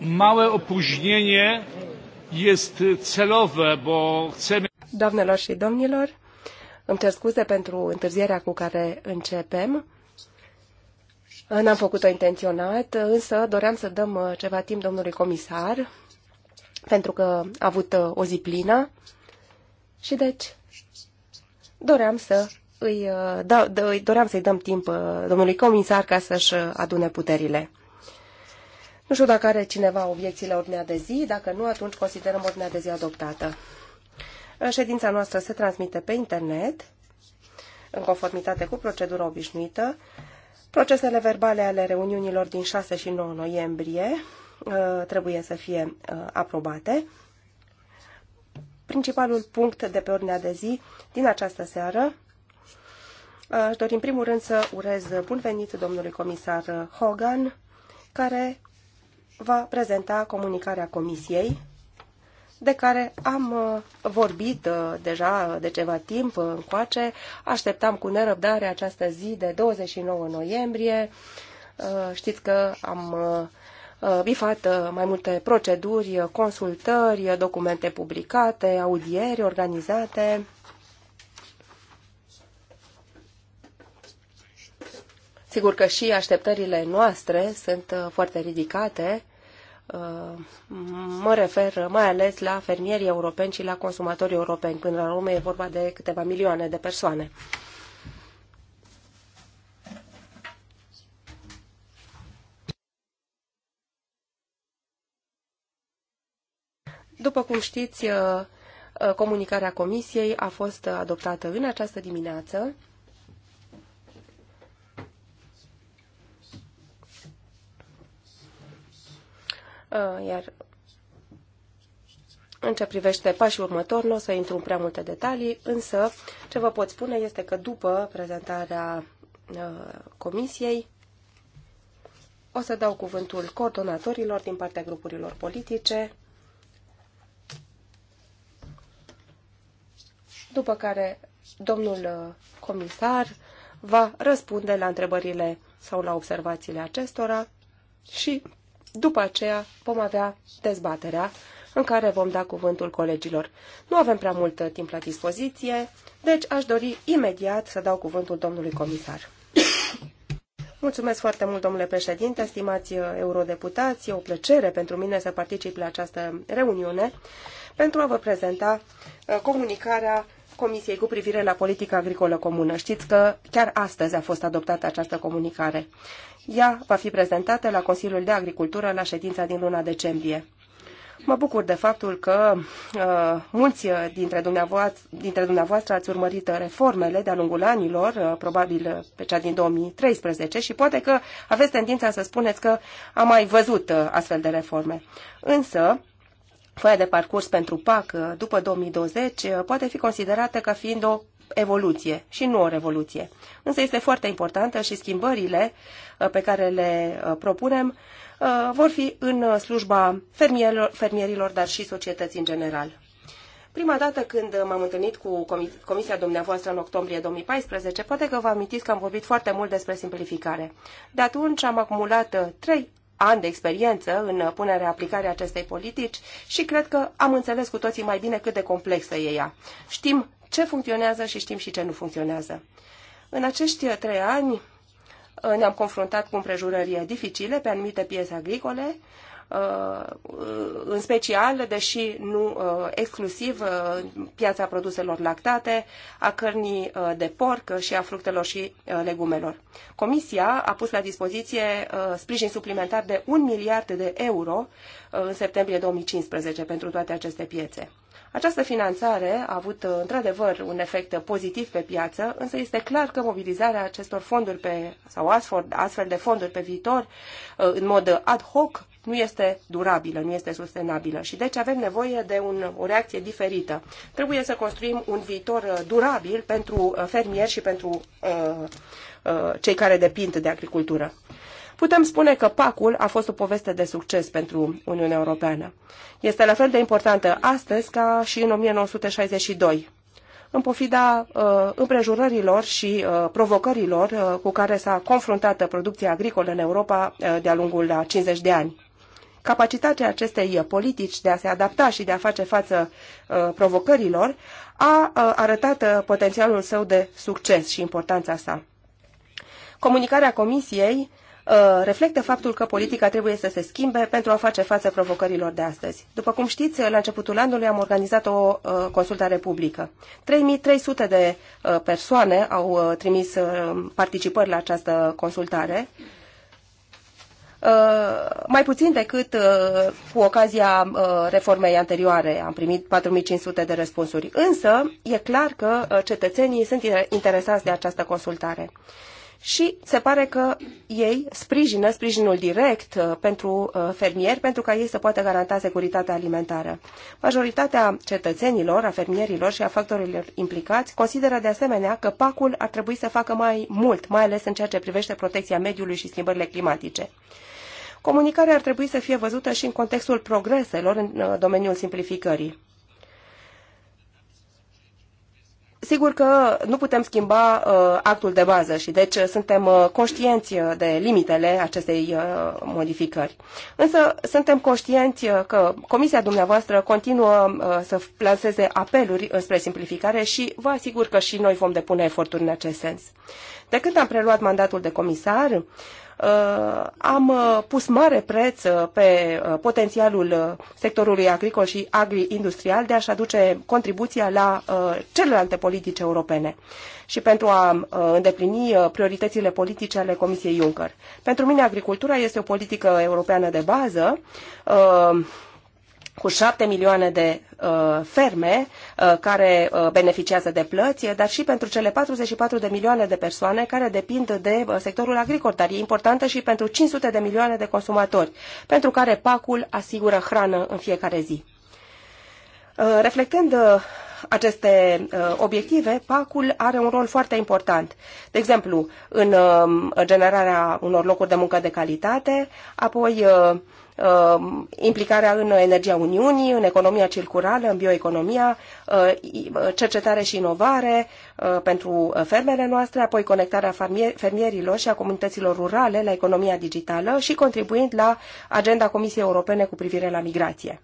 Małe opóźnienie jest celowe, bo chcemy... Domnilor și domnilor, îmi cer scuze pentru întârzierea cu care începem. N-am făcut-o intenționat, însă doream să dăm uh, ceva timp domnului comisar, pentru că a avut uh, o zi plină și deci doream să îi, uh, da, da, doream să-i dăm timp uh, domnului comisar ca să-și uh, adune puterile. Nu știu dacă are cineva obiecții la ordinea de zi, dacă nu, atunci considerăm ordinea de zi adoptată. Ședința noastră se transmite pe internet, în conformitate cu procedura obișnuită. Procesele verbale ale reuniunilor din 6 și 9 noiembrie trebuie să fie aprobate. Principalul punct de pe ordinea de zi din această seară Aș dori în primul rând să urez bun venit domnului comisar Hogan, care va prezenta comunicarea comisiei, de care am uh, vorbit uh, deja de ceva timp încoace. Așteptam cu nerăbdare această zi de 29 noiembrie. Uh, știți că am bifat mai multe proceduri, consultări, documente publicate, audieri organizate Sigur că și așteptările noastre sunt uh, foarte ridicate. Uh, mă refer mai ales la fermierii europeni și la consumatorii europeni. Până la urmă e vorba de câteva milioane de persoane. După cum știți, uh, comunicarea Comisiei a fost adoptată în această dimineață. Uh, iar în ce privește pașii următori, nu o să intru în prea multe detalii, însă ce vă pot spune este că după prezentarea uh, comisiei, o să dau cuvântul coordonatorilor din partea grupurilor politice, după care domnul uh, comisar va răspunde la întrebările sau la observațiile acestora și după aceea vom avea dezbaterea în care vom da cuvântul colegilor. Nu avem prea mult timp la dispoziție, deci aș dori imediat să dau cuvântul domnului comisar. Mulțumesc foarte mult, domnule președinte, stimați eurodeputați. E o plăcere pentru mine să particip la această reuniune pentru a vă prezenta uh, comunicarea Comisiei cu privire la politica agricolă comună. Știți că chiar astăzi a fost adoptată această comunicare. Ea va fi prezentată la Consiliul de Agricultură la ședința din luna decembrie. Mă bucur de faptul că uh, mulți dintre dumneavoastră, dintre dumneavoastră ați urmărit reformele de-a lungul anilor, uh, probabil pe cea din 2013 și poate că aveți tendința să spuneți că am mai văzut uh, astfel de reforme. Însă, foaia de parcurs pentru PAC uh, după 2020 uh, poate fi considerată ca fiind o evoluție și nu o revoluție. Însă este foarte importantă și schimbările uh, pe care le propunem vor fi în slujba fermierilor, fermierilor dar și societății în general. Prima dată când m-am întâlnit cu comisia dumneavoastră în octombrie 2014, poate că vă amintiți că am vorbit foarte mult despre simplificare. De atunci am acumulat trei ani de experiență în punerea aplicare acestei politici și cred că am înțeles cu toții mai bine cât de complexă e ea. Știm ce funcționează și știm și ce nu funcționează. În acești trei ani uh, ne-am confruntat cu împrejurări dificile pe anumite piese agricole, Uh, în special, deși nu uh, exclusiv, uh, piața produselor lactate, a cărnii de porc și a fructelor și legumelor. Comisia a pus la dispoziție sprijin suplimentar de 1 miliard de euro în septembrie 2015 pentru toate aceste piețe. Această finanțare a avut într-adevăr un efect pozitiv pe piață, însă este clar că mobilizarea acestor fonduri pe, sau astfel, de fonduri pe viitor în mod ad hoc nu este durabilă, nu este sustenabilă și deci avem nevoie de un, o reacție diferită. Trebuie să construim un viitor uh, durabil pentru uh, fermieri și pentru uh, uh, cei care depind de agricultură. Putem spune că pacul a fost o poveste de succes pentru Uniunea Europeană. Este la fel de importantă astăzi ca și în 1962 în pofida uh, împrejurărilor și uh, provocărilor uh, cu care s-a confruntat producția agricolă în Europa uh, de-a lungul la 50 de ani. Capacitatea acestei politici de a se adapta și de a face față uh, provocărilor a uh, arătat uh, potențialul său de succes și importanța sa. Comunicarea Comisiei reflectă faptul că politica trebuie să se schimbe pentru a face față provocărilor de astăzi. După cum știți, la începutul anului am organizat o consultare publică. 3300 de persoane au trimis participări la această consultare Uh, mai puțin decât uh, cu ocazia uh, reformei anterioare. Am primit 4500 de răspunsuri. Însă, e clar că cetățenii sunt interesați de această consultare. Și se pare că ei sprijină sprijinul direct pentru fermieri, pentru ca ei să poată garanta securitatea alimentară. Majoritatea cetățenilor, a fermierilor și a factorilor implicați consideră de asemenea că pacul ar trebui să facă mai mult, mai ales în ceea ce privește protecția mediului și schimbările climatice comunicarea ar trebui să fie văzută și în contextul progreselor în uh, domeniul simplificării. Sigur că nu putem schimba uh, actul de bază și deci uh, suntem uh, conștienți uh, de limitele acestei uh, modificări. Însă suntem conștienți că Comisia dumneavoastră continuă uh, să lanseze apeluri spre simplificare și vă asigur că și noi vom depune eforturi în acest sens. De când am preluat mandatul de comisar, Uh, am uh, pus mare preț uh, pe potențialul sectorului agricol și agri-industrial de a-și aduce contribuția la celelalte politici europene și pentru a îndeplini prioritățile politice ale Comisiei Juncker. Pentru mine, agricultura este o politică europeană de bază cu șapte milioane de uh, ferme uh, care uh, beneficiază de plăți, dar și pentru cele 44 de milioane de persoane care depind de uh, sectorul agricol, dar e importantă și pentru 500 de milioane de consumatori, pentru care pacul asigură hrană în fiecare zi. Uh, reflectând uh, aceste uh, obiective, PAC-ul are un rol foarte important. De exemplu, în uh, generarea unor locuri de muncă de calitate, apoi uh, Um, implicarea în energia Uniunii, în economia circulară, în bioeconomia, uh, cercetare și inovare uh, pentru fermele noastre, apoi conectarea fermierilor și a comunităților rurale la economia digitală și contribuind la agenda Comisiei Europene cu privire la migrație.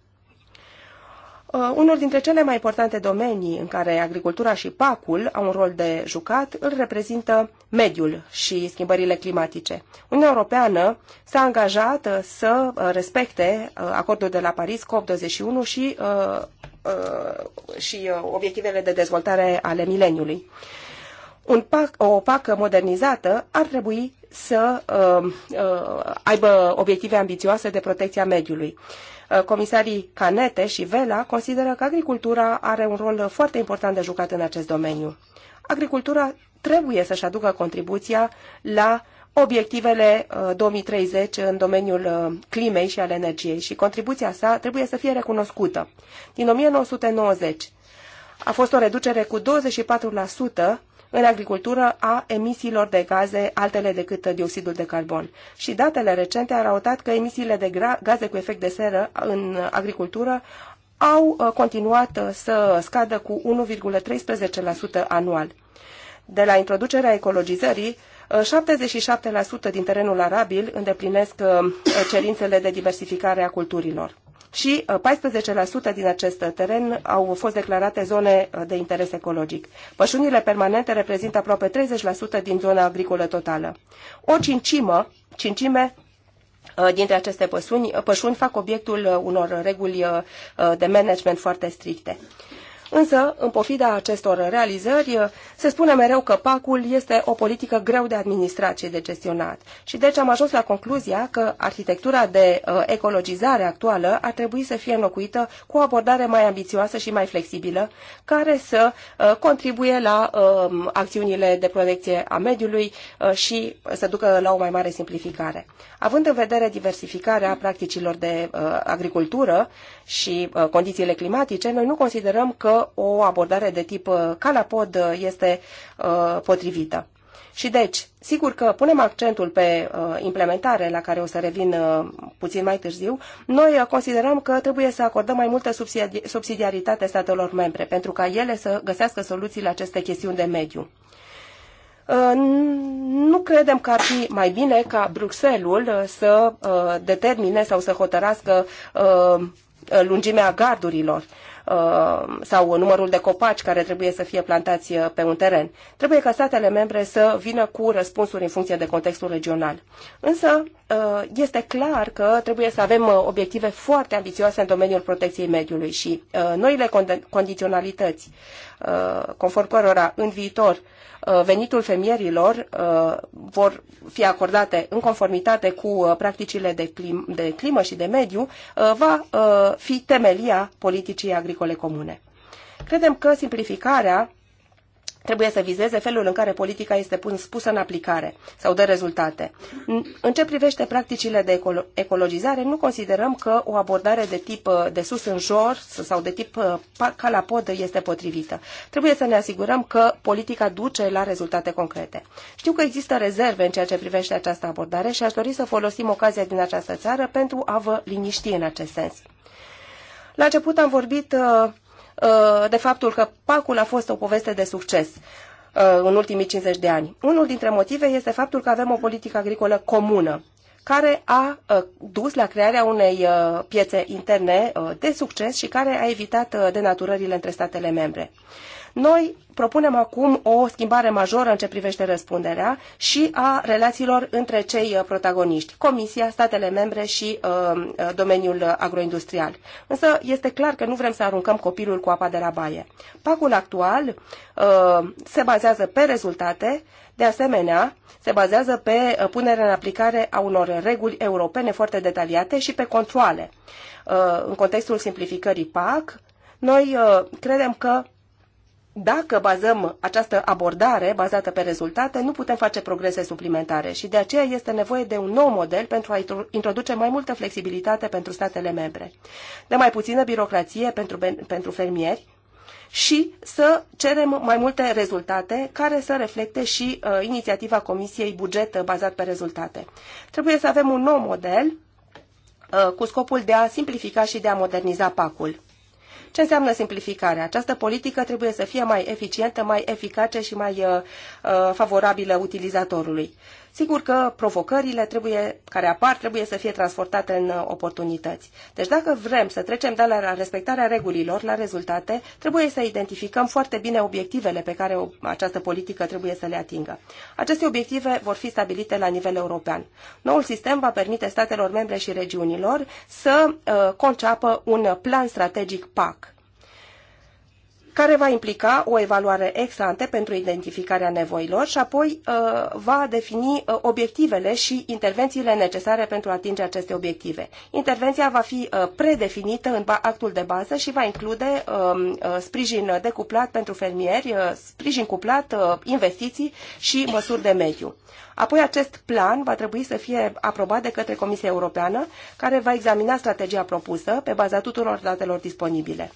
Uh, unul dintre cele mai importante domenii în care agricultura și pacul au un rol de jucat îl reprezintă mediul și schimbările climatice. Uniunea Europeană s-a angajat uh, să uh, respecte acordul de la Paris COP21 și, și obiectivele de dezvoltare ale mileniului. Un pac, o PAC modernizată ar trebui să uh, uh, aibă obiective ambițioase de protecția mediului. Uh, Uh, comisarii Canete și Vela consideră că agricultura are un rol foarte important de jucat în acest domeniu. Agricultura trebuie să-și aducă contribuția la obiectivele 2030 uh, în domeniul uh, climei și al energiei și contribuția sa trebuie să fie recunoscută. Din 1990 a fost o reducere cu 24% în agricultură a emisiilor de gaze altele decât dioxidul de carbon. Și datele recente au arătat că emisiile de gaze cu efect de seră în agricultură au uh, continuat uh, să scadă cu 1,13% anual. De la introducerea ecologizării, 77% uh, din terenul arabil îndeplinesc cerințele de diversificare a culturilor și 14% uh, din acest teren au fost declarate zone uh, de interes ecologic. Pășunile permanente reprezintă aproape 30% din zona agricolă totală. O cincimă, cincime uh, dintre aceste păsuni, pășuni fac obiectul unor reguli de management foarte stricte. Însă, în pofida acestor realizări, se spune mereu că PAC-ul este o politică greu de administrat și de gestionat. Și deci am ajuns la concluzia că arhitectura de uh, ecologizare actuală ar trebui să fie înlocuită cu o abordare mai ambițioasă și mai flexibilă, care să uh, contribuie la um, acțiunile de protecție a mediului uh, și să ducă la o mai mare simplificare. Având în vedere diversificarea practicilor de agricultură și condițiile climatice, noi nu considerăm că o abordare de tip uh, calapod uh, este uh, potrivită. Și deci, sigur că punem accentul pe implementare, la care o să revin puțin mai târziu, noi considerăm că trebuie să acordăm mai multă subsidiaritate statelor membre, pentru ca ele să găsească soluții la aceste chestiuni de mediu. Nu credem că ar fi mai bine ca Bruxelul să determine sau să hotărască lungimea gardurilor. Uh, sau numărul de copaci care trebuie să fie plantați uh, pe un teren. Trebuie ca statele membre să vină cu răspunsuri în funcție de contextul regional. Însă uh, este clar că trebuie să avem obiective foarte ambițioase în domeniul protecției mediului și noile condiționalități conform cărora în viitor Uh, venitul fermierilor uh, vor fi acordate în conformitate cu uh, practicile de, clim, de climă și de mediu, va fi temelia politicii agricole comune. Credem că simplificarea trebuie să vizeze felul în care politica este pusă în aplicare sau dă rezultate. În ce privește practicile de ecologizare, nu considerăm că o abordare de tip uh, de sus în jos sau de tip uh, ca la pod este potrivită. Trebuie să ne asigurăm că politica duce la rezultate concrete. Știu că există rezerve în ceea ce privește această abordare și aș dori să folosim ocazia din această țară pentru a vă liniști în acest sens. La început am vorbit uh, Uh, de faptul că pacul a fost o poveste de succes uh, în ultimii 50 de ani. Unul dintre motive este faptul că avem o politică agricolă comună care a uh, dus la crearea unei piețe interne de succes și care a evitat denaturările între statele membre. Noi propunem acum o schimbare majoră în ce privește răspunderea și a relațiilor între cei uh, protagoniști, Comisia, statele membre și uh, uh, domeniul agroindustrial. Însă este clar că nu vrem să aruncăm copilul cu apa de la baie. Pacul actual uh, se bazează pe rezultate, de asemenea, se bazează pe uh, punerea în aplicare a unor reguli europene foarte detaliate și pe controle. În contextul simplificării PAC, noi credem că dacă bazăm această abordare bazată pe rezultate, nu putem face progrese suplimentare și de aceea este nevoie de un nou model pentru a introduce mai multă flexibilitate pentru statele membre, de mai puțină birocrație pentru, pentru fermieri și să cerem mai multe rezultate care să reflecte și uh, inițiativa Comisiei Buget bazat pe rezultate. Trebuie să avem un nou model uh, cu scopul de a simplifica și de a moderniza PAC-ul. Ce înseamnă simplificarea? Această politică trebuie să fie mai eficientă, mai eficace și mai uh, uh, favorabilă utilizatorului. Sigur că provocările trebuie, care apar trebuie să fie transportate în uh, oportunități. Deci dacă vrem să trecem de la respectarea regulilor la rezultate, trebuie să identificăm foarte bine obiectivele pe care această politică trebuie să le atingă. Aceste obiective vor fi stabilite la nivel european. Noul sistem va permite statelor membre și regiunilor să uh, conceapă un plan strategic PAC care va implica o evaluare ex ante pentru identificarea nevoilor și apoi uh, va defini uh, obiectivele și intervențiile necesare pentru a atinge aceste obiective. Intervenția va fi uh, predefinită în actul de bază și va include um, sprijin decuplat pentru fermieri, sprijin cuplat, investiții și măsuri de mediu. Apoi acest plan va trebui să fie aprobat de către Comisia Europeană, care va examina strategia propusă pe baza tuturor datelor disponibile.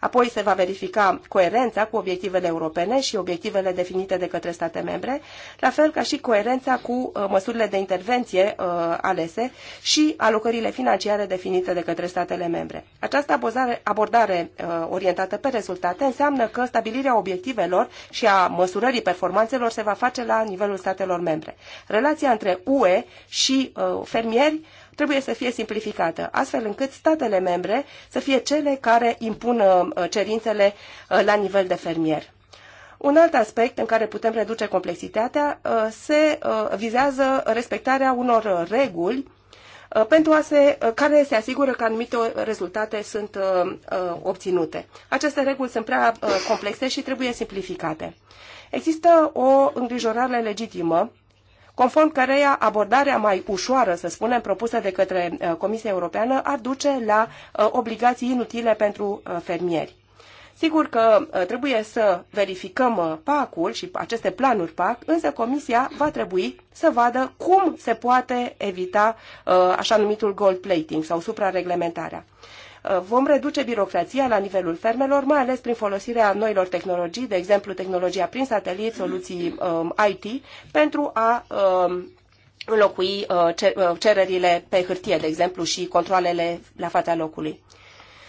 Apoi se va verifica coerența cu obiectivele europene și obiectivele definite de către state membre, la fel ca și coerența cu uh, măsurile de intervenție uh, alese și alocările financiare definite de către statele membre. Această abordare, uh, orientată pe rezultate înseamnă că stabilirea obiectivelor și a măsurării performanțelor se va face la nivelul statelor membre. Relația între UE și fermieri trebuie să fie simplificată, astfel încât statele membre să fie cele care impun uh, cerințele uh, la nivel de fermier. Un alt aspect în care putem reduce complexitatea uh, se vizează respectarea unor reguli pentru a se, care se asigură că anumite rezultate sunt obținute. Aceste reguli sunt prea complexe și trebuie simplificate. Există o îngrijorare legitimă conform căreia abordarea mai ușoară, să spunem, propusă de către uh, Comisia Europeană ar duce la uh, obligații inutile pentru uh, fermieri. Sigur că trebuie să verificăm PAC-ul și aceste planuri PAC, însă Comisia va trebui să vadă cum se poate evita așa numitul gold plating sau suprareglementarea. Uh, vom reduce birocrația la nivelul fermelor, mai ales prin folosirea noilor tehnologii, de exemplu tehnologia prin satelit, soluții um, IT, pentru a um, înlocui uh, uh, cererile pe hârtie, de exemplu, și controlele la fața locului.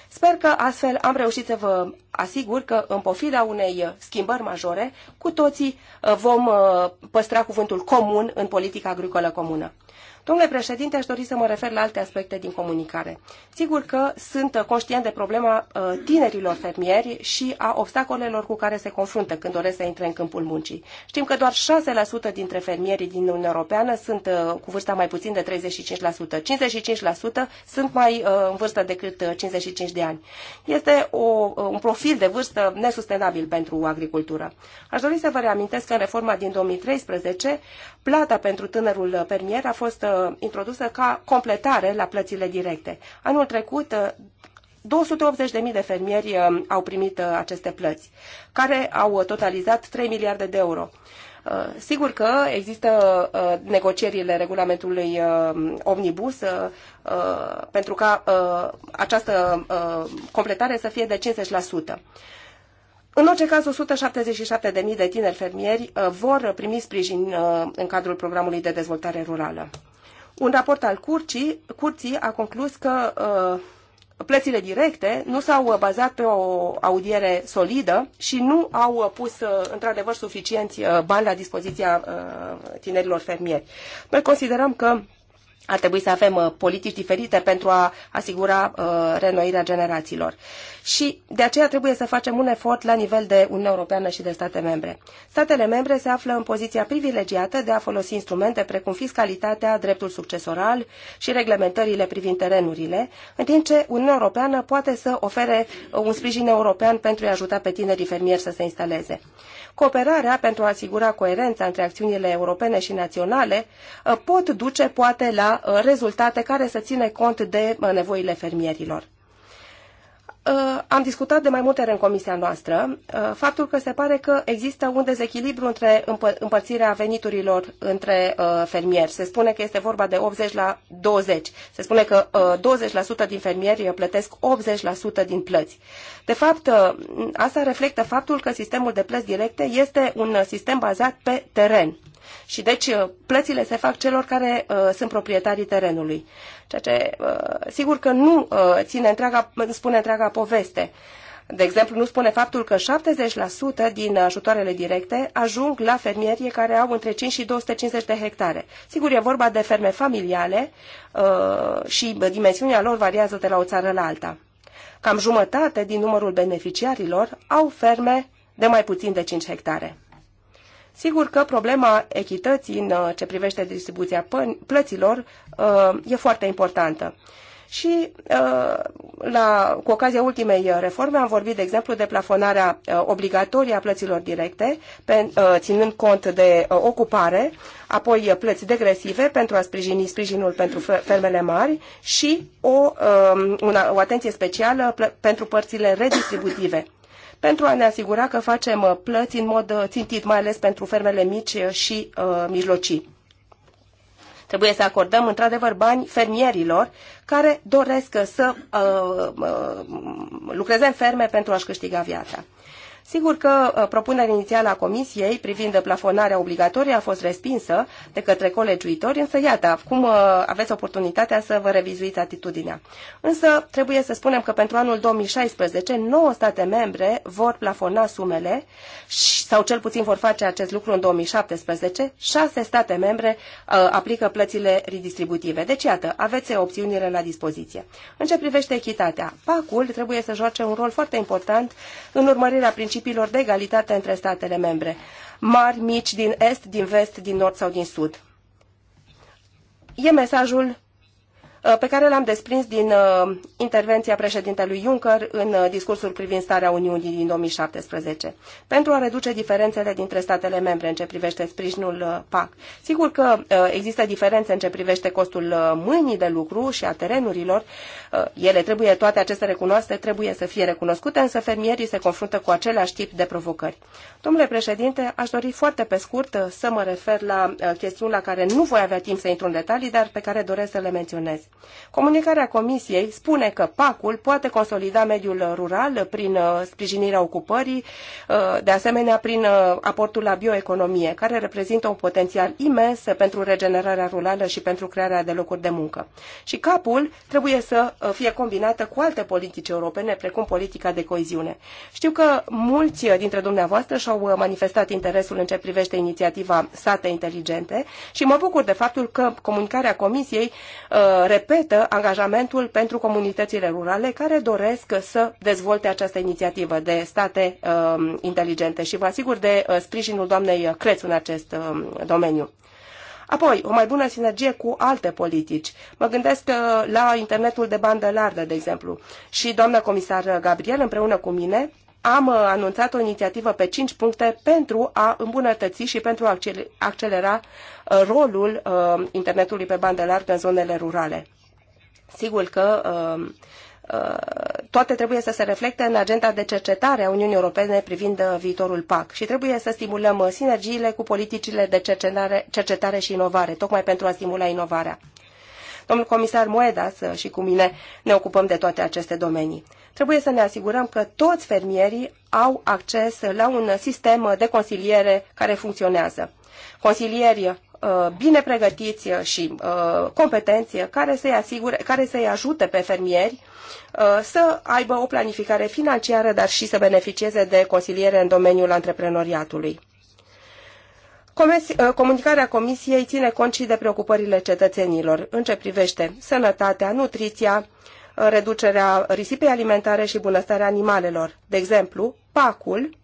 Sper că astfel am reușit să vă asigur că, în pofida unei schimbări majore, cu toții vom păstra cuvântul comun în politica agricolă comună. Domnule președinte, aș dori să mă refer la alte aspecte din comunicare. Sigur că sunt conștient de problema uh, tinerilor fermieri și a obstacolelor cu care se confruntă când doresc să intre în câmpul muncii. Știm că doar 6% dintre fermierii din Uniunea Europeană sunt uh, cu vârsta mai puțin de 35%. 55% sunt mai uh, în vârstă decât 55 de ani. Este o, un profil de vârstă nesustenabil pentru agricultură. Aș dori să vă reamintesc că în reforma din 2013, plata pentru tânărul fermier a fost Uh, introdusă ca completare la plățile directe. Anul trecut, 280.000 uh, de fermieri uh, au primit aceste plăți, care au totalizat 3 miliarde de euro. Sigur că există negocierile regulamentului omnibus pentru ca această completare să fie de 50%. În orice caz, 177.000 de tineri fermieri vor primi sprijin în cadrul programului de dezvoltare rurală. Un raport al curții, curții a conclus că uh, plățile directe nu s-au uh, bazat pe o audiere solidă și nu au uh, pus uh, într-adevăr suficienți uh, bani la dispoziția uh, tinerilor fermieri. Noi considerăm că ar trebui să avem uh, politici diferite pentru a asigura uh, renoirea generațiilor. Și de aceea trebuie să facem un efort la nivel de Uniunea Europeană și de state membre. Statele membre se află în poziția privilegiată de a folosi instrumente precum fiscalitatea, dreptul succesoral și reglementările privind terenurile, în timp ce Uniunea Europeană poate să ofere uh, un sprijin european pentru a ajuta pe tinerii fermieri să se instaleze. Cooperarea pentru a asigura coerența între acțiunile europene și naționale pot duce poate la Uh, rezultate care să ține cont de uh, nevoile fermierilor. Uh, am discutat de mai multe ori în comisia noastră faptul că se pare că există un dezechilibru între împărțirea veniturilor între fermieri. Se spune că este vorba de 80 la 20. Se spune că 20% din fermieri plătesc 80% din plăți. De fapt, asta reflectă faptul că sistemul de plăți directe este un sistem bazat pe teren și deci uh, plățile se fac celor care uh, sunt proprietarii terenului. Ceea ce uh, sigur că nu uh, ține întreaga, spune întreaga poveste. De exemplu, nu spune faptul că 70% din ajutoarele directe ajung la fermierii care au între 5 și 250 de hectare. Sigur, e vorba de ferme familiale uh, și dimensiunea lor variază de la o țară la alta. Cam jumătate din numărul beneficiarilor au ferme de mai puțin de 5 hectare. Sigur că problema echității în uh, ce privește distribuția plăților uh, e foarte importantă. Și uh, la, cu ocazia ultimei reforme am vorbit, de exemplu, de plafonarea obligatorie a plăților directe, ținând cont de ocupare, apoi plăți degresive pentru a sprijini sprijinul pentru fermele mari și o, um, o atenție specială pentru părțile redistributive pentru a ne asigura că facem uh, plăți în mod uh, țintit, mai ales pentru fermele mici uh, și uh, mijlocii. Trebuie să acordăm într-adevăr bani fermierilor care doresc să uh, uh, lucreze în ferme pentru a-și câștiga viața. Sigur că uh, propunerea inițială a Comisiei privind plafonarea obligatorie a fost respinsă de către colegiuitori, însă iată, acum uh, aveți oportunitatea să vă revizuiți atitudinea. Însă trebuie să spunem că pentru anul 2016 9 state membre vor plafona sumele sau cel puțin vor face acest lucru în 2017, 6 state membre uh, aplică plățile redistributive. Deci iată, aveți opțiunile la dispoziție. În ce privește echitatea, PAC-ul trebuie să joace un rol foarte important în urmărirea principiului principiilor de egalitate între statele membre, mari, mici, din est, din vest, din nord sau din sud. E mesajul Uh, pe care l-am desprins din uh, intervenția președintelui Juncker în uh, discursul privind starea Uniunii din 2017, pentru a reduce diferențele dintre statele membre în ce privește sprijinul PAC. Sigur că există diferențe în ce privește costul mâinii de lucru și a terenurilor. Ele trebuie, toate aceste recunoaște, trebuie să fie recunoscute, însă fermierii se confruntă cu același tip de provocări. Domnule președinte, aș dori foarte pe scurt să mă refer la chestiuni la care nu voi avea timp să intru în detalii, dar pe care doresc să le menționez. Comunicarea Comisiei spune că PAC-ul poate consolida mediul rural prin uh, sprijinirea ocupării, uh, de asemenea prin uh, aportul la bioeconomie, care reprezintă un potențial imens pentru regenerarea rurală și pentru crearea de locuri de muncă. Și capul trebuie să fie combinată cu alte politici europene, precum politica de coeziune. Știu că mulți dintre dumneavoastră și-au manifestat interesul în ce privește inițiativa Sate Inteligente și mă bucur de faptul că comunicarea Comisiei repetă angajamentul pentru comunitățile rurale care doresc să dezvolte această inițiativă de state uh, inteligente și vă asigur de uh, sprijinul doamnei Creț în acest uh, domeniu. Apoi, o mai bună sinergie cu alte politici. Mă gândesc uh, la internetul de bandă largă, de exemplu. Și doamna comisar Gabriel, împreună cu mine, am anunțat o inițiativă pe 5 puncte pentru a îmbunătăți și pentru a accelera uh, rolul uh, internetului pe bandă largă în zonele rurale. Sigur că um, uh, toate trebuie să se reflecte în agenda de cercetare a Uniunii Europene privind viitorul PAC și trebuie să stimulăm sinergiile cu politicile de cercetare, cercetare și inovare, tocmai pentru a stimula inovarea. Domnul comisar Moedas și cu mine ne ocupăm de toate aceste domenii. Trebuie să ne asigurăm că toți fermierii au acces la un sistem de consiliere care funcționează. Consilieri uh, bine pregătiți și uh, competenți care să-i, asigure, care să-i ajute pe fermieri uh, să aibă o planificare financiară, dar și să beneficieze de consiliere în domeniul antreprenoriatului. Comunicarea Comisiei ține cont și de preocupările cetățenilor în ce privește sănătatea, nutriția, reducerea risipei alimentare și bunăstarea animalelor. De exemplu, pacul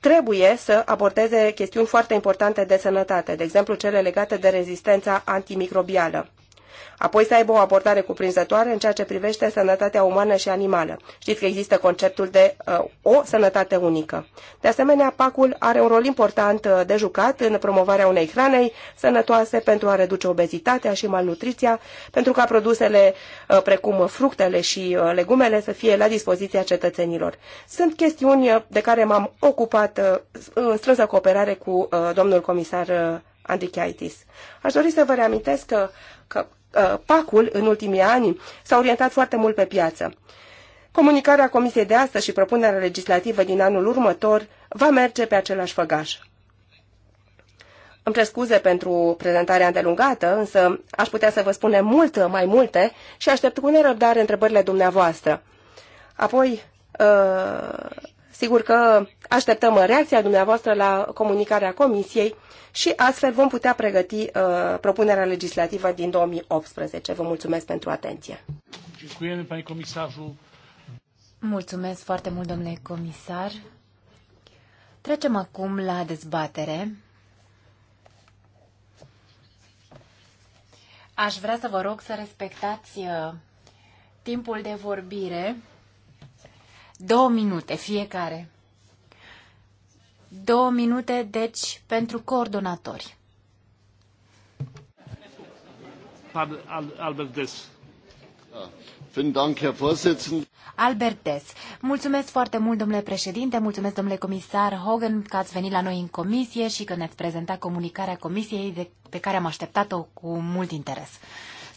trebuie să abordeze chestiuni foarte importante de sănătate, de exemplu cele legate de rezistența antimicrobială apoi să aibă o abordare cuprinzătoare în ceea ce privește sănătatea umană și animală. Știți că există conceptul de uh, o sănătate unică. De asemenea, pacul are un rol important uh, de jucat în promovarea unei hranei sănătoase pentru a reduce obezitatea și malnutriția, pentru ca produsele uh, precum fructele și uh, legumele să fie la dispoziția cetățenilor. Sunt chestiuni uh, de care m-am ocupat uh, în strânsă cooperare cu uh, domnul comisar uh, Andrichaitis. Aș dori să vă reamintesc că, că Uh, pacul în ultimii ani s-a orientat foarte mult pe piață. Comunicarea Comisiei de astăzi și propunerea legislativă din anul următor va merge pe același făgaș. Îmi cer scuze pentru prezentarea îndelungată, însă aș putea să vă spune mult mai multe și aștept cu nerăbdare întrebările dumneavoastră. Apoi, uh, Sigur că așteptăm reacția dumneavoastră la comunicarea Comisiei și astfel vom putea pregăti uh, propunerea legislativă din 2018. Vă mulțumesc pentru atenție. Mulțumesc foarte mult, domnule comisar. Trecem acum la dezbatere. Aș vrea să vă rog să respectați uh, timpul de vorbire Două minute fiecare. Două minute, deci, pentru coordonatori. Albert Des. Ah, Albert Des. Mulțumesc foarte mult, domnule președinte, mulțumesc, domnule comisar Hogan, că ați venit la noi în comisie și că ne-ați prezentat comunicarea comisiei de, pe care am așteptat-o cu mult interes.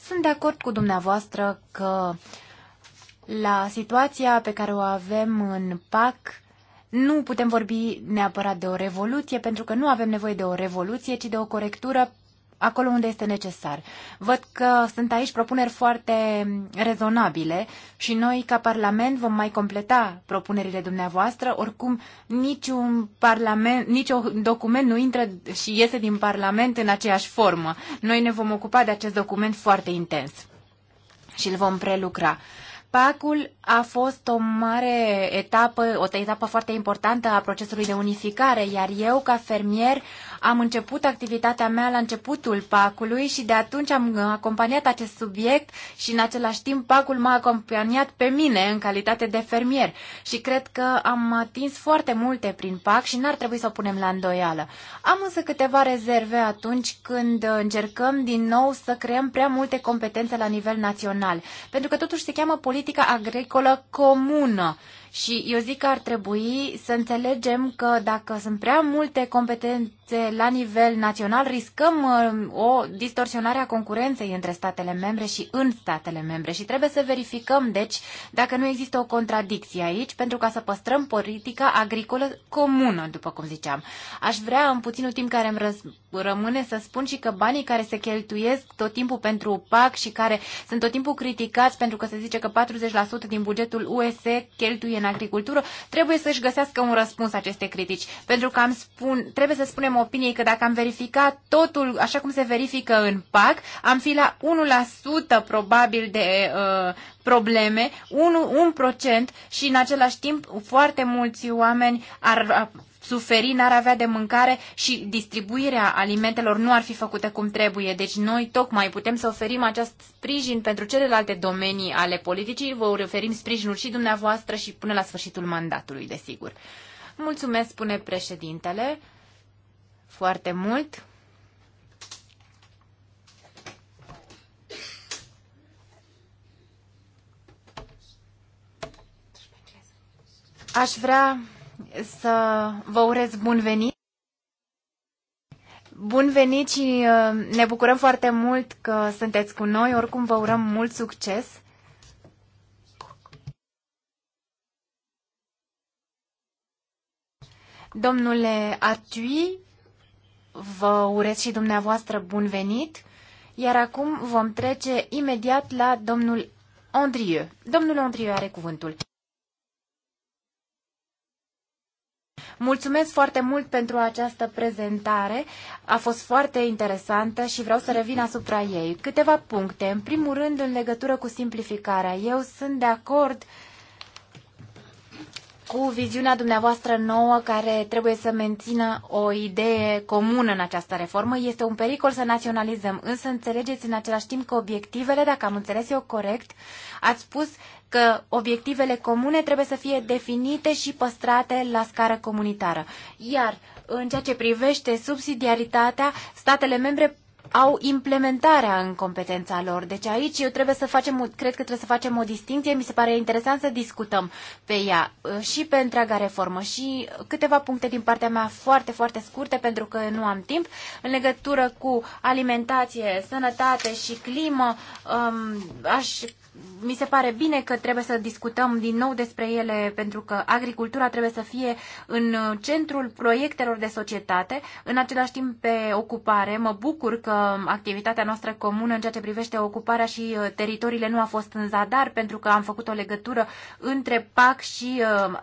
Sunt de acord cu dumneavoastră că uh, la situația pe care o avem în PAC, nu putem vorbi neapărat de o revoluție, pentru că nu avem nevoie de o revoluție, ci de o corectură acolo unde este necesar. Văd că sunt aici propuneri foarte rezonabile și noi, ca Parlament, vom mai completa propunerile dumneavoastră. Oricum, niciun, parlament, niciun document nu intră și iese din Parlament în aceeași formă. Noi ne vom ocupa de acest document foarte intens și îl vom prelucra. PAC-ul a fost o mare etapă, o etapă foarte importantă a procesului de unificare, iar eu, ca fermier, am început activitatea mea la începutul pacului și de atunci am acompaniat acest subiect și în același timp pacul m-a acompaniat pe mine în calitate de fermier și cred că am atins foarte multe prin pac și n-ar trebui să o punem la îndoială. Am însă câteva rezerve atunci când încercăm din nou să creăm prea multe competențe la nivel național, pentru că totuși se cheamă politica agricolă comună și eu zic că ar trebui să înțelegem că dacă sunt prea multe competențe la nivel național, riscăm uh, o distorsionare a concurenței între statele membre și în statele membre. Și trebuie să verificăm, deci, dacă nu există o contradicție aici, pentru ca să păstrăm politica agricolă comună, după cum ziceam. Aș vrea, în puținul timp care îmi rămâne, să spun și că banii care se cheltuiesc tot timpul pentru PAC și care sunt tot timpul criticați pentru că se zice că 40% din bugetul UE se cheltuie în agricultură, trebuie să-și găsească un răspuns aceste critici. Pentru că am spun, trebuie să spunem opiniei că dacă am verificat totul așa cum se verifică în PAC, am fi la 1% probabil de uh, probleme, 1%, 1% și în același timp foarte mulți oameni ar suferi, n-ar avea de mâncare și distribuirea alimentelor nu ar fi făcută cum trebuie. Deci noi tocmai putem să oferim acest sprijin pentru celelalte domenii ale politicii. Vă oferim sprijinul și dumneavoastră și până la sfârșitul mandatului, desigur. Mulțumesc, spune președintele, foarte mult. Aș vrea să vă urez bun venit. Bun venit și uh, ne bucurăm foarte mult că sunteți cu noi. Oricum vă urăm mult succes. Domnule Atui, vă urez și dumneavoastră bun venit, iar acum vom trece imediat la domnul Andrieu. Domnul Andrieu are cuvântul. Mulțumesc foarte mult pentru această prezentare. A fost foarte interesantă și vreau să revin asupra ei. Câteva puncte. În primul rând, în legătură cu simplificarea. Eu sunt de acord cu viziunea dumneavoastră nouă care trebuie să mențină o idee comună în această reformă. Este un pericol să naționalizăm, însă înțelegeți în același timp că obiectivele, dacă am înțeles eu corect, ați spus că obiectivele comune trebuie să fie definite și păstrate la scară comunitară. Iar în ceea ce privește subsidiaritatea, statele membre au implementarea în competența lor. Deci aici eu trebuie să facem, cred că trebuie să facem o distinție, mi se pare interesant să discutăm pe ea ă, și pe întreaga reformă și câteva puncte din partea mea foarte, foarte scurte pentru că nu am timp în legătură cu alimentație, sănătate și climă. aș mi se pare bine că trebuie să discutăm din nou despre ele, pentru că agricultura trebuie să fie în centrul proiectelor de societate, în același timp pe ocupare. Mă bucur că activitatea noastră comună în ceea ce privește ocuparea și uh, teritoriile nu a fost în zadar, pentru că am făcut o legătură între PAC și uh,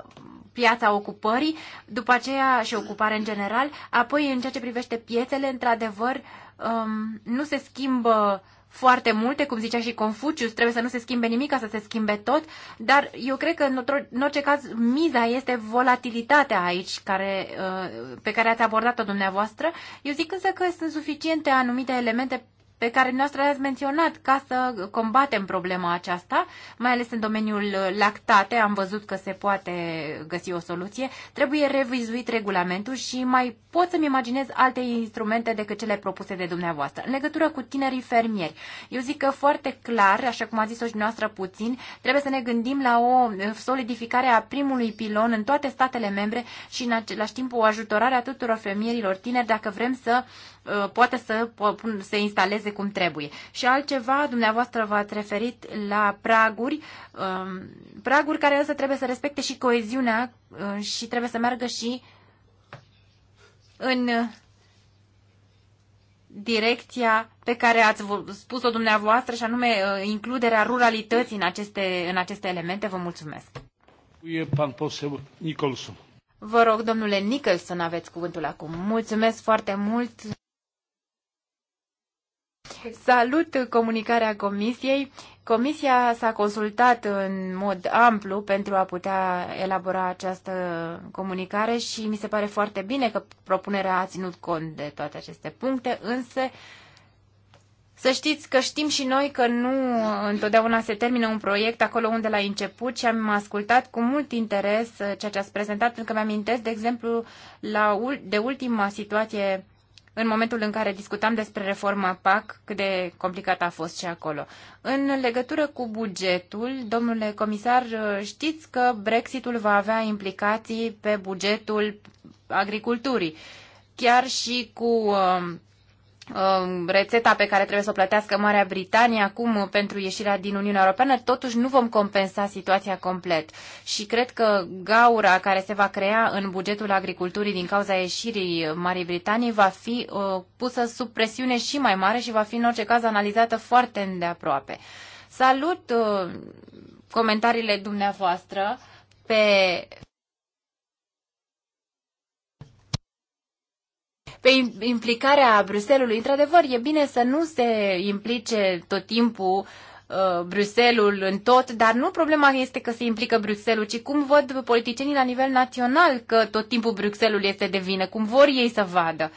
piața ocupării, după aceea și ocupare în general. Apoi, în ceea ce privește piețele, într-adevăr, um, nu se schimbă foarte multe, cum zicea și Confucius, trebuie să nu se schimbe nimic ca să se schimbe tot, dar eu cred că în orice caz miza este volatilitatea aici care, uh, pe care ați abordat-o dumneavoastră. Eu zic însă că sunt suficiente anumite elemente pe care noastră ați menționat ca să combatem problema aceasta, mai ales în domeniul lactate, am văzut că se poate găsi o soluție, trebuie revizuit regulamentul și mai pot să-mi imaginez alte instrumente decât cele propuse de dumneavoastră. În legătură cu tinerii fermieri, eu zic că foarte clar, așa cum a zis-o și noastră puțin, trebuie să ne gândim la o solidificare a primului pilon în toate statele membre și în același timp o ajutorare a tuturor fermierilor tineri dacă vrem să Uh, poate să se instaleze cum trebuie. Și altceva, dumneavoastră v-ați referit la praguri, um, praguri care însă trebuie să respecte și coeziunea uh, și trebuie să meargă și în direcția pe care ați spus-o dumneavoastră și anume uh, includerea ruralității în aceste, în aceste elemente. Vă mulțumesc. Vă rog, domnule Nicholson, aveți cuvântul acum. Mulțumesc foarte mult. Salut comunicarea Comisiei. Comisia s-a consultat în mod amplu pentru a putea elabora această comunicare și mi se pare foarte bine că propunerea a ținut cont de toate aceste puncte, însă să știți că știm și noi că nu întotdeauna se termină un proiect acolo unde l a început și am ascultat cu mult interes uh, ceea ce ați prezentat, pentru că mi-amintesc, de exemplu, la, de ultima situație în momentul în care discutam despre reforma PAC, cât de complicat a fost și acolo. În legătură cu bugetul, domnule comisar, știți că Brexitul va avea implicații pe bugetul agriculturii, chiar și cu uh, Um, rețeta pe care trebuie să o plătească Marea Britanie acum pentru ieșirea din Uniunea Europeană, totuși nu vom compensa situația complet. Și cred că gaura care se va crea în bugetul agriculturii din cauza ieșirii Marii Britanii va fi uh, pusă sub presiune și mai mare și va fi în orice caz analizată foarte îndeaproape. Salut uh, comentariile dumneavoastră pe pe implicarea Bruselului. Într-adevăr, e bine să nu se implice tot timpul uh, Bruselul în tot, dar nu problema este că se implică Bruselul, ci cum văd politicienii la nivel național că tot timpul Bruxelul este de vină, cum vor ei să vadă.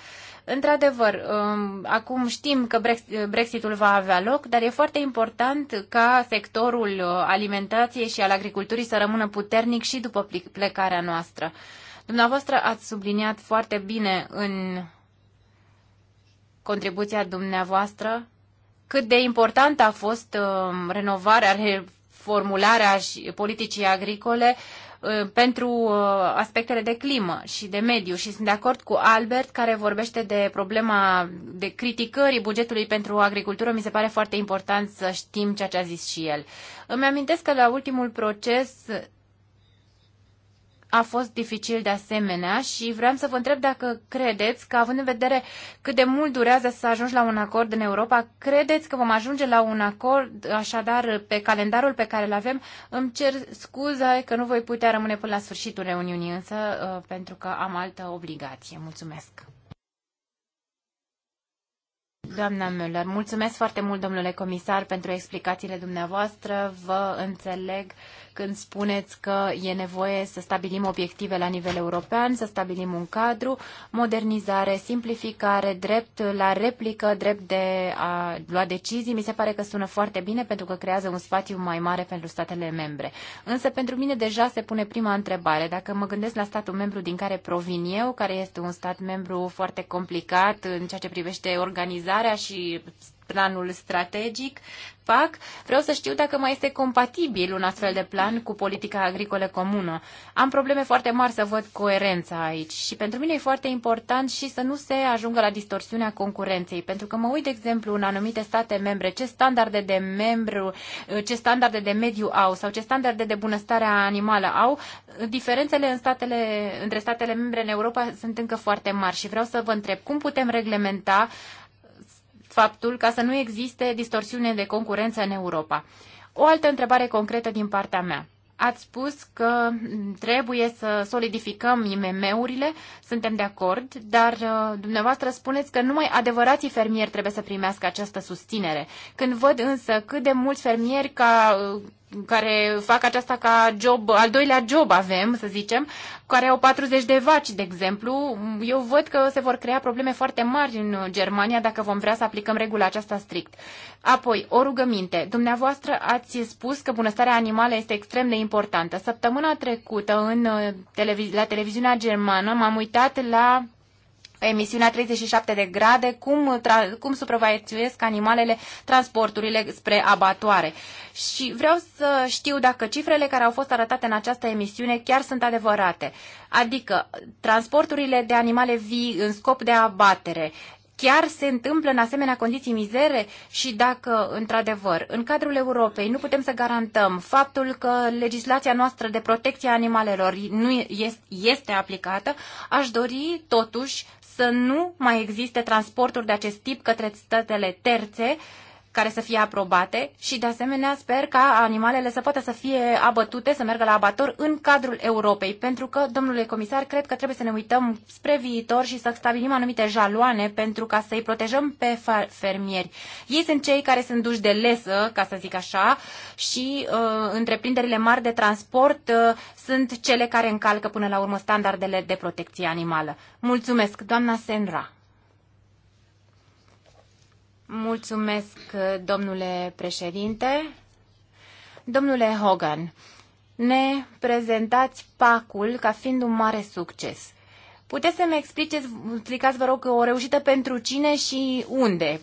Într-adevăr, um, acum știm că Brexitul va avea loc, dar e foarte important ca sectorul uh, alimentației și al agriculturii să rămână puternic și după plecarea noastră. Dumneavoastră ați subliniat foarte bine în contribuția dumneavoastră cât de importantă a fost um, renovarea, reformularea și politicii agricole um, pentru uh, aspectele de climă și de mediu și sunt de acord cu Albert care vorbește de problema de criticării bugetului pentru agricultură. Mi se pare foarte important să știm ceea ce a zis și el. Îmi amintesc că la ultimul proces a fost dificil de asemenea și vreau să vă întreb dacă credeți că, având în vedere cât de mult durează să ajungi la un acord în Europa, credeți că vom ajunge la un acord, așadar, pe calendarul pe care îl avem? Îmi cer scuze că nu voi putea rămâne până la sfârșitul reuniunii, însă, uh, pentru că am altă obligație. Mulțumesc! Doamna Müller, mulțumesc foarte mult, domnule comisar, pentru explicațiile dumneavoastră. Vă înțeleg când spuneți că e nevoie să stabilim obiective la nivel european, să stabilim un cadru, modernizare, simplificare, drept la replică, drept de a lua decizii. Mi se pare că sună foarte bine pentru că creează un spațiu mai mare pentru statele membre. Însă pentru mine deja se pune prima întrebare. Dacă mă gândesc la statul membru din care provin eu, care este un stat membru foarte complicat în ceea ce privește organizarea și planul strategic PAC, vreau să știu dacă mai este compatibil un astfel de plan cu politica agricolă comună. Am probleme foarte mari să văd coerența aici și pentru mine e foarte important și să nu se ajungă la distorsiunea concurenței, pentru că mă uit, de exemplu, în anumite state membre, ce standarde de membru, ce standarde de mediu au sau ce standarde de bunăstare animală au, diferențele în statele, între statele membre în Europa sunt încă foarte mari și vreau să vă întreb cum putem reglementa uh, faptul ca să nu existe distorsiune de concurență în Europa. O altă întrebare concretă din partea mea. Ați spus că trebuie să solidificăm IMM-urile, suntem de acord, dar uh, dumneavoastră spuneți că numai adevărații fermieri trebuie să primească această susținere. Când văd însă cât de mulți fermieri ca uh, care fac aceasta ca job, al doilea job avem, să zicem, care au 40 de vaci, de exemplu, eu văd că se vor crea probleme foarte mari în Germania dacă vom vrea să aplicăm regula aceasta strict. Apoi, o rugăminte. Dumneavoastră ați spus că bunăstarea animală este extrem de importantă. Săptămâna trecută, în uh, televiz- la televiziunea germană, m-am uitat la emisiunea 37 de grade, cum, tra- cum supraviețuiesc animalele transporturile spre abatoare. Și vreau să știu dacă cifrele care au fost arătate în această emisiune chiar sunt adevărate. Adică transporturile de animale vii în scop de abatere, chiar se întâmplă în asemenea condiții mizere și dacă, într-adevăr, în cadrul Europei nu putem să garantăm faptul că legislația noastră de protecție a animalelor nu este aplicată, aș dori, totuși, să nu mai existe transporturi de acest tip către statele terțe care să fie aprobate și, de asemenea, sper ca animalele să poată să fie abătute, să meargă la abator în cadrul Europei, pentru că, domnule comisar, cred că trebuie să ne uităm spre viitor și să stabilim anumite jaloane pentru ca să-i protejăm pe fermieri. Ei sunt cei care sunt duși de lesă, ca să zic așa, și uh, întreprinderile mari de transport uh, sunt cele care încalcă până la urmă standardele de protecție animală. Mulțumesc, doamna Senra. Mulțumesc, domnule președinte. Domnule Hogan, ne prezentați pacul ca fiind un mare succes. Puteți să-mi expliceți, explicați, vă rog, o reușită pentru cine și unde?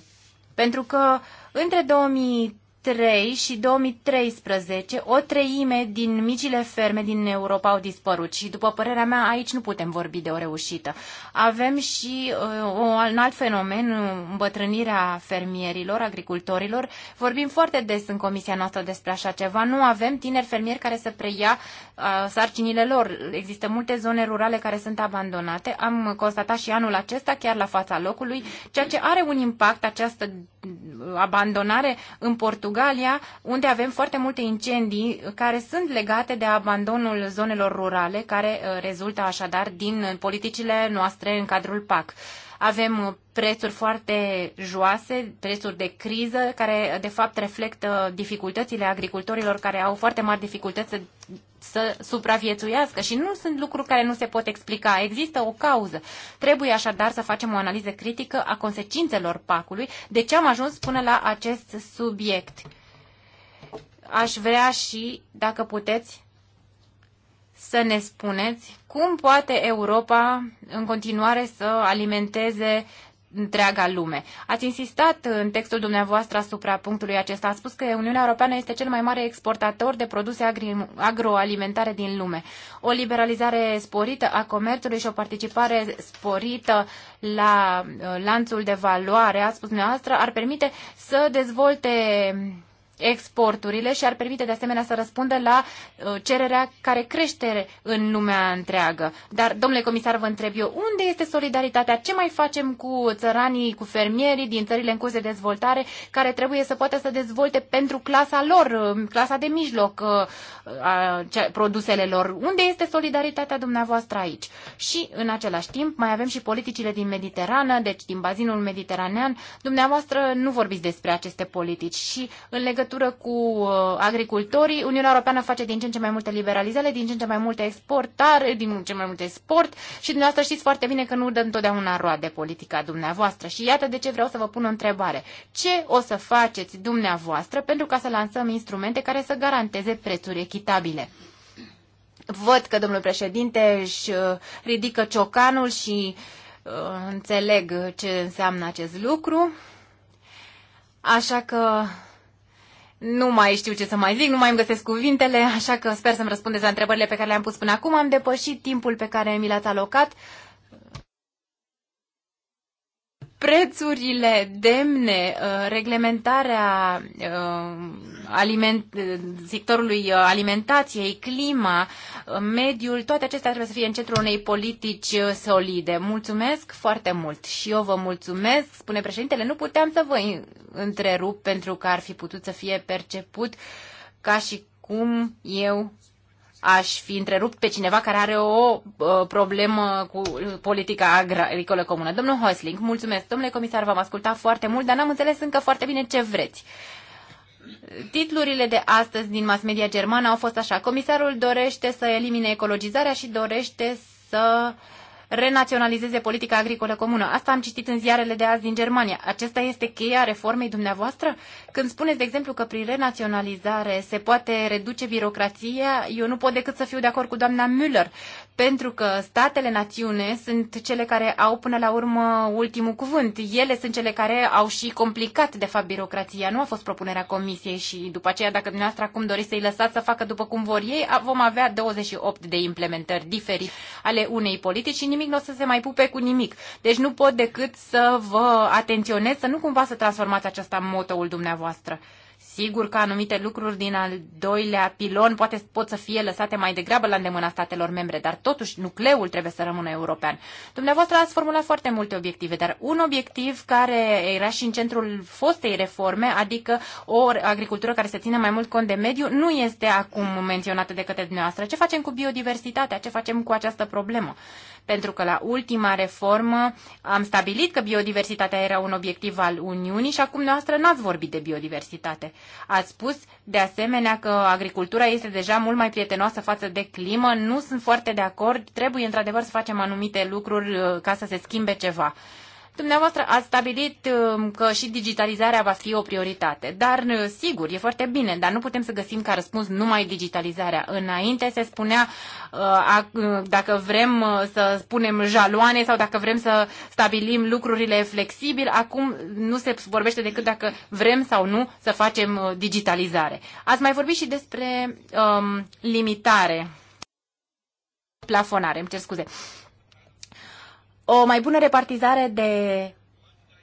Pentru că între 2000 2003 și 2013 o treime din micile ferme din Europa au dispărut și după părerea mea aici nu putem vorbi de o reușită. Avem și uh, un alt fenomen, îmbătrânirea fermierilor, agricultorilor. Vorbim foarte des în comisia noastră despre așa ceva. Nu avem tineri fermieri care să preia uh, sarcinile lor. Există multe zone rurale care sunt abandonate. Am constatat și anul acesta chiar la fața locului, ceea ce are un impact această abandonare în Portugalia, unde avem foarte multe incendii care sunt legate de abandonul zonelor rurale, care uh, rezultă așadar din politicile noastre în cadrul PAC. Avem uh, prețuri foarte joase, prețuri de criză, care de fapt reflectă dificultățile agricultorilor care au foarte mari dificultăți să, să supraviețuiască și nu sunt lucruri care nu se pot explica. Există o cauză. Trebuie așadar să facem o analiză critică a consecințelor pacului, de ce am ajuns până la acest subiect. Aș vrea și, dacă puteți, să ne spuneți cum poate Europa în continuare să alimenteze întreaga lume. Ați insistat în textul dumneavoastră asupra punctului acesta. Ați spus că Uniunea Europeană este cel mai mare exportator de produse agri- agroalimentare din lume. O liberalizare sporită a comerțului și o participare sporită la uh, lanțul de valoare, ați spus dumneavoastră, ar permite să dezvolte exporturile și ar permite de asemenea să răspundă la uh, cererea care crește în lumea întreagă. Dar, domnule comisar, vă întreb eu, unde este solidaritatea? Ce mai facem cu țăranii, cu fermierii din țările în curs de dezvoltare care trebuie să poată să dezvolte pentru clasa lor, uh, clasa de mijloc, uh, produsele lor? Unde este solidaritatea dumneavoastră aici? Și, în același timp, mai avem și politicile din Mediterană, deci din bazinul mediteranean. Dumneavoastră nu vorbiți despre aceste politici și în legătură legătură cu uh, agricultorii, Uniunea Europeană face din ce în ce mai multe liberalizare, din ce în ce mai multe exportare, din ce mai multe export și dumneavoastră știți foarte bine că nu dă întotdeauna roade politica dumneavoastră. Și iată de ce vreau să vă pun o întrebare. Ce o să faceți dumneavoastră pentru ca să lansăm instrumente care să garanteze prețuri echitabile? Văd că domnul președinte își uh, ridică ciocanul și uh, înțeleg ce înseamnă acest lucru. Așa că nu mai știu ce să mai zic, nu mai îmi găsesc cuvintele, așa că sper să-mi răspundeți la întrebările pe care le-am pus până acum. Am depășit timpul pe care mi l-ați alocat prețurile demne, uh, reglementarea uh, aliment, uh, sectorului alimentației, clima, mediul, toate acestea trebuie să fie în centrul unei politici solide. Mulțumesc foarte mult și eu vă mulțumesc, spune președintele, nu puteam să vă întrerup pentru că ar fi putut să fie perceput ca și cum eu aș fi întrerupt pe cineva care are o uh, problemă cu politica agricolă comună. Domnul Hosling, mulțumesc. Domnule comisar, v-am ascultat foarte mult, dar n-am înțeles încă foarte bine ce vreți. Titlurile de astăzi din mass media germană au fost așa. Comisarul dorește să elimine ecologizarea și dorește să renaționalizeze politica agricolă comună. Asta am citit în ziarele de azi din Germania. Acesta este cheia reformei dumneavoastră? Când spuneți, de exemplu, că prin renaționalizare se poate reduce birocrația, eu nu pot decât să fiu de acord cu doamna Müller, pentru că statele națiune sunt cele care au până la urmă ultimul cuvânt. Ele sunt cele care au și complicat, de fapt, birocrația. Nu a fost propunerea comisiei și după aceea, dacă dumneavoastră acum doriți să-i lăsați să facă după cum vor ei, vom avea 28 de implementări diferite ale unei politici și nimic nu o să se mai pupe cu nimic. Deci nu pot decât să vă atenționez să nu cumva să transformați aceasta în motoul dumneavoastră dumneavoastră. Sigur că anumite lucruri din al doilea pilon poate pot să fie lăsate mai degrabă la îndemâna statelor membre, dar totuși nucleul trebuie să rămână european. Dumneavoastră ați formulat foarte multe obiective, dar un obiectiv care era și în centrul fostei reforme, adică o agricultură care se ține mai mult cont de mediu, nu este acum menționată de către dumneavoastră. Ce facem cu biodiversitatea? Ce facem cu această problemă? pentru că la ultima reformă am stabilit că biodiversitatea era un obiectiv al Uniunii și acum noastră n-ați vorbit de biodiversitate. Ați spus de asemenea că agricultura este deja mult mai prietenoasă față de climă. Nu sunt foarte de acord. Trebuie într-adevăr să facem anumite lucruri uh, ca să se schimbe ceva. Dumneavoastră ați stabilit um, că și digitalizarea va fi o prioritate, dar uh, sigur, e foarte bine, dar nu putem să găsim ca răspuns numai digitalizarea. Înainte se spunea uh, uh, dacă vrem să spunem jaloane sau dacă vrem să stabilim lucrurile flexibil, acum nu se vorbește decât dacă vrem sau nu să facem digitalizare. Ați mai vorbit și despre um, limitare, plafonare, îmi cer scuze. Uh, o mai bună repartizare de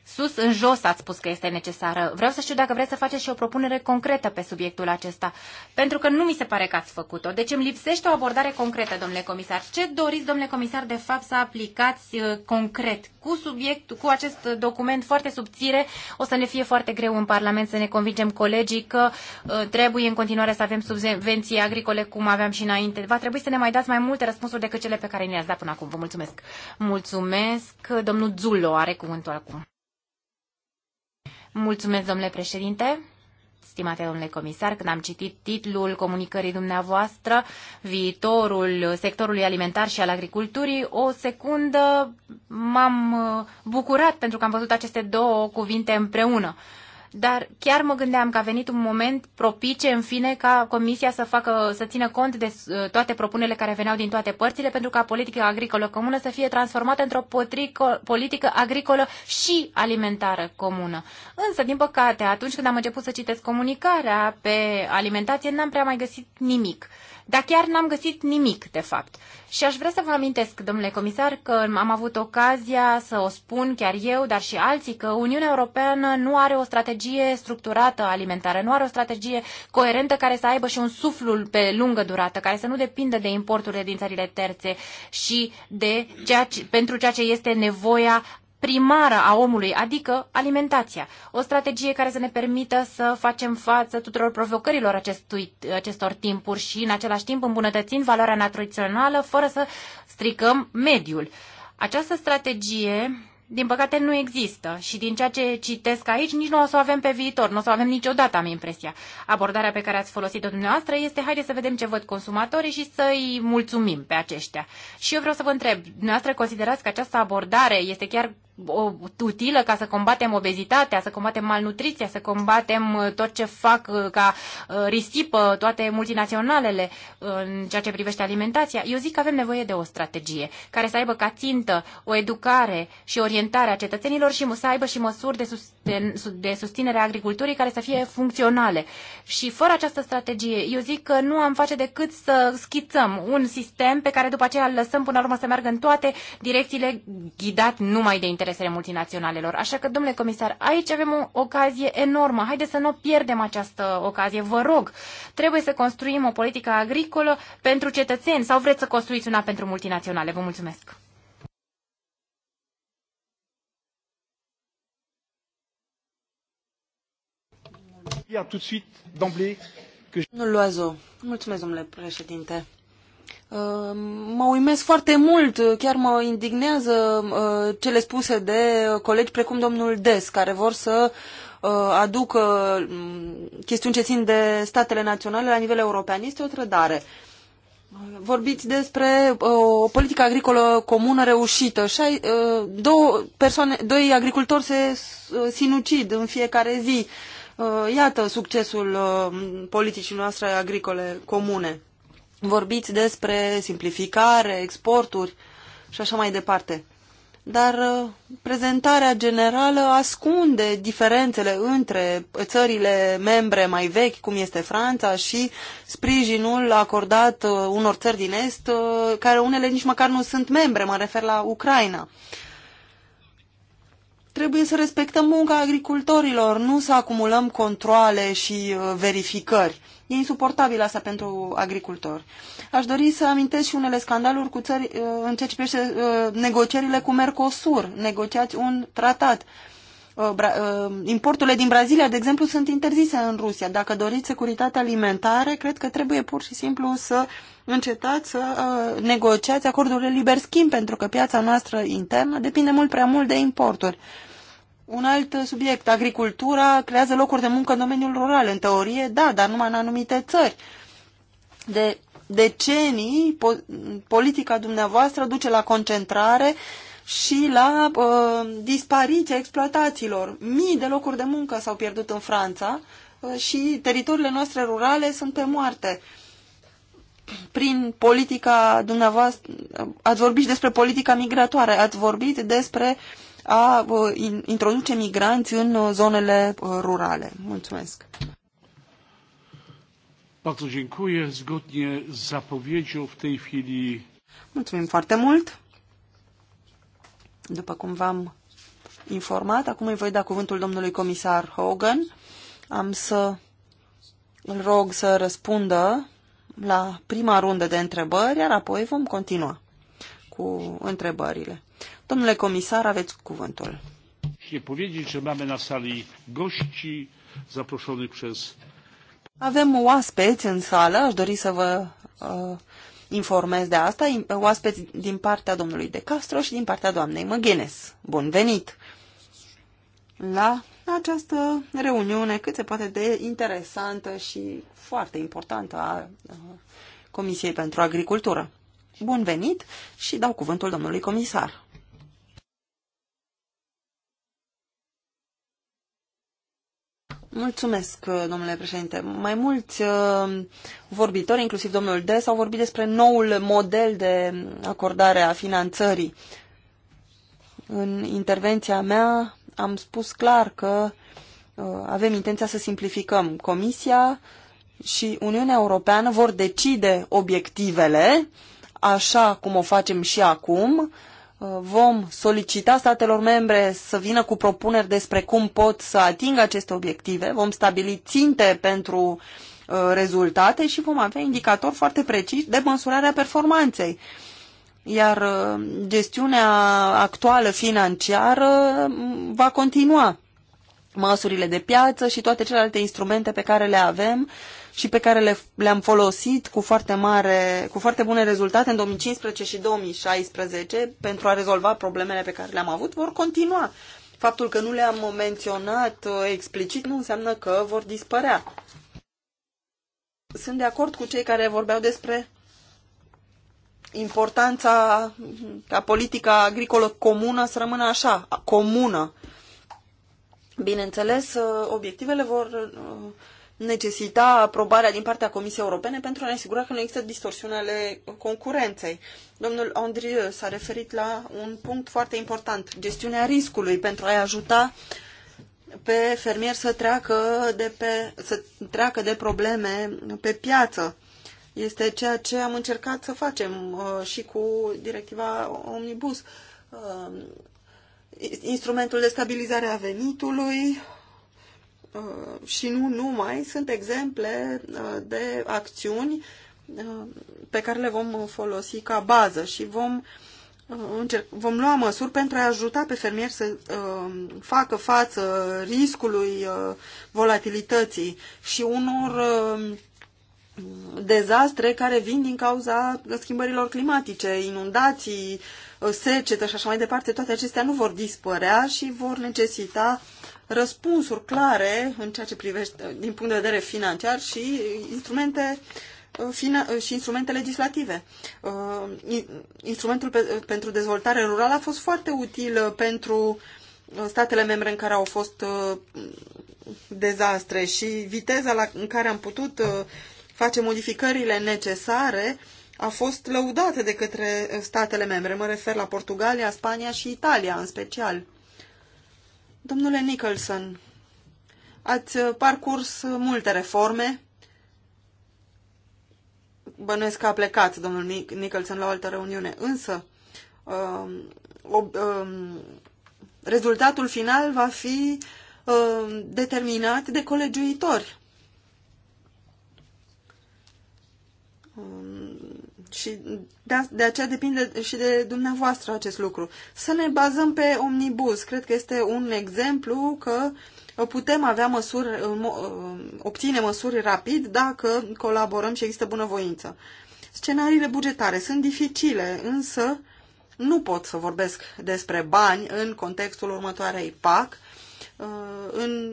sus în jos ați spus că este necesară. Vreau să știu dacă vreți să faceți și o propunere concretă pe subiectul acesta, pentru că nu mi se pare că ați făcut-o. Deci îmi lipsește o abordare concretă, domnule comisar. Ce doriți, domnule comisar, de fapt să aplicați uh, concret cu subiect, cu acest document foarte subțire? O să ne fie foarte greu în Parlament să ne convingem colegii că uh, trebuie în continuare să avem subvenții agricole cum aveam și înainte. Va trebui să ne mai dați mai multe răspunsuri decât cele pe care ne le-ați dat până acum. Vă mulțumesc. Mulțumesc. Domnul Zullo are cuvântul acum. Mulțumesc, domnule președinte. Stimate domnule comisar, când am citit titlul comunicării dumneavoastră, viitorul sectorului alimentar și al agriculturii, o secundă m-am uh, bucurat pentru că am văzut aceste două cuvinte împreună. Uh, dar chiar mă gândeam că a venit un moment propice, în fine, ca Comisia să, facă, să țină cont de uh, toate propunerile care veneau din toate părțile, pentru ca politica agricolă comună să fie transformată într-o politică agricolă și alimentară comună. Însă, din păcate, atunci când am început să citesc comunicarea pe alimentație, n-am prea mai găsit nimic dar chiar n-am găsit nimic, de fapt. Și aș vrea să vă amintesc, domnule comisar, că am avut ocazia să o spun chiar eu, dar și alții, că Uniunea Europeană nu are o strategie structurată alimentară, nu are o strategie coerentă care să aibă și un suflul pe lungă durată, care să nu depindă de importurile din țările terțe și de ceea ce, pentru ceea ce este nevoia primară a omului, adică alimentația. O strategie care să ne permită să facem față tuturor provocărilor acestui, acestor timpuri și, în același timp, îmbunătățind valoarea nutrițională fără să stricăm mediul. Această strategie, din păcate, nu există și din ceea ce citesc aici, nici nu o să o avem pe viitor, nu o să o avem niciodată, am impresia. Abordarea pe care ați folosit-o dumneavoastră este, haide să vedem ce văd consumatorii și să-i mulțumim pe aceștia. Și eu vreau să vă întreb, dumneavoastră considerați că această abordare este chiar utilă ca să combatem obezitatea, să combatem malnutriția, să combatem uh, tot ce fac uh, ca uh, risipă toate multinaționalele în ceea ce privește alimentația. Eu zic că avem nevoie de o strategie care să aibă ca țintă o educare și orientare a cetățenilor și să aibă și măsuri de, susten- de susținere a agriculturii care să fie funcționale. Și fără această strategie, eu zic că nu am face decât să schițăm un sistem pe care după aceea îl lăsăm până la urmă să meargă în toate direcțiile ghidat numai de interes interesele multinaționalelor. Așa că, domnule comisar, aici avem o ocazie enormă. Haideți să nu pierdem această ocazie. Vă rog, trebuie să construim o politică agricolă pentru cetățeni sau vreți să construiți una pentru multinaționale? Vă mulțumesc! Domnul Loazo, mulțumesc, domnule președinte. Ehm, mă uimesc foarte mult, chiar mă indignează eh, cele spuse de colegi precum domnul Des, care vor să eh, aducă mm, chestiuni ce țin de statele naționale la nivel european. Este o trădare. Vorbiți despre eh, o politică agricolă comună reușită. Șai, două persoane, doi agricultori se sinucid în fiecare zi. Iată succesul politicii noastre agricole comune vorbiți despre simplificare, exporturi și așa mai departe. Dar uh, prezentarea generală ascunde diferențele între țările membre mai vechi, cum este Franța, și sprijinul acordat uh, unor țări din Est, uh, care unele nici măcar nu sunt membre, mă refer la Ucraina trebuie să respectăm munca agricultorilor, nu să acumulăm controle și verificări. E insuportabil asta pentru agricultori. Aș dori să amintesc și unele scandaluri cu țări uh, în ceea ce privește uh, negocierile cu Mercosur. Negociați un tratat. Uh, importurile din Brazilia, de exemplu, sunt interzise în Rusia. Dacă doriți securitate alimentare, cred că trebuie pur și simplu să încetați să negociați acordurile liber schimb, pentru că piața noastră internă depinde mult prea mult de importuri. Un alt subiect, agricultura creează locuri de muncă în domeniul rural. În teorie, da, dar numai în anumite țări. De decenii, po politica dumneavoastră duce la concentrare și la uh, dispariția exploatațiilor. Mii de locuri de muncă s-au pierdut în Franța uh, și teritoriile noastre rurale sunt pe moarte. Prin politica dumneavoastră, uh, ați vorbit despre politica migratoare, ați vorbit despre uh, a uh, introduce migranți în uh, zonele uh, rurale. Mulțumesc! Bardzo dziękuję. Zgodnie z zapowiedzią w tej chwili... Mulțumim foarte mult! După cum v-am informat, acum îi voi da cuvântul domnului comisar Hogan. Am să îl rog să răspundă la prima rundă de întrebări, iar apoi vom continua cu întrebările. Domnule comisar, aveți cuvântul. Avem oaspeți în sală, aș dori să vă uh, informez de asta, oaspeți din partea domnului De Castro și din partea doamnei Măghenes. Bun venit la această reuniune cât se poate de interesantă și foarte importantă a uh, Comisiei pentru Agricultură. Bun venit și dau cuvântul domnului comisar. Mulțumesc, uh, domnule președinte. Mai mulți uh, vorbitori, inclusiv domnul Des, au vorbit despre noul model de acordare a finanțării. În intervenția mea am spus clar că uh, avem intenția să simplificăm. Comisia și Uniunea Europeană vor decide obiectivele, așa cum o facem și acum, vom solicita statelor membre să vină cu propuneri despre cum pot să atingă aceste obiective, vom stabili ținte pentru uh, rezultate și vom avea indicatori foarte precisi de măsurarea performanței. Iar uh, gestiunea actuală financiară mm, va continua. Măsurile de piață și toate celelalte instrumente pe care le avem și pe care le, le-am folosit cu foarte, mare, cu foarte bune rezultate în 2015 și 2016 pentru a rezolva problemele pe care le-am avut, vor continua. Faptul că nu le-am menționat uh, explicit nu înseamnă că vor dispărea. Sunt de acord cu cei care vorbeau despre importanța ca politica agricolă comună să rămână așa, comună. Bineînțeles, uh, obiectivele vor uh, necesita aprobarea din partea Comisiei Europene pentru a ne asigura că nu există distorsiune ale concurenței. Domnul Andrieu s-a referit la un punct foarte important, gestiunea riscului pentru a-i ajuta pe fermier să treacă de, pe, să treacă de probleme pe piață. Este ceea ce am încercat să facem uh, și cu directiva Omnibus. Uh, instrumentul de stabilizare a venitului, Uh, și nu numai, sunt exemple uh, de acțiuni uh, pe care le vom folosi ca bază și vom, încerc, vom lua măsuri pentru a ajuta pe fermieri să facă față riscului volatilității și unor dezastre care vin din cauza schimbărilor climatice, inundații, secetă și așa mai departe, toate acestea nu vor dispărea și vor necesita răspunsuri clare în ceea ce privește din punct de vedere financiar și instrumente uh, uh, și instrumente legislative. Uh, instrumentul pentru dezvoltare rurală a fost foarte util pentru statele membre în care au fost dezastre și viteza la, în care am putut face modificările necesare a fost lăudată de către statele membre. Mă refer la Portugalia, Spania și Italia în special. Domnule Nicholson, ați uh, parcurs uh, multe reforme. Bănuiesc că a plecat domnul Nicholson la o altă reuniune, însă um, um, rezultatul final va fi um, determinat de colegiuitori. Um, și de, de aceea depinde și de dumneavoastră acest lucru. Să ne bazăm pe omnibus. Cred că este un exemplu că putem avea măsuri, uh, uh, obține măsuri rapid dacă colaborăm și există bunăvoință. Scenariile bugetare sunt dificile, însă nu pot să vorbesc despre bani în contextul următoarei PAC, uh, în,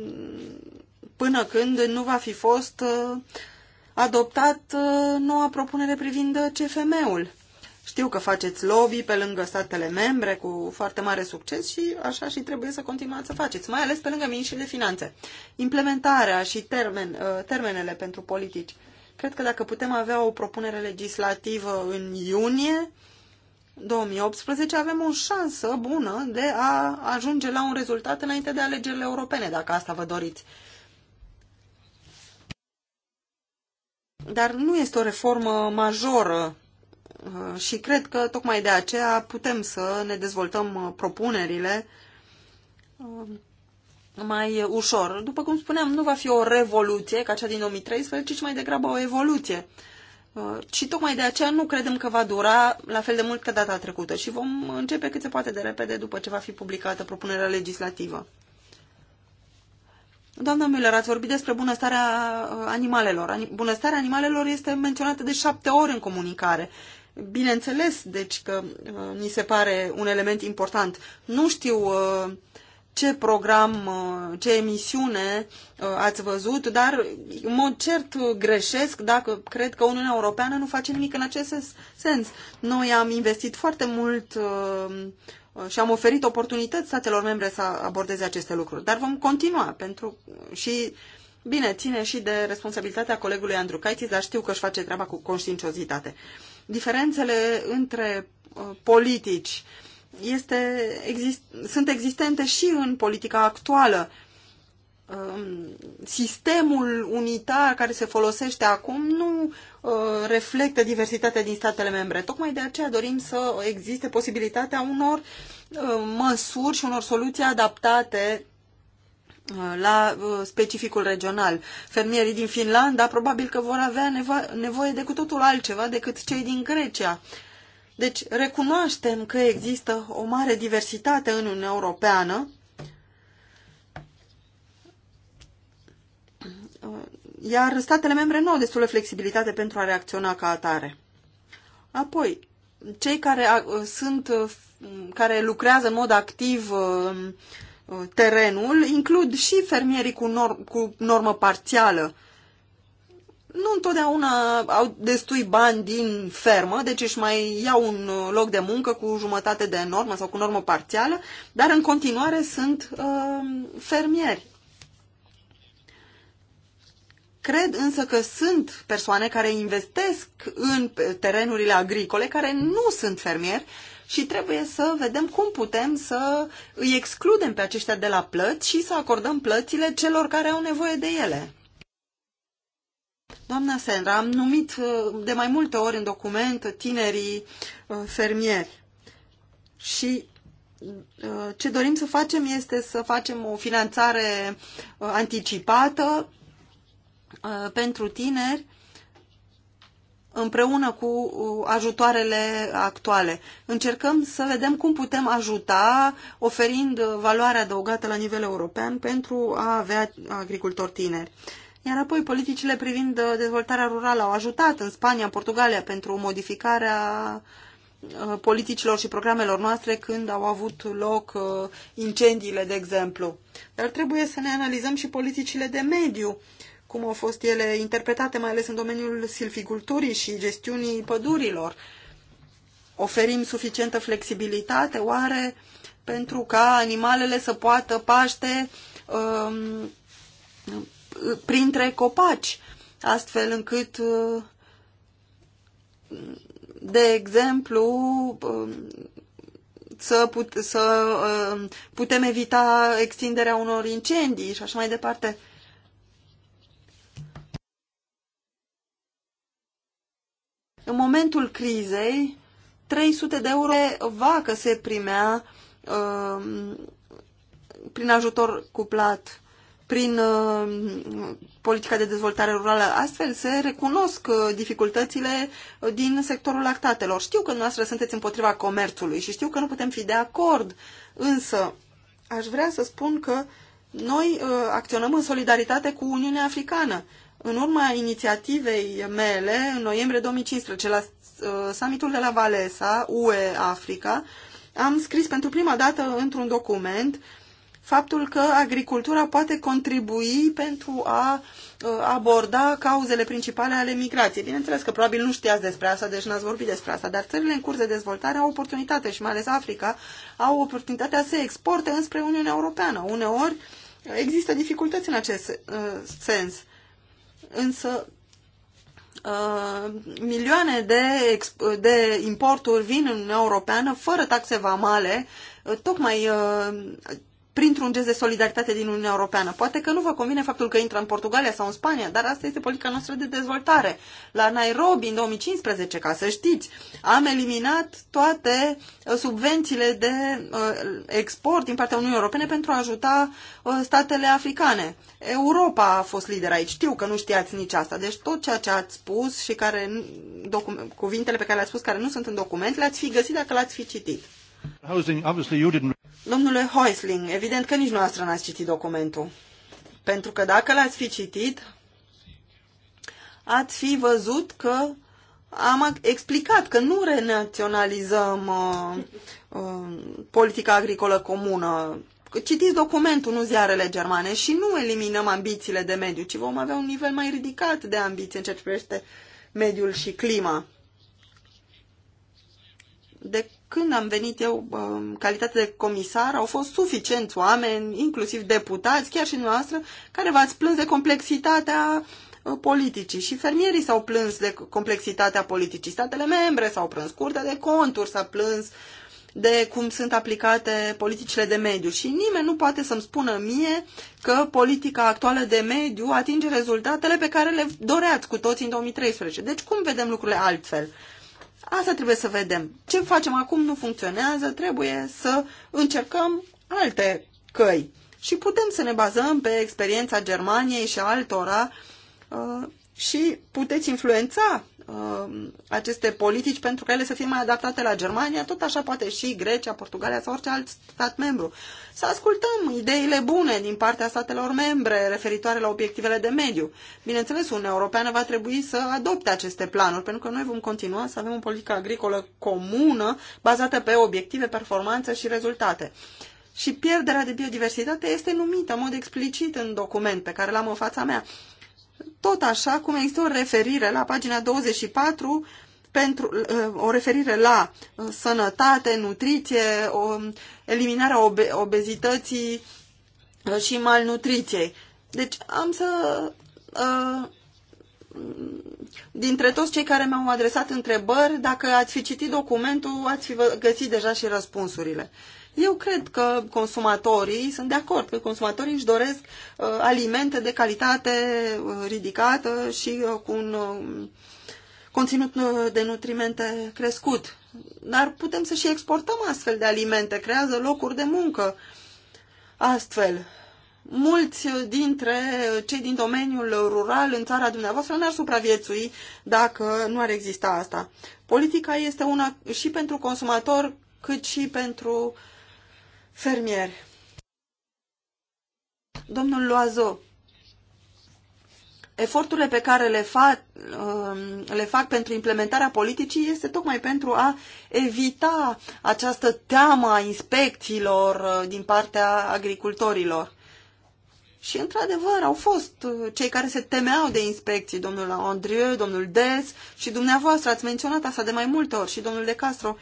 până când nu va fi fost adoptat uh, noua propunere privind uh, CFM-ul. Știu că faceți lobby pe lângă statele membre cu foarte mare succes și așa și trebuie să continuați să faceți, mai ales pe lângă miniștrii de finanțe. Implementarea și termen, uh, termenele pentru politici. Cred că dacă putem avea o propunere legislativă în iunie 2018, avem o șansă bună de a ajunge la un rezultat înainte de alegerile europene, dacă asta vă doriți. Dar nu este o reformă majoră uh, și cred că tocmai de aceea putem să ne dezvoltăm uh, propunerile uh, mai ușor. După cum spuneam, nu va fi o revoluție ca cea din 2013, ci mai degrabă o evoluție. Și tocmai de aceea nu credem că va dura la fel de mult ca data trecută și vom începe cât se poate de repede după ce va fi publicată propunerea legislativă. Doamna Müller, ați vorbit despre bunăstarea uh, animalelor. Bunăstarea animalelor este menționată de șapte ori în comunicare. Bineînțeles, deci că uh, ni se pare un element important. Nu știu uh, ce program, ce emisiune ați văzut, dar în mod cert greșesc dacă cred că Uniunea Europeană nu face nimic în acest sens. Noi am investit foarte mult uh, și am oferit oportunități statelor membre să abordeze aceste lucruri. Dar vom continua pentru și bine, ține și de responsabilitatea colegului Andru Caitis, dar știu că își face treaba cu conștiinciozitate. Diferențele între uh, politici este, exist, sunt existente și în politica actuală Um, sistemul unitar care se folosește acum nu uh, reflectă diversitatea din statele membre. Tocmai de aceea dorim să existe posibilitatea unor uh, măsuri și unor soluții adaptate uh, la specificul regional. Fermierii din Finlanda probabil că vor avea nevo- nevoie de cu totul altceva decât cei din Grecia. Deci recunoaștem că există o mare diversitate în Uniunea Europeană iar statele membre nu au destulă flexibilitate pentru a reacționa ca atare. Apoi, cei care sunt, uh, mm, care lucrează în mod activ uh, uh, terenul, includ și fermierii cu, norm, cu normă parțială. Nu întotdeauna au destui bani din fermă, deci își mai iau un loc de muncă cu jumătate de normă sau cu normă parțială, dar în continuare sunt uh, fermieri. Cred însă că sunt persoane care investesc în terenurile agricole, care nu sunt fermieri și trebuie să vedem cum putem să îi excludem pe aceștia de la plăți și să acordăm plățile celor care au nevoie de ele. Doamna Senra, am numit uh, de mai multe ori în document tinerii uh, fermieri și uh, ce dorim să facem este să facem o finanțare anticipată Uh, pentru tineri împreună cu uh, ajutoarele actuale. Încercăm să vedem cum putem ajuta oferind uh, valoare adăugată la nivel european pentru a avea agricultori tineri. Iar apoi politicile privind dezvoltarea rurală au ajutat în Spania, în Portugalia pentru modificarea politicilor și programelor noastre când au avut loc incendiile, de exemplu. Dar trebuie să ne analizăm și politicile de mediu cum au fost ele interpretate, mai ales în domeniul silviculturii și gestiunii pădurilor. Oferim suficientă flexibilitate, oare, pentru ca animalele să poată paște um, printre copaci, astfel încât, um, de exemplu, um, să, put, să um, putem evita extinderea unor incendii și așa mai departe. În momentul crizei, 300 de euro vacă se primea uh, prin ajutor cuplat, prin uh, politica de dezvoltare rurală. Astfel se recunosc uh, dificultățile din sectorul lactatelor. Știu că noastră sunteți împotriva comerțului și știu că nu putem fi de acord, însă aș vrea să spun că noi uh, acționăm în solidaritate cu Uniunea Africană în urma inițiativei mele, în noiembrie 2015, la uh, summitul de la Valesa, UE Africa, am scris pentru prima dată într-un document faptul că agricultura poate contribui pentru a uh, aborda cauzele principale ale migrației. Bineînțeles că probabil nu știați despre asta, deci n-ați vorbit despre asta, dar țările în curs de dezvoltare au oportunitate și mai ales Africa au oportunitatea să exporte înspre Uniunea Europeană. Uneori uh, există dificultăți în acest uh, sens. Uh, însă uh, milioane de, de importuri vin în Uniunea Europeană fără taxe vamale, uh, tocmai uh, printr-un gest de solidaritate din Uniunea Europeană. Poate că nu vă convine faptul că intră în Portugalia sau în Spania, dar asta este politica noastră de dezvoltare. La Nairobi, în 2015, ca să știți, am eliminat toate uh, subvențiile de uh, export din partea Uniunii Europene pentru a ajuta uh, statele africane. Europa a fost lider aici. Știu că nu știați nici asta. Deci tot ceea ce ați spus și care, cuvintele pe care le-ați spus care nu sunt în document, le-ați fi găsit dacă l-ați fi citit. Domnule Heusling, evident că nici noastră n-ați citit documentul. Pentru că dacă l-ați fi citit, ați fi văzut că am explicat că nu renaționalizăm uh, uh, politica agricolă comună. Citiți documentul, nu ziarele germane, și nu eliminăm ambițiile de mediu, ci vom avea un nivel mai ridicat de ambiție în ceea ce privește mediul și clima. De când am venit eu în calitate de comisar, au fost suficienți oameni, inclusiv deputați, chiar și noastră, care v-ați plâns de complexitatea ă, politicii și fermierii s-au plâns de complexitatea politicii. Statele membre s-au plâns, Curtea de Conturi s-a plâns de cum sunt aplicate politicile de mediu și nimeni nu poate să-mi spună mie că politica actuală de mediu atinge rezultatele pe care le doreați cu toți în 2013. Deci cum vedem lucrurile altfel? Asta trebuie să vedem. Ce facem acum nu funcționează, trebuie să încercăm alte căi. Și putem să ne bazăm pe experiența Germaniei și altora uh, și puteți influența Um, aceste politici pentru ca ele să fie mai adaptate la Germania, tot așa poate și Grecia, Portugalia sau orice alt stat membru. Să ascultăm ideile bune din partea statelor membre referitoare la obiectivele de mediu. Bineînțeles, Uniunea Europeană va trebui să adopte aceste planuri, pentru că noi vom continua să avem o politică agricolă comună bazată pe obiective, performanță și rezultate. Și pierderea de biodiversitate este numită în mod explicit în document pe care l-am în fața mea tot așa cum există o referire la pagina 24 pentru uh, o referire la uh, sănătate, nutriție, o, eliminarea obe, obezității uh, și malnutriției. Deci am să dintre toți cei care mi-au adresat întrebări, dacă ați fi citit documentul, ați fi găsit deja și răspunsurile. Eu cred că consumatorii sunt de acord, că consumatorii își doresc uh, alimente de calitate uh, ridicată și uh, cu un um, uh, conținut de nutrimente crescut. Dar putem să și exportăm astfel de alimente, creează locuri de muncă. Astfel, mulți dintre cei din domeniul rural în țara dumneavoastră n-ar supraviețui dacă nu ar exista asta. Politica este una și pentru consumator, cât și pentru fermieri. Domnul Loazo, eforturile pe care le fac, um, le fac pentru implementarea politicii este tocmai pentru a evita această teamă a inspecțiilor uh, din partea agricultorilor. Și, într-adevăr, au fost uh, cei care se temeau de inspecții, domnul Andrieu, domnul Des și dumneavoastră ați menționat asta de mai multe ori și domnul De Castro.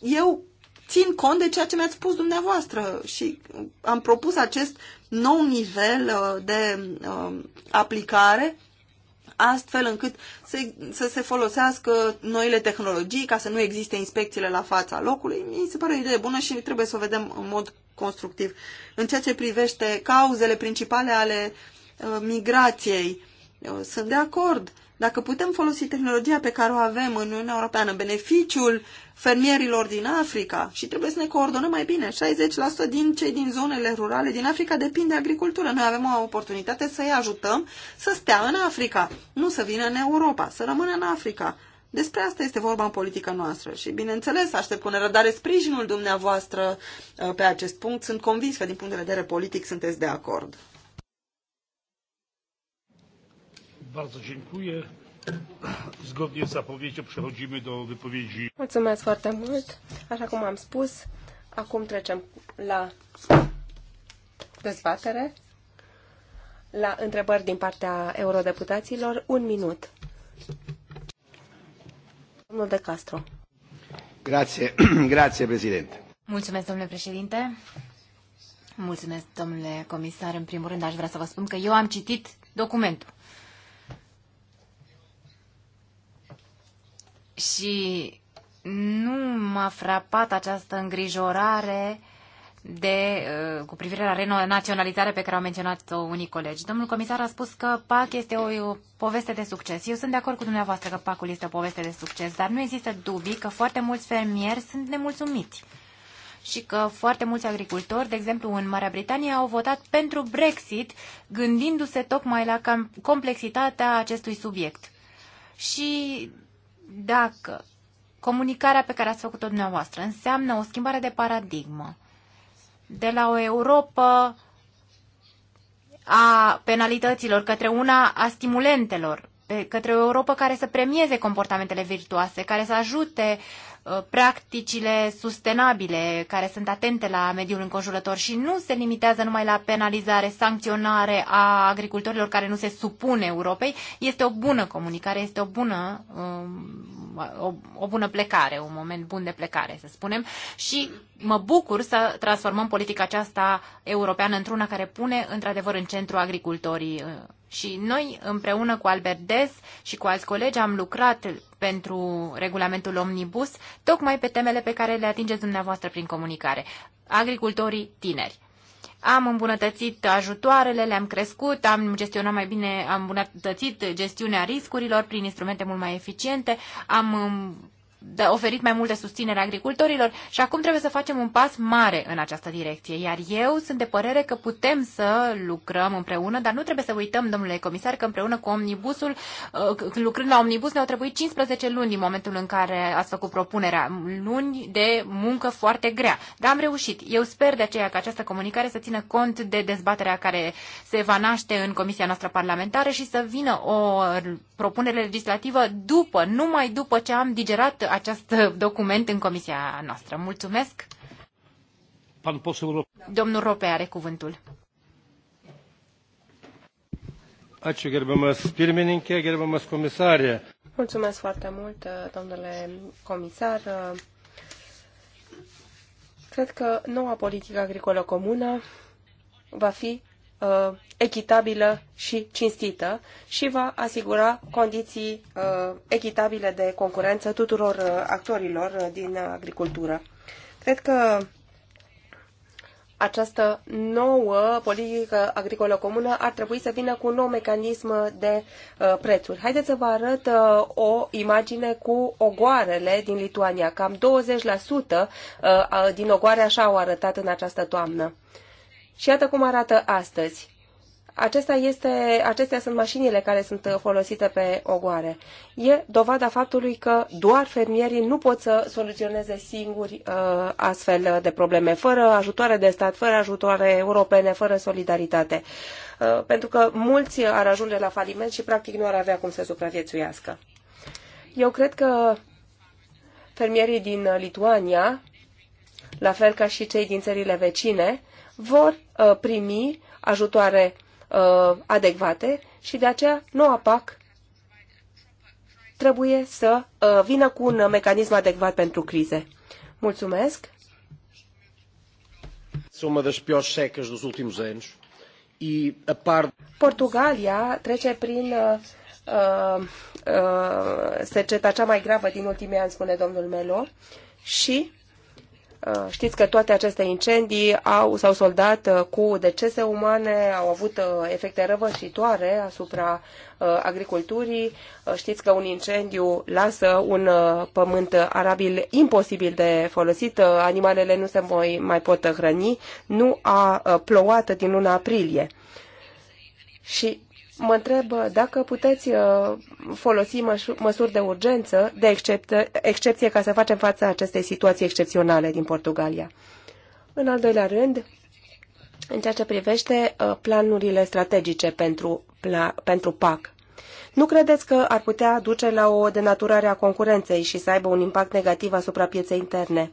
Eu țin cont de ceea ce mi-ați spus dumneavoastră și am propus acest nou nivel uh, de uh, aplicare astfel încât să, să se folosească noile tehnologii ca să nu existe inspecțiile la fața locului. Mi se pare o idee bună și trebuie să o vedem în mod constructiv. În ceea ce privește cauzele principale ale uh, migrației, sunt de acord dacă putem folosi tehnologia pe care o avem în Uniunea Europeană în beneficiul fermierilor din Africa și trebuie să ne coordonăm mai bine, 60% din cei din zonele rurale din Africa depind de agricultură. Noi avem o oportunitate să-i ajutăm să stea în Africa, nu să vină în Europa, să rămână în Africa. Despre asta este vorba în politica noastră și, bineînțeles, aștept cu nerăbdare sprijinul dumneavoastră uh, pe acest punct. Sunt convins că, din punct de vedere politic, sunteți de acord. Bardzo dziękuję. Zgodnie z zapowiedzią przechodzimy do wypowiedzi. Mulțumesc foarte mult. Așa cum am spus, acum trecem la dezbatere, la întrebări din partea eurodeputaților. Un minut. Domnul De Castro. Grație, grație, președinte. Mulțumesc, domnule președinte. Mulțumesc, domnule comisar. În primul rând, aș vrea să vă spun că eu am citit documentul. și nu m-a frapat această îngrijorare de, uh, cu privire la renaționalizare pe care au menționat-o unii colegi. Domnul comisar a spus că PAC este o, o poveste de succes. Eu sunt de acord cu dumneavoastră că PAC-ul este o poveste de succes, dar nu există dubii că foarte mulți fermieri sunt nemulțumiți și că foarte mulți agricultori, de exemplu în Marea Britanie, au votat pentru Brexit, gândindu-se tocmai la complexitatea acestui subiect. Și dacă comunicarea pe care ați făcut-o dumneavoastră înseamnă o schimbare de paradigmă de la o Europa a penalităților către una a stimulentelor, către o Europa care să premieze comportamentele virtuoase, care să ajute uh, Uh, practicile sustenabile care sunt atente la mediul înconjurător și nu se limitează numai la penalizare, sancționare a agricultorilor care nu se supun Europei, este o bună comunicare, este o bună, um, o, o bună plecare, un moment bun de plecare, să spunem, și mă bucur să transformăm politica aceasta europeană într-una care pune într-adevăr în centru agricultorii. Uh, și noi, împreună cu Albert Des și cu alți colegi, am lucrat pentru regulamentul Omnibus, tocmai pe temele pe care le atingeți dumneavoastră prin comunicare. Agricultorii tineri. Am îmbunătățit ajutoarele, le-am crescut, am gestionat mai bine, am îmbunătățit gestiunea riscurilor prin instrumente mult mai eficiente, am oferit mai multe susținere agricultorilor și acum trebuie să facem un pas mare în această direcție. Iar eu sunt de părere că putem să lucrăm împreună, dar nu trebuie să uităm, domnule comisar, că împreună cu omnibusul, uh, lucrând la omnibus, ne-au trebuit 15 luni din momentul în care ați făcut propunerea. Luni de muncă foarte grea. Dar am reușit. Eu sper de aceea că această comunicare să țină cont de dezbaterea care se va naște în comisia noastră parlamentară și să vină o propunere legislativă după, numai după ce am digerat acest document în comisia noastră. Mulțumesc! Domnul Rope are cuvântul. Ačiū gerbiamas pirmininkė, gerbiamas komisarė. Mulțumesc foarte mult, domnule comisar. Cred că noua politică agricolă comună va fi uh, echitabilă și cinstită și va asigura condiții uh, echitabile de concurență tuturor uh, actorilor uh, din agricultură. Cred că această nouă politică agricolă comună ar trebui să vină cu un nou mecanism de uh, prețuri. Haideți să vă arăt uh, o imagine cu ogoarele din Lituania. Cam 20% uh, din ogoare așa au arătat în această toamnă. Uh, și iată cum arată astăzi. Acesta este, acestea sunt mașinile care sunt uh, folosite pe ogoare. E dovada faptului că doar fermierii nu pot să soluționeze singuri uh, astfel uh, de probleme, fără ajutoare de stat, fără ajutoare europene, fără solidaritate. Uh, pentru că mulți ar ajunge la faliment și practic nu ar avea cum să supraviețuiască. Eu cred că fermierii din Lituania, la fel ca și cei din țările vecine, vor uh, primi ajutoare uh, adecvate și de aceea noua PAC trebuie să uh, vină cu un mecanism adecvat pentru crize. Mulțumesc! Portugalia trece prin uh, uh, seceta cea mai gravă din ultimii ani, spune domnul Melo, și Uh, știți că toate aceste incendii au, s-au soldat uh, cu decese umane, au avut uh, efecte răvășitoare asupra agriculturii. Știți că un incendiu lasă un pământ arabil imposibil de folosit, animalele nu se mai, mai pot hrăni, nu a plouat din luna aprilie. Și mă întreb dacă puteți uh, folosi măsuri de urgență, de excepție, excepție ca să facem față acestei situații excepționale din Portugalia. În al doilea rând, în ceea ce privește uh, planurile strategice pentru, pentru PAC. Nu credeți că ar putea duce la o denaturare a concurenței și să aibă un impact negativ asupra pieței interne?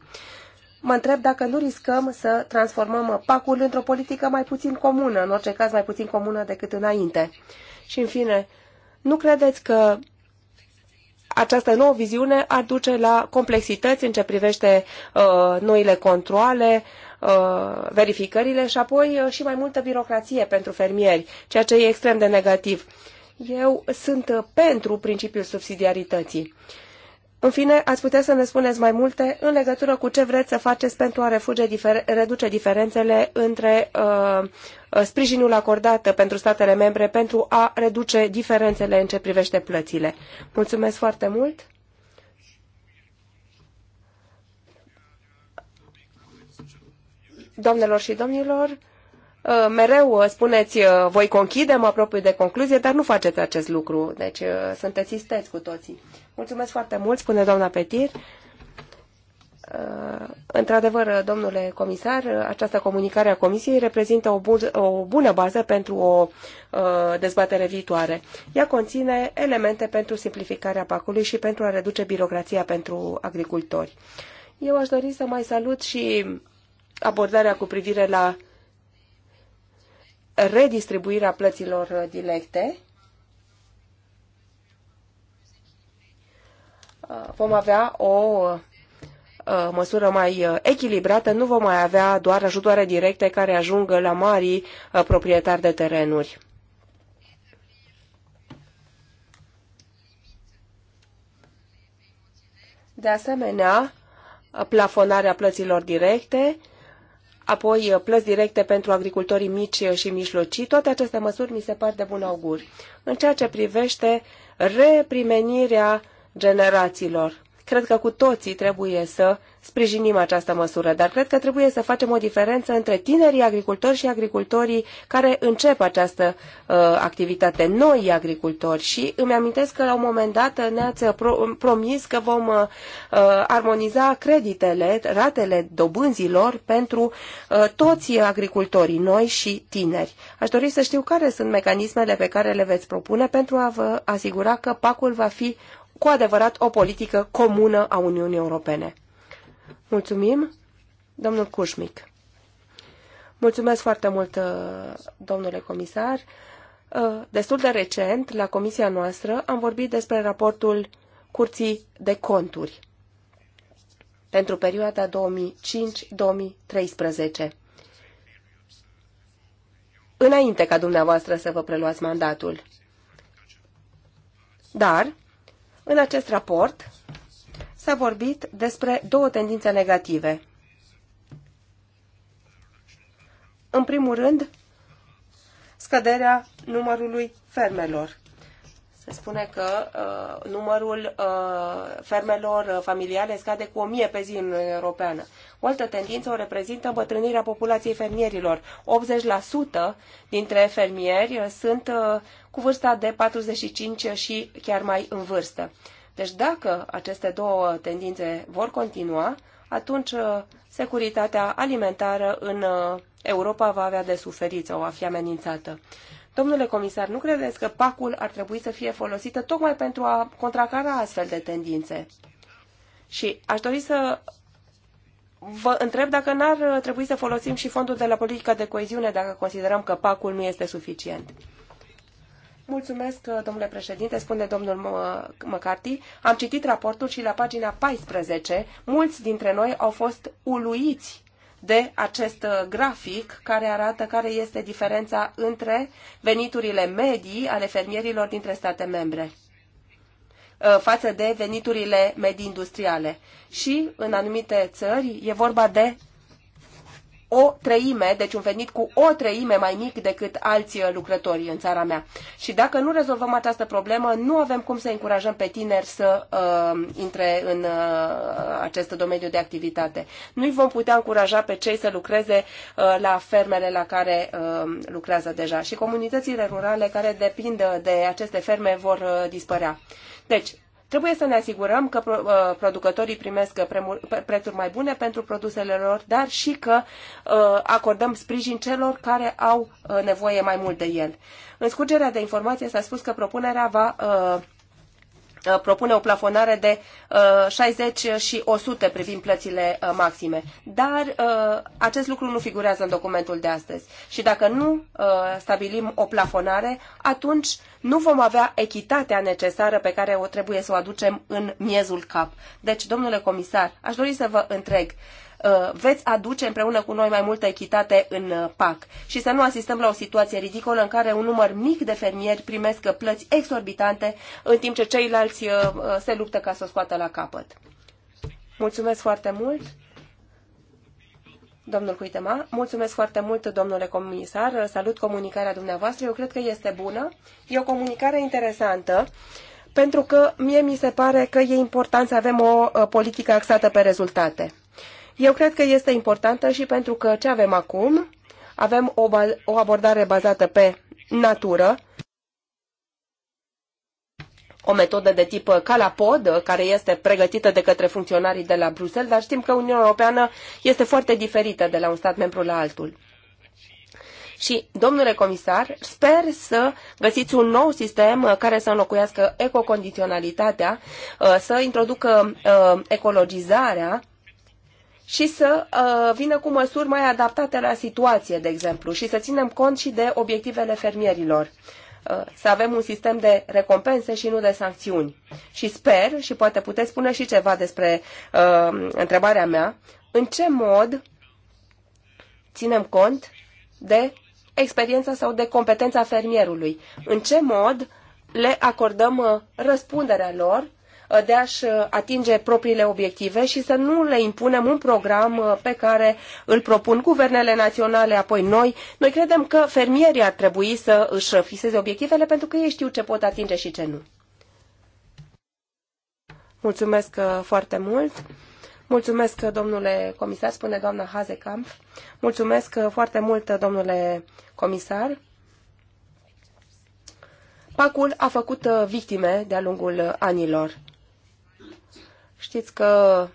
mă întreb dacă nu riscăm să transformăm pacul într-o politică mai puțin comună, în orice caz mai puțin comună decât înainte. Și în fine, nu credeți că această nouă viziune ar duce la complexități în ce privește uh, noile controle, uh, verificările și apoi uh, și mai multă birocrație pentru fermieri, ceea ce e extrem de negativ. Eu sunt uh, pentru principiul subsidiarității. Uh, în fine, ați putea să ne spuneți mai multe în legătură cu ce vreți să faceți pentru a refuge difer reduce diferențele între uh, sprijinul acordat pentru statele membre pentru a reduce diferențele în ce privește plățile. Mulțumesc foarte mult! Doamnelor și domnilor, uh, mereu uh, spuneți uh, voi conchide, mă apropii de concluzie, dar nu faceți acest lucru, deci sunteți isteți cu toții. Mulțumesc foarte mult, spune doamna Petir. Uh, într-adevăr, domnule comisar, această comunicare a Comisiei reprezintă o, bun, o bună bază pentru o uh, dezbatere viitoare. Ea conține elemente pentru simplificarea pacului și pentru a reduce birocrația pentru agricultori. Eu aș dori să mai salut și abordarea cu privire la redistribuirea plăților directe Uh, vom avea o uh, măsură mai uh, echilibrată, nu vom mai avea doar ajutoare directe care ajungă la marii proprietari de terenuri. De asemenea, plafonarea plăților directe, apoi plăți directe pentru agricultorii mici și mijlocii, toate aceste măsuri mi se par de bun augur. În ceea ce privește reprimenirea generațiilor. Cred că cu toții trebuie să sprijinim această măsură, dar cred că trebuie să facem o diferență între tinerii agricultori și agricultorii care încep această uh, activitate, noi agricultori. Și îmi amintesc că la un moment dat ne-ați pro- promis că vom uh, armoniza creditele, ratele dobânzilor pentru uh, toți agricultorii, noi și tineri. Aș dori să știu care sunt mecanismele pe care le veți propune pentru a vă asigura că pacul va fi cu adevărat o politică comună a Uniunii Europene. Mulțumim, domnul Cușmic. Mulțumesc foarte mult, uh, domnule comisar. Uh, destul de recent, la comisia noastră, am vorbit despre raportul Curții de Conturi pentru perioada 2005-2013 înainte ca dumneavoastră să vă preluați mandatul. Dar în acest raport s-a vorbit despre două tendințe negative. În primul rând, scăderea numărului fermelor se spune că uh, numărul uh, fermelor uh, familiale scade cu 1000 pe zi în Uniunea Europeană. O altă tendință o reprezintă îmbătrânirea populației fermierilor. 80% dintre fermieri uh, sunt uh, cu vârsta de 45 și chiar mai în vârstă. Deci dacă aceste două tendințe vor continua, atunci uh, securitatea alimentară în uh, Europa va avea de suferit sau va fi amenințată. Domnule comisar, nu credeți că pacul ar trebui să fie folosită tocmai pentru a contracara astfel de tendințe? Și aș dori să vă întreb dacă n-ar trebui să folosim și fondul de la politica de coeziune dacă considerăm că pacul nu este suficient. Mulțumesc, domnule președinte, spune domnul McCarthy. Am citit raportul și la pagina 14 mulți dintre noi au fost uluiți de acest uh, grafic care arată care este diferența între veniturile medii ale fermierilor dintre state membre uh, față de veniturile medii industriale. Și în anumite țări e vorba de o treime, deci un venit cu o treime mai mic decât alții uh, lucrători în țara mea. Și dacă nu rezolvăm această problemă, nu avem cum să încurajăm pe tineri să uh, intre în uh, acest domeniu de activitate. Nu îi vom putea încuraja pe cei să lucreze uh, la fermele la care uh, lucrează deja. Și comunitățile rurale care depind uh, de aceste ferme vor uh, dispărea. Deci, Trebuie să ne asigurăm că uh, producătorii primesc prețuri mai bune pentru produsele lor, dar și că uh, acordăm sprijin celor care au uh, nevoie mai mult de el. În scurgerea de informație s-a spus că propunerea va Uh, propune o plafonare de 60 uh, și 100 privind plățile uh, maxime. Dar acest lucru nu figurează în documentul de astăzi. Și dacă nu stabilim o plafonare, atunci nu vom avea echitatea necesară pe care o trebuie să o aducem în miezul cap. Deci, domnule comisar, aș dori să vă întreg. Uh, veți aduce împreună cu noi mai multă echitate în uh, PAC și să nu asistăm la o situație ridicolă în care un număr mic de fermieri primesc uh, plăți exorbitante în timp ce ceilalți se luptă ca să o scoată la capăt. Mulțumesc foarte mult! Domnul Cuitema, mulțumesc foarte mult, domnule comisar. Salut comunicarea dumneavoastră. Eu cred că este bună. E o comunicare interesantă pentru că mie mi se pare că e important să avem o politică axată pe rezultate. Eu cred că este importantă și pentru că ce avem acum, avem o, o abordare bazată pe natură, o metodă de tip calapod, care este pregătită de către funcționarii de la Bruxelles, dar știm că Uniunea Europeană este foarte diferită de la un stat membru la altul. Și, domnule comisar, sper să găsiți un nou sistem care să înlocuiască ecocondiționalitatea, să introducă uh, ecologizarea și să uh, vină cu măsuri mai adaptate la situație, de exemplu, și să ținem cont și de obiectivele fermierilor. Uh, să avem un sistem de recompense și nu de sancțiuni. Și sper, și poate puteți spune și ceva despre uh, întrebarea mea, în ce mod ținem cont de experiența sau de competența fermierului? În ce mod le acordăm uh, răspunderea lor de a-și uh, atinge propriile obiective și să nu le impunem un program uh, pe care îl propun guvernele naționale, apoi noi. Noi credem că fermierii ar trebui să își fixeze obiectivele pentru că ei știu ce pot atinge și ce nu. Mulțumesc uh, foarte mult. Mulțumesc, domnule comisar, spune doamna Hazekamp. Mulțumesc foarte mult, domnule comisar. Pacul a făcut victime de-a lungul anilor. Știți că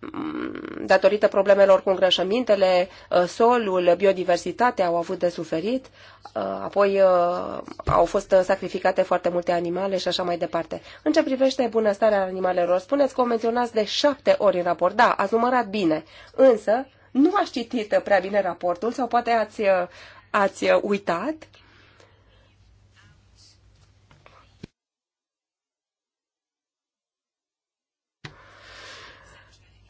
mm, datorită problemelor cu îngrășămintele, uh, solul, biodiversitatea au avut de suferit, uh, apoi uh, au fost sacrificate foarte multe animale și așa mai departe. În ce privește bunăstarea animalelor, spuneți că o menționați de șapte ori în raport. Da, ați numărat bine, însă nu ați citit prea bine raportul sau poate ați, ați uitat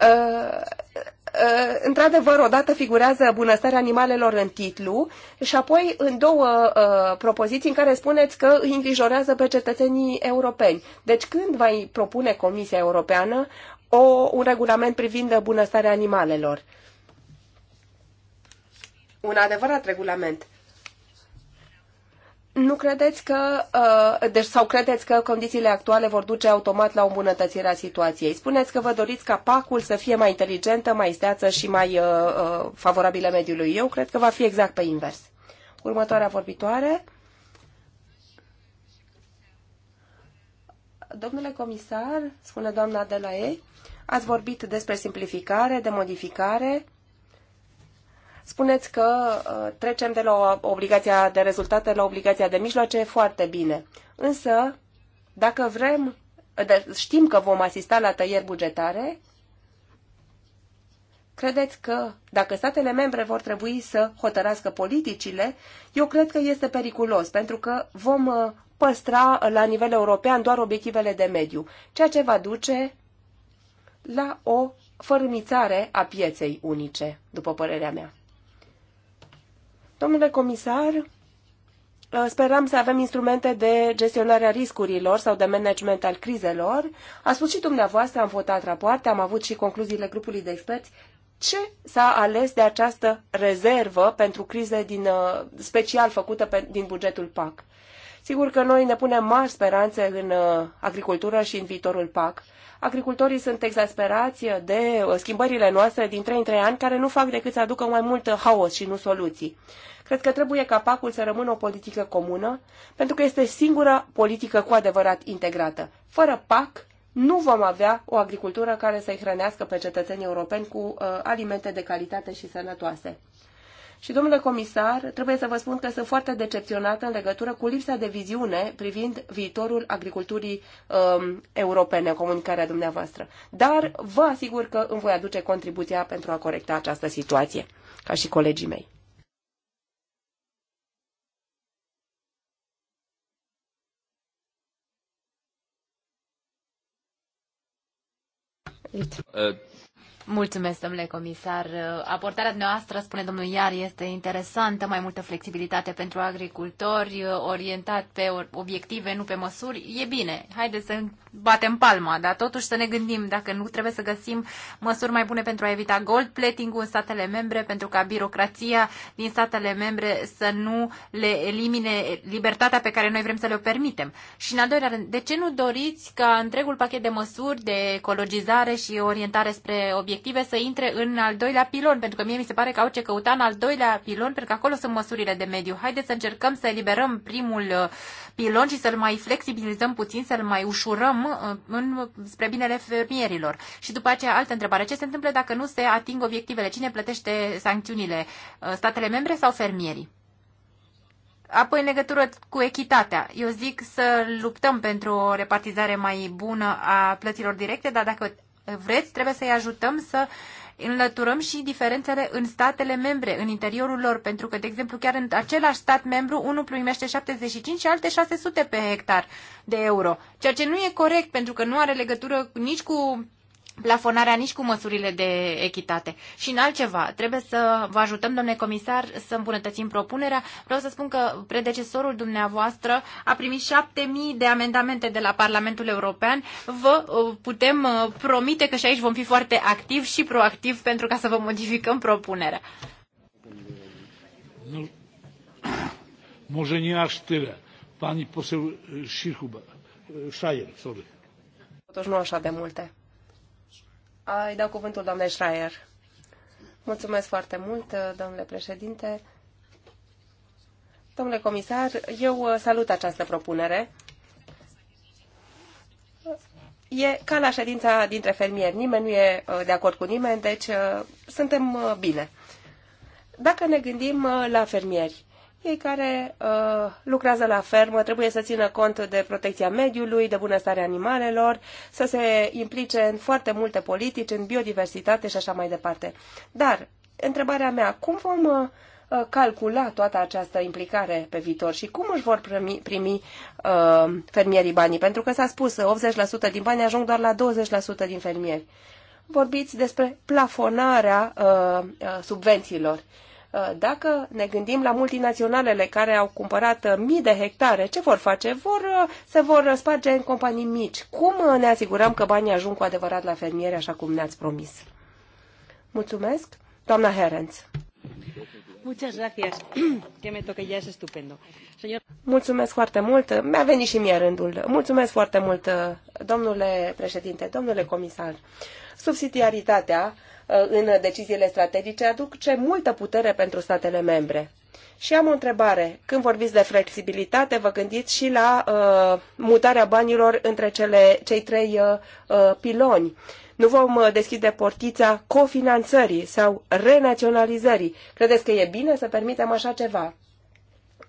Uh, uh, într-adevăr, odată figurează bunăstarea animalelor în titlu și apoi în două uh, propoziții în care spuneți că îi îngrijorează pe cetățenii europeni. Deci când va propune Comisia Europeană o, un regulament privind bunăstarea animalelor? Un adevărat regulament. Nu credeți că, uh, deci, sau credeți că condițiile actuale vor duce automat la o îmbunătățire a situației? Spuneți că vă doriți ca pacul să fie mai inteligentă, mai steață și mai uh, uh favorabilă mediului. Eu cred că va fi exact pe invers. Următoarea vorbitoare. Domnule comisar, spune doamna de la ei, ați vorbit despre simplificare, de modificare Spuneți că uh, trecem de la obligația de rezultate la obligația de mijloace foarte bine. Însă, dacă vrem, știm că vom asista la tăieri bugetare, credeți că dacă statele membre vor trebui să hotărască politicile, eu cred că este periculos, pentru că vom uh, păstra la nivel european doar obiectivele de mediu, ceea ce va duce la o fărâmițare a pieței unice, după părerea mea. Domnule comisar, uh, speram să avem instrumente de gestionare a riscurilor sau de management al crizelor. A spus și dumneavoastră, am votat rapoarte, am avut și concluziile grupului de experți. Ce s-a ales de această rezervă pentru crize din, uh, special făcută pe, din bugetul PAC? Sigur că noi ne punem mari speranțe în uh, agricultură și în viitorul PAC. Agricultorii sunt exasperați de uh, schimbările noastre din 3 în 3 ani, care nu fac decât să aducă mai mult uh, haos și nu soluții. Cred că trebuie ca PAC-ul să rămână o politică comună, pentru că este singura politică cu adevărat integrată. Fără PAC, nu vom avea o agricultură care să-i hrănească pe cetățenii europeni cu uh, alimente de calitate și sănătoase. Și, domnule comisar, trebuie să vă spun că sunt foarte decepționată în legătură cu lipsa de viziune privind viitorul agriculturii um, europene, comunicarea dumneavoastră. Dar vă asigur că îmi voi aduce contribuția pentru a corecta această situație, ca și colegii mei. Mulțumesc, domnule comisar. Aportarea noastră, spune domnul Iar, este interesantă, mai multă flexibilitate pentru agricultori, orientat pe obiective, nu pe măsuri. E bine, haideți să batem palma, dar totuși să ne gândim dacă nu trebuie să găsim măsuri mai bune pentru a evita gold plating în statele membre, pentru ca birocrația din statele membre să nu le elimine libertatea pe care noi vrem să le-o permitem. Și în al doilea rând, de ce nu doriți ca întregul pachet de măsuri de ecologizare și orientare spre obiective obiective să intre în al doilea pilon, pentru că mie mi se pare că au ce căuta în al doilea pilon, pentru că acolo sunt măsurile de mediu. Haideți să încercăm să eliberăm primul uh, pilon și să-l mai flexibilizăm puțin, să-l mai ușurăm uh, în, spre binele fermierilor. Și după aceea, altă întrebare. Ce se întâmplă dacă nu se ating obiectivele? Cine plătește sancțiunile? Uh, statele membre sau fermierii? Apoi, în legătură cu echitatea, eu zic să luptăm pentru o repartizare mai bună a plăților directe, dar dacă vreți, trebuie să-i ajutăm să înlăturăm și diferențele în statele membre, în interiorul lor, pentru că, de exemplu, chiar în același stat membru, unul primește 75 și alte 600 pe hectar de euro, ceea ce nu e corect, pentru că nu are legătură nici cu plafonarea nici cu măsurile de echitate. Și în altceva, trebuie să vă ajutăm, domnule comisar, să îmbunătățim propunerea. Vreau să spun că predecesorul dumneavoastră a primit șapte mii de amendamente de la Parlamentul European. Vă uh, putem uh, promite că și aici vom fi foarte activ și proactiv pentru ca să vă modificăm propunerea. Nu, może nie aż tyle. Pani poseł Schirchuber, Schreier, sorry. Totuși nu așa de multe. Îi dau cuvântul doamnei Schreier. Mulțumesc foarte mult, domnule președinte. Domnule comisar, eu uh, salut această propunere. E ca la ședința dintre fermieri. Nimeni nu e uh, de acord cu nimeni, deci uh, suntem bine. Dacă ne gândim la fermieri, ei care uh, lucrează la fermă trebuie să țină cont de protecția mediului, de bunăstarea animalelor, să se implice în foarte multe politici, în biodiversitate și așa mai departe. Dar, întrebarea mea, cum vom uh, calcula toată această implicare pe viitor și cum își vor primi, primi uh, fermierii banii? Pentru că s-a spus, 80% din bani ajung doar la 20% din fermieri. Vorbiți despre plafonarea uh, uh subvențiilor. Uh, Uh, dacă ne gândim la multinaționalele care au cumpărat uh, mii de hectare, ce vor face? Vor, uh, se vor sparge în companii mici. Cum ne asigurăm că banii ajung cu adevărat la fermieri, așa cum ne-ați promis? Mulțumesc. Doamna Herenț. Mulțumesc foarte mult. Mi-a venit și mie rândul. Mulțumesc foarte mult, domnule președinte, domnule comisar. Subsidiaritatea Uh, în deciziile strategice aduce multă putere pentru statele membre. Și am o întrebare. Când vorbiți de flexibilitate, vă gândiți și la uh, mutarea banilor între cele, cei trei uh, uh piloni. Nu vom uh, deschide portița cofinanțării sau renaționalizării. Credeți că e bine să permitem așa ceva?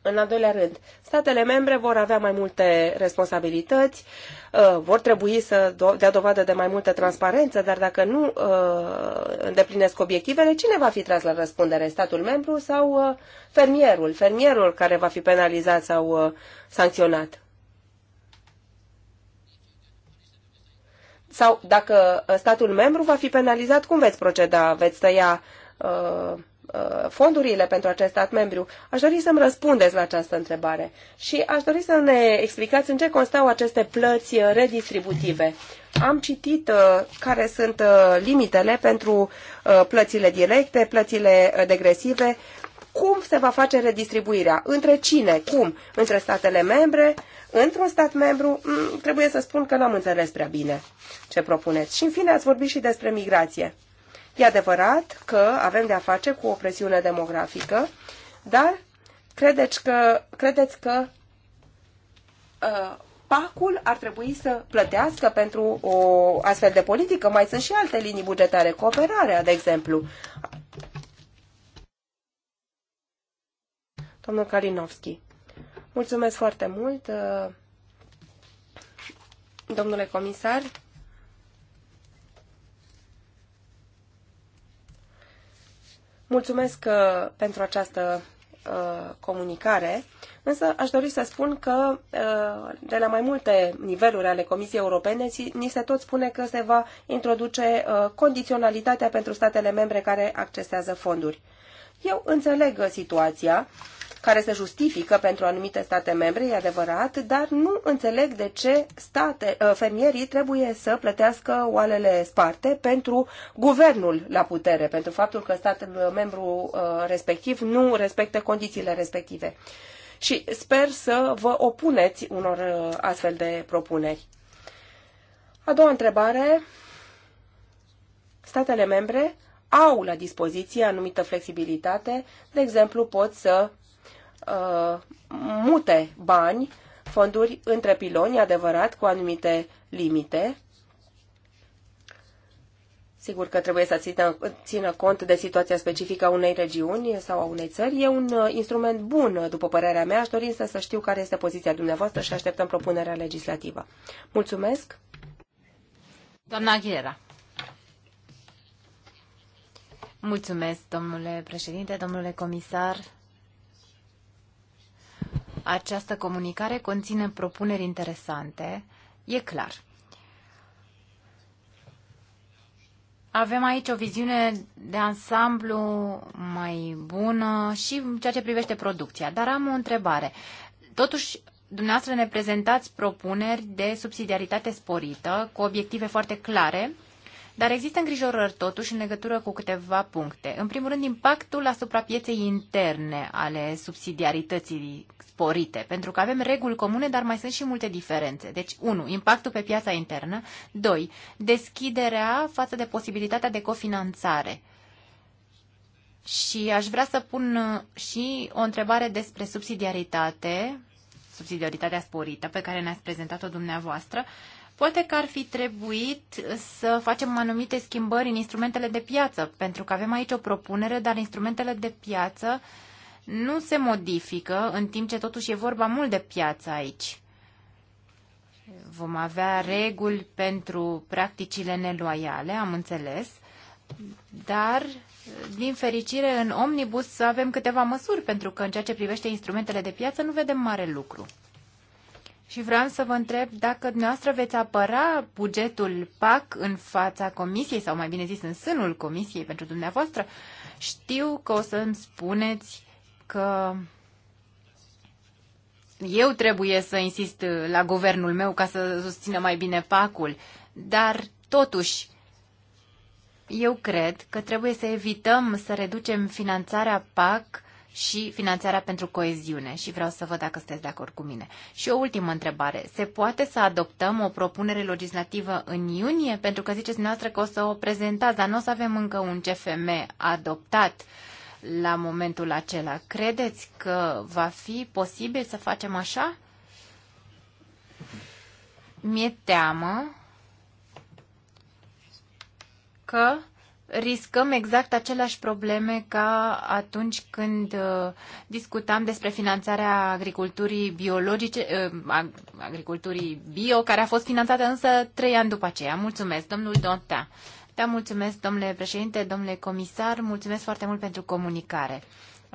În al doilea rând, statele membre vor avea mai multe responsabilități, uh, vor trebui să dea dovadă de mai multă transparență, dar dacă nu uh, îndeplinesc obiectivele, cine va fi tras la răspundere? Statul membru sau uh, fermierul? Fermierul care va fi penalizat sau sancționat? Sau dacă statul membru va fi penalizat, cum veți proceda? Veți tăia uh, Uh, fondurile pentru acest stat membru. Aș dori să-mi răspundeți la această întrebare și aș dori să ne explicați în ce constau aceste plăți redistributive. Am citit uh, care sunt uh, limitele pentru plățile directe, plățile degresive, cum se va face redistribuirea, între cine, cum, între statele membre, într-un stat membru, mm, trebuie să spun că n-am înțeles prea bine ce propuneți. Și în fine ați vorbit și despre migrație. E adevărat că avem de a face cu o presiune demografică, dar credeți că, credeți că uh, PAC-ul ar trebui să plătească pentru o astfel de politică? Mai sunt și alte linii bugetare, cooperarea, de exemplu. Domnul Kalinowski, mulțumesc foarte mult, uh, domnule comisar. Mulțumesc uh, pentru această uh, comunicare, însă aș dori să spun că uh, de la mai multe niveluri ale Comisiei Europene ni se tot spune că se va introduce condiționalitatea pentru statele membre care accesează fonduri. Eu înțeleg situația care se justifică pentru anumite state membre, e adevărat, dar nu înțeleg de ce state, uh, fermierii trebuie să plătească oalele sparte pentru guvernul la putere, pentru faptul că statul membru uh, respectiv nu respectă condițiile respective. Și sper să vă opuneți unor uh, astfel de propuneri. A doua întrebare. Statele membre au la dispoziție anumită flexibilitate, de exemplu pot să Uh, mute bani, fonduri între piloni, adevărat, cu anumite limite. Sigur că trebuie să țină, țină cont de situația specifică a unei regiuni sau a unei țări. E un uh, instrument bun, după părerea mea. Aș dori însă să știu care este poziția dumneavoastră și așteptăm propunerea legislativă. Mulțumesc! Doamna Ghiera. Mulțumesc, domnule președinte, domnule comisar. Această comunicare conține propuneri interesante, e clar. Avem aici o viziune de ansamblu mai bună și în ceea ce privește producția. Dar am o întrebare. Totuși, dumneavoastră ne prezentați propuneri de subsidiaritate sporită, cu obiective foarte clare dar există îngrijorări totuși în legătură cu câteva puncte. În primul rând, impactul asupra pieței interne ale subsidiarității sporite, pentru că avem reguli comune, dar mai sunt și multe diferențe. Deci, 1. Impactul pe piața internă. 2. Deschiderea față de posibilitatea de cofinanțare. Și aș vrea să pun și o întrebare despre subsidiaritate, subsidiaritatea sporită pe care ne-ați prezentat-o dumneavoastră. Uh, Poate că ar fi trebuit să facem anumite schimbări în instrumentele de piață, pentru că avem aici o propunere, dar instrumentele de piață nu se modifică, în timp ce totuși e vorba mult de piață aici. Vom avea reguli pentru practicile neloiale, am înțeles, dar, din fericire, în omnibus avem câteva măsuri, pentru că în ceea ce privește instrumentele de piață nu vedem mare lucru. Și vreau să vă întreb dacă dumneavoastră veți apăra bugetul PAC în fața comisiei, sau mai bine zis în sânul comisiei pentru dumneavoastră. Știu că o să îmi spuneți că eu trebuie să insist la guvernul meu ca să susțină mai bine PAC-ul, dar totuși eu cred că trebuie să evităm să reducem finanțarea PAC și finanțarea pentru coeziune și vreau să văd dacă sunteți de acord cu mine. Și o ultimă întrebare. Se poate să adoptăm o propunere legislativă în iunie? Pentru că ziceți noastră că o să o prezentați, dar nu o să avem încă un CFM adoptat la momentul acela. Credeți că va fi posibil să facem așa? Mi-e teamă că riscăm exact aceleași probleme ca atunci când uh, discutam despre finanțarea agriculturii biologice, uh, agriculturii bio, care a fost finanțată însă trei ani după aceea. Mulțumesc, domnul Donta. Da, mulțumesc, domnule președinte, domnule comisar, mulțumesc foarte mult pentru comunicare.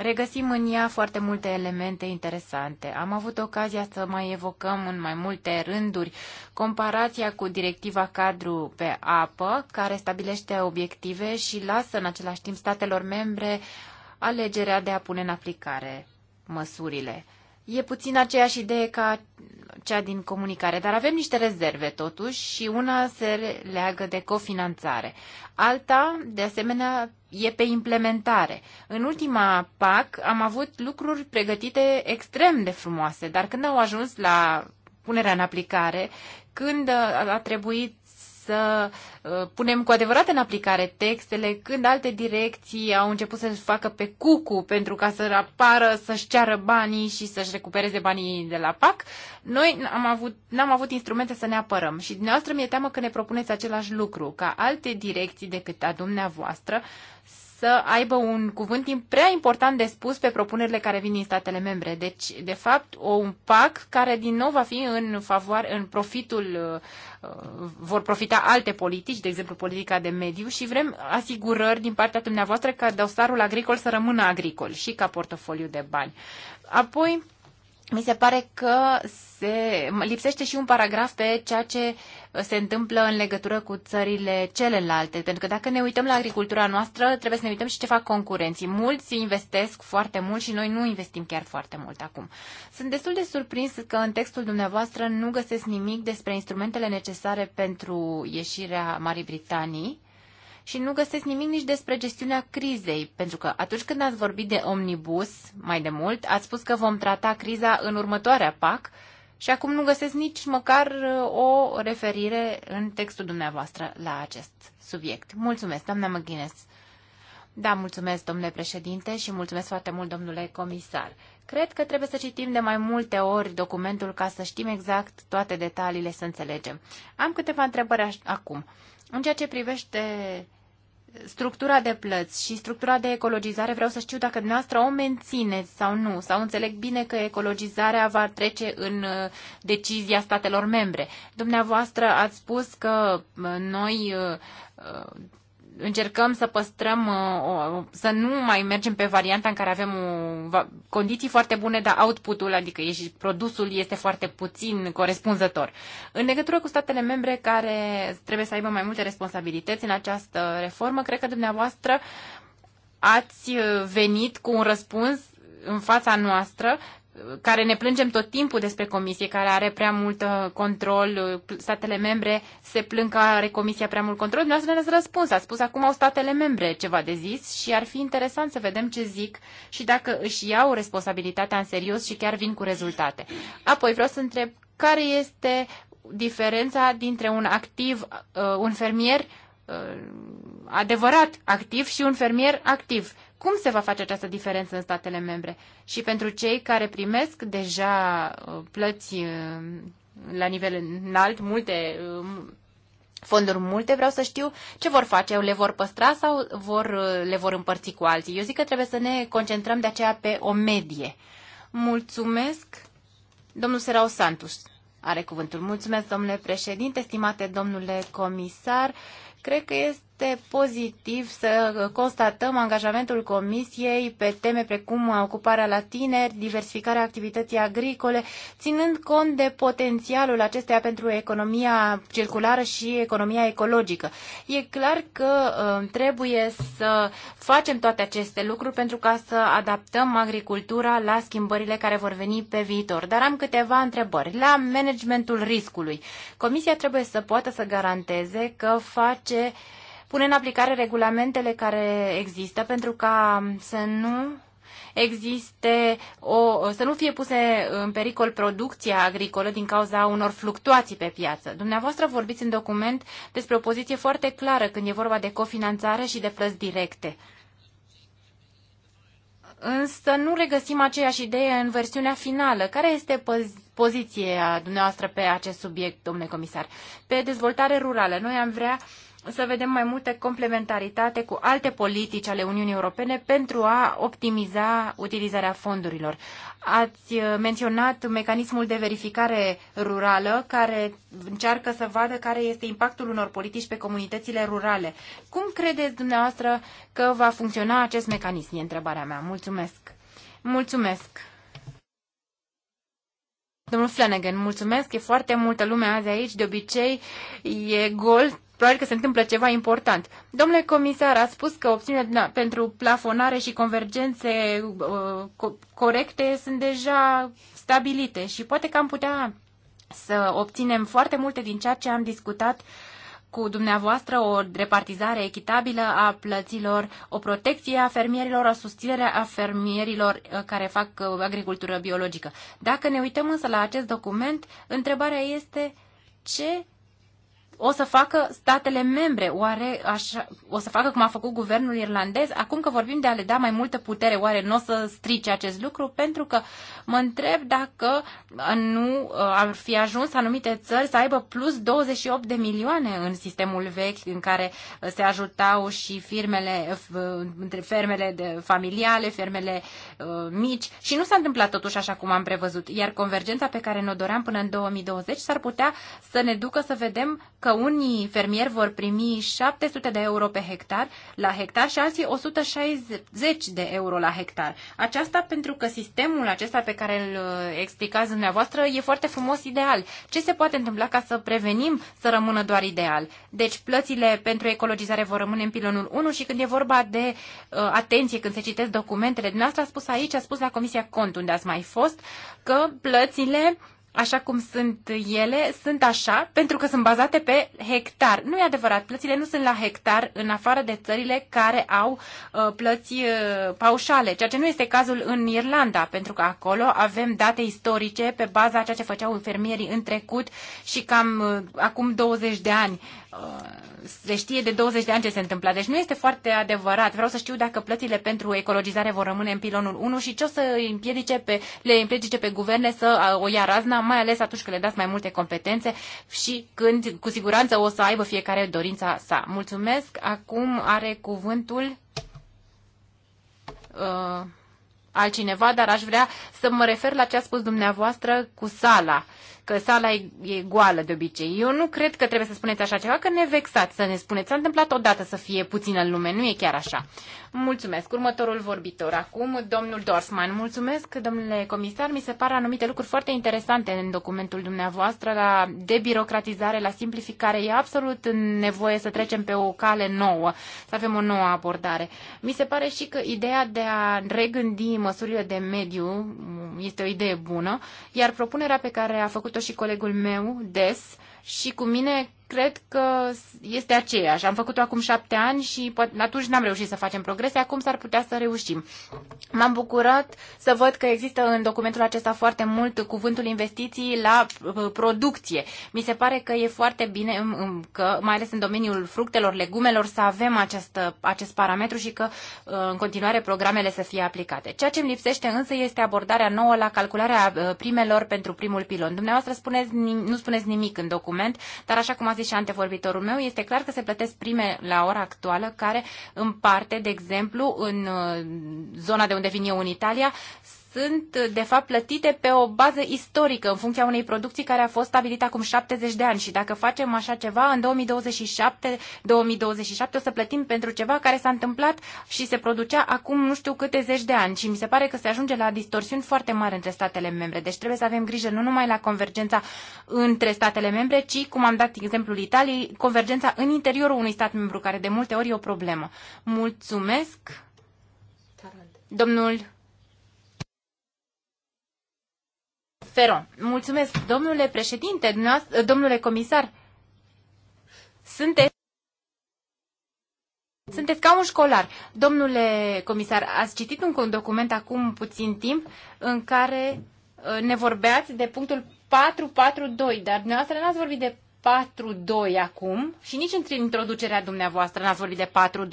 Regăsim în ea foarte multe elemente interesante. Am avut ocazia să mai evocăm în mai multe rânduri comparația cu directiva cadru pe apă, care stabilește obiective și lasă în același timp statelor membre alegerea de a pune în aplicare măsurile. E puțin aceeași idee ca cea din comunicare, dar avem niște rezerve totuși și una se leagă de cofinanțare. Alta, de asemenea, e pe implementare. În ultima PAC am avut lucruri pregătite extrem de frumoase, dar când au ajuns la punerea în aplicare, când a trebuit să uh, punem cu adevărat în aplicare textele când alte direcții au început să-și facă pe cucu pentru ca să apară, să-și ceară banii și să-și recupereze banii de la PAC, noi n-am avut, n-am avut instrumente să ne apărăm. Și dumneavoastră mi-e teamă că ne propuneți același lucru, ca alte direcții decât a dumneavoastră să aibă un cuvânt prea important de spus pe propunerile care vin din statele membre. Deci, de fapt, o, un PAC care din nou va fi în, favoar, în profitul uh, vor profita alte politici, de exemplu politica de mediu și vrem asigurări din partea dumneavoastră ca dosarul agricol să rămână agricol și ca portofoliu de bani. Apoi, mi se pare că se lipsește și un paragraf pe ceea ce se întâmplă în legătură cu țările celelalte. Pentru că dacă ne uităm la agricultura noastră, trebuie să ne uităm și ce fac concurenții. Mulți investesc foarte mult și noi nu investim chiar foarte mult acum. Sunt destul de surprins că în textul dumneavoastră nu găsesc nimic despre instrumentele necesare pentru ieșirea Marii Britanii și nu găsesc nimic nici despre gestiunea crizei, pentru că atunci când ați vorbit de omnibus, mai de mult, ați spus că vom trata criza în următoarea PAC și acum nu găsesc nici măcar uh, o referire în textul dumneavoastră la acest subiect. Mulțumesc, doamna McGuinness. Da, mulțumesc, domnule președinte, și mulțumesc foarte mult, domnule comisar. Cred că trebuie să citim de mai multe ori documentul ca să știm exact toate detaliile, să înțelegem. Am câteva întrebări acum. În ceea ce privește structura de plăți și structura de ecologizare, vreau să știu dacă dumneavoastră o mențineți sau nu, sau înțeleg bine că ecologizarea va trece în uh, decizia statelor membre. Dumneavoastră ați spus că uh, noi uh, încercăm să păstrăm, uh, să nu mai mergem pe varianta în care avem condiții foarte bune, dar outputul, adică produsul este foarte puțin corespunzător. În legătură cu statele membre care trebuie să aibă mai multe responsabilități în această reformă, cred că dumneavoastră ați venit cu un răspuns în fața noastră care ne plângem tot timpul despre comisie, care are prea mult uh, control, uh, statele membre se plâng că are comisia prea mult control, dumneavoastră ne-ați răspuns, ați spus acum au statele membre ceva de zis și ar fi interesant să vedem ce zic și dacă își iau responsabilitatea în serios și chiar vin cu rezultate. Apoi vreau să întreb care este diferența dintre un activ, uh, un fermier adevărat activ și un fermier activ cum se va face această diferență în statele membre? Și pentru cei care primesc deja uh, plăți uh, la nivel înalt, multe um, fonduri multe, vreau să știu ce vor face, le vor păstra sau vor, uh, le vor împărți cu alții. Eu zic că trebuie să ne concentrăm de aceea pe o medie. Mulțumesc. Domnul Serau Santus are cuvântul. Mulțumesc, domnule președinte, stimate domnule comisar. Cred că este foarte pozitiv să constatăm angajamentul Comisiei pe teme precum ocuparea la tineri, diversificarea activității agricole, ținând cont de potențialul acesteia pentru economia circulară și economia ecologică. E clar că um, trebuie să facem toate aceste lucruri pentru ca să adaptăm agricultura la schimbările care vor veni pe viitor. Dar am câteva întrebări. La managementul riscului, Comisia trebuie să poată să garanteze că face uh, pune în aplicare regulamentele care există pentru ca să nu existe o, să nu fie puse în pericol producția agricolă din cauza unor fluctuații pe piață. Dumneavoastră vorbiți în document despre o poziție foarte clară când e vorba de cofinanțare și de plăți directe. Însă nu regăsim aceeași idee în versiunea finală. Care este poziția dumneavoastră pe acest subiect, domnule comisar? Pe dezvoltare rurală, noi am vrea uh, să vedem mai multă complementaritate cu alte politici ale Uniunii Europene pentru a optimiza utilizarea fondurilor. Ați uh, menționat mecanismul de verificare rurală care încearcă să vadă care este impactul unor politici pe comunitățile rurale. Cum credeți dumneavoastră că va funcționa acest mecanism? E întrebarea mea. Mulțumesc. Mulțumesc. Domnul Flanagan, mulțumesc, e foarte multă lume azi aici, de obicei e gol, probabil că se întâmplă ceva important. Domnule comisar, a spus că opțiunile pentru plafonare și convergențe uh, corecte sunt deja stabilite și poate că am putea să obținem foarte multe din ceea ce am discutat cu dumneavoastră o repartizare echitabilă a plăților, o protecție a fermierilor, o susținere a fermierilor uh, care fac uh, agricultură biologică. Dacă ne uităm însă la acest document, întrebarea este ce o să facă statele membre? Oare așa, o să facă cum a făcut guvernul irlandez? Acum că vorbim de a le da mai multă putere, oare nu o să strice acest lucru? Pentru că mă întreb dacă nu uh, ar fi ajuns anumite țări să aibă plus 28 de milioane în sistemul vechi în care se ajutau și firmele, între fermele de familiale, fermele uh, mici și nu s-a întâmplat totuși așa cum am prevăzut. Iar convergența pe care ne-o doream până în 2020 s-ar putea să ne ducă să vedem că că unii fermieri vor primi 700 de euro pe hectar la hectar și alții 160 de euro la hectar. Aceasta pentru că sistemul acesta pe care îl uh, explicați dumneavoastră e foarte frumos ideal. Ce se poate întâmpla ca să prevenim să rămână doar ideal? Deci plățile pentru ecologizare vor rămâne în pilonul 1 și când e vorba de uh, atenție, când se citesc documentele, dumneavoastră a spus aici, a spus la Comisia Cont, unde ați mai fost, că plățile așa cum sunt ele, sunt așa pentru că sunt bazate pe hectar. Nu e adevărat, plățile nu sunt la hectar în afară de țările care au uh, plăți uh, paușale, ceea ce nu este cazul în Irlanda, pentru că acolo avem date istorice pe baza ceea ce făceau fermierii în trecut și cam uh, acum 20 de ani se știe de 20 de ani ce se întâmpla, deci nu este foarte adevărat. Vreau să știu dacă plățile pentru ecologizare vor rămâne în pilonul 1 și ce o să împiedice pe, le împiedice pe guverne să o ia razna, mai ales atunci când le dați mai multe competențe și când cu siguranță o să aibă fiecare dorința sa. Mulțumesc. Acum are cuvântul uh, altcineva, dar aș vrea să mă refer la ce a spus dumneavoastră cu sala. Uh, că sala e, goală de obicei. Eu nu cred că trebuie să spuneți așa ceva, că ne vexați să ne spuneți. S-a întâmplat odată să fie puțină lume, nu e chiar așa. Mulțumesc. Următorul vorbitor acum, domnul Dorsman. Mulțumesc, domnule comisar. Mi se par anumite lucruri foarte interesante în documentul dumneavoastră la debirocratizare, la simplificare. E absolut nevoie să trecem pe o cale nouă, să avem o nouă abordare. Mi se pare și că ideea de a regândi măsurile de mediu este o idee bună, iar propunerea pe care a făcut-o și colegul meu, Des, și cu mine cred că este aceeași. Am făcut-o acum șapte ani și atunci n-am reușit să facem progrese, acum s-ar putea să reușim. M-am bucurat să văd că există în documentul acesta foarte mult cuvântul investiții la uh, producție. Mi se pare că e foarte bine um, um, că, mai ales în domeniul fructelor, legumelor, să avem această, acest parametru și că uh, în continuare programele să fie aplicate. Ceea ce îmi lipsește însă este abordarea nouă la calcularea uh, primelor pentru primul pilon. Dumneavoastră spuneți, nu spuneți nimic în document, dar așa cum ați zis și antevorbitorul meu, este clar că se plătesc prime la ora actuală care în parte, de exemplu, în uh, zona de unde vin eu în Italia, sunt, de fapt, plătite pe o bază istorică, în funcția unei producții care a fost stabilită acum 70 de ani. Și dacă facem așa ceva, în 2027, 2027 o să plătim pentru ceva care s-a întâmplat și se producea acum nu știu câte zeci de ani. Și mi se pare că se ajunge la distorsiuni foarte mari între statele membre. Deci trebuie să avem grijă nu numai la convergența între statele membre, ci, cum am dat exemplul Italiei, convergența în interiorul unui stat membru, care de multe ori e o problemă. Mulțumesc! Domnul Feron. Mulțumesc, domnule președinte, domnule comisar. Sunteți sunteți ca un școlar. Domnule comisar, ați citit un document acum puțin timp în care uh, ne vorbeați de punctul 442, dar dumneavoastră n-ați vorbit de 4.2 acum și nici în introducerea dumneavoastră n-ați vorbit de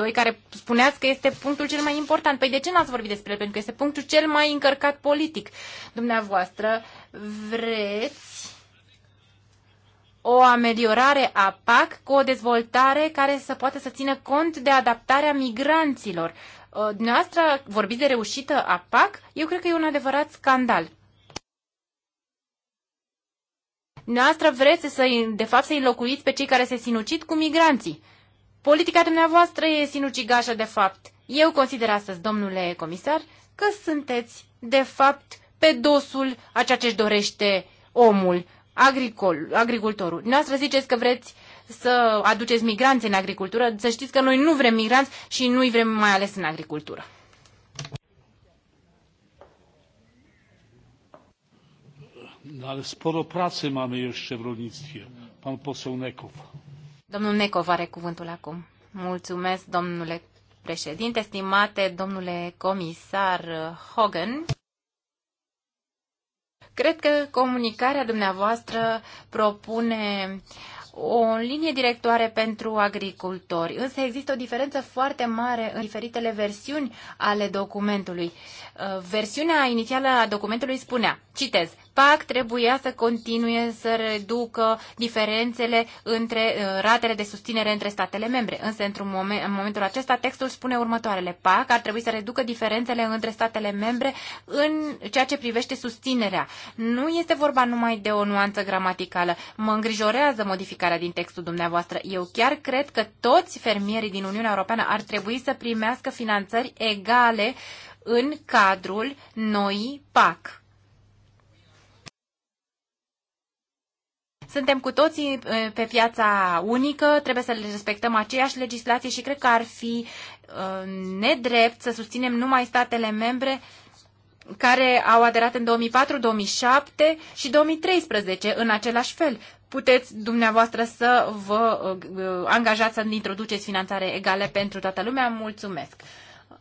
4.2, care spuneați că este punctul cel mai important. Păi de ce n-ați vorbit despre el? Pentru că este punctul cel mai încărcat politic. Dumneavoastră vreți o ameliorare a PAC cu o dezvoltare care să poată să țină cont de adaptarea migranților. Uh, dumneavoastră vorbiți de reușită a PAC? Eu cred că e un adevărat scandal. Noastră vreți să, de fapt, să înlocuiți pe cei care se sinucid cu migranții. Politica dumneavoastră e sinucigașă, de fapt. Eu consider astăzi, domnule comisar, că sunteți, de fapt, pe dosul a ceea ce-și dorește omul, agricol, agricultorul. Noastră ziceți că vreți să aduceți migranți în agricultură, să știți că noi nu vrem migranți și nu-i vrem mai ales în agricultură. Dar ale sporo pracy mamy jeszcze w rolnictwie. Pan poseł Nekow. Domnul Nekow are cuvântul acum. Mulțumesc, domnule președinte, stimate domnule comisar Hogan. Cred că comunicarea dumneavoastră propune o linie directoare pentru agricultori, însă există o diferență foarte mare în diferitele versiuni ale documentului. Versiunea inițială a documentului spunea, citez, PAC trebuia să continue să reducă diferențele între uh, ratele de susținere între statele membre. Însă, într-un moment, în momentul acesta, textul spune următoarele. PAC ar trebui să reducă diferențele între statele membre în ceea ce privește susținerea. Nu este vorba numai de o nuanță gramaticală. Mă îngrijorează modificarea din textul dumneavoastră. Eu chiar cred că toți fermierii din Uniunea Europeană ar trebui să primească finanțări egale în cadrul noii PAC. Suntem cu toții pe piața unică, trebuie să le respectăm aceeași legislație și cred că ar fi nedrept să susținem numai statele membre care au aderat în 2004, 2007 și 2013 în același fel. Puteți dumneavoastră să vă angajați să introduceți finanțare egale pentru toată lumea. Mulțumesc!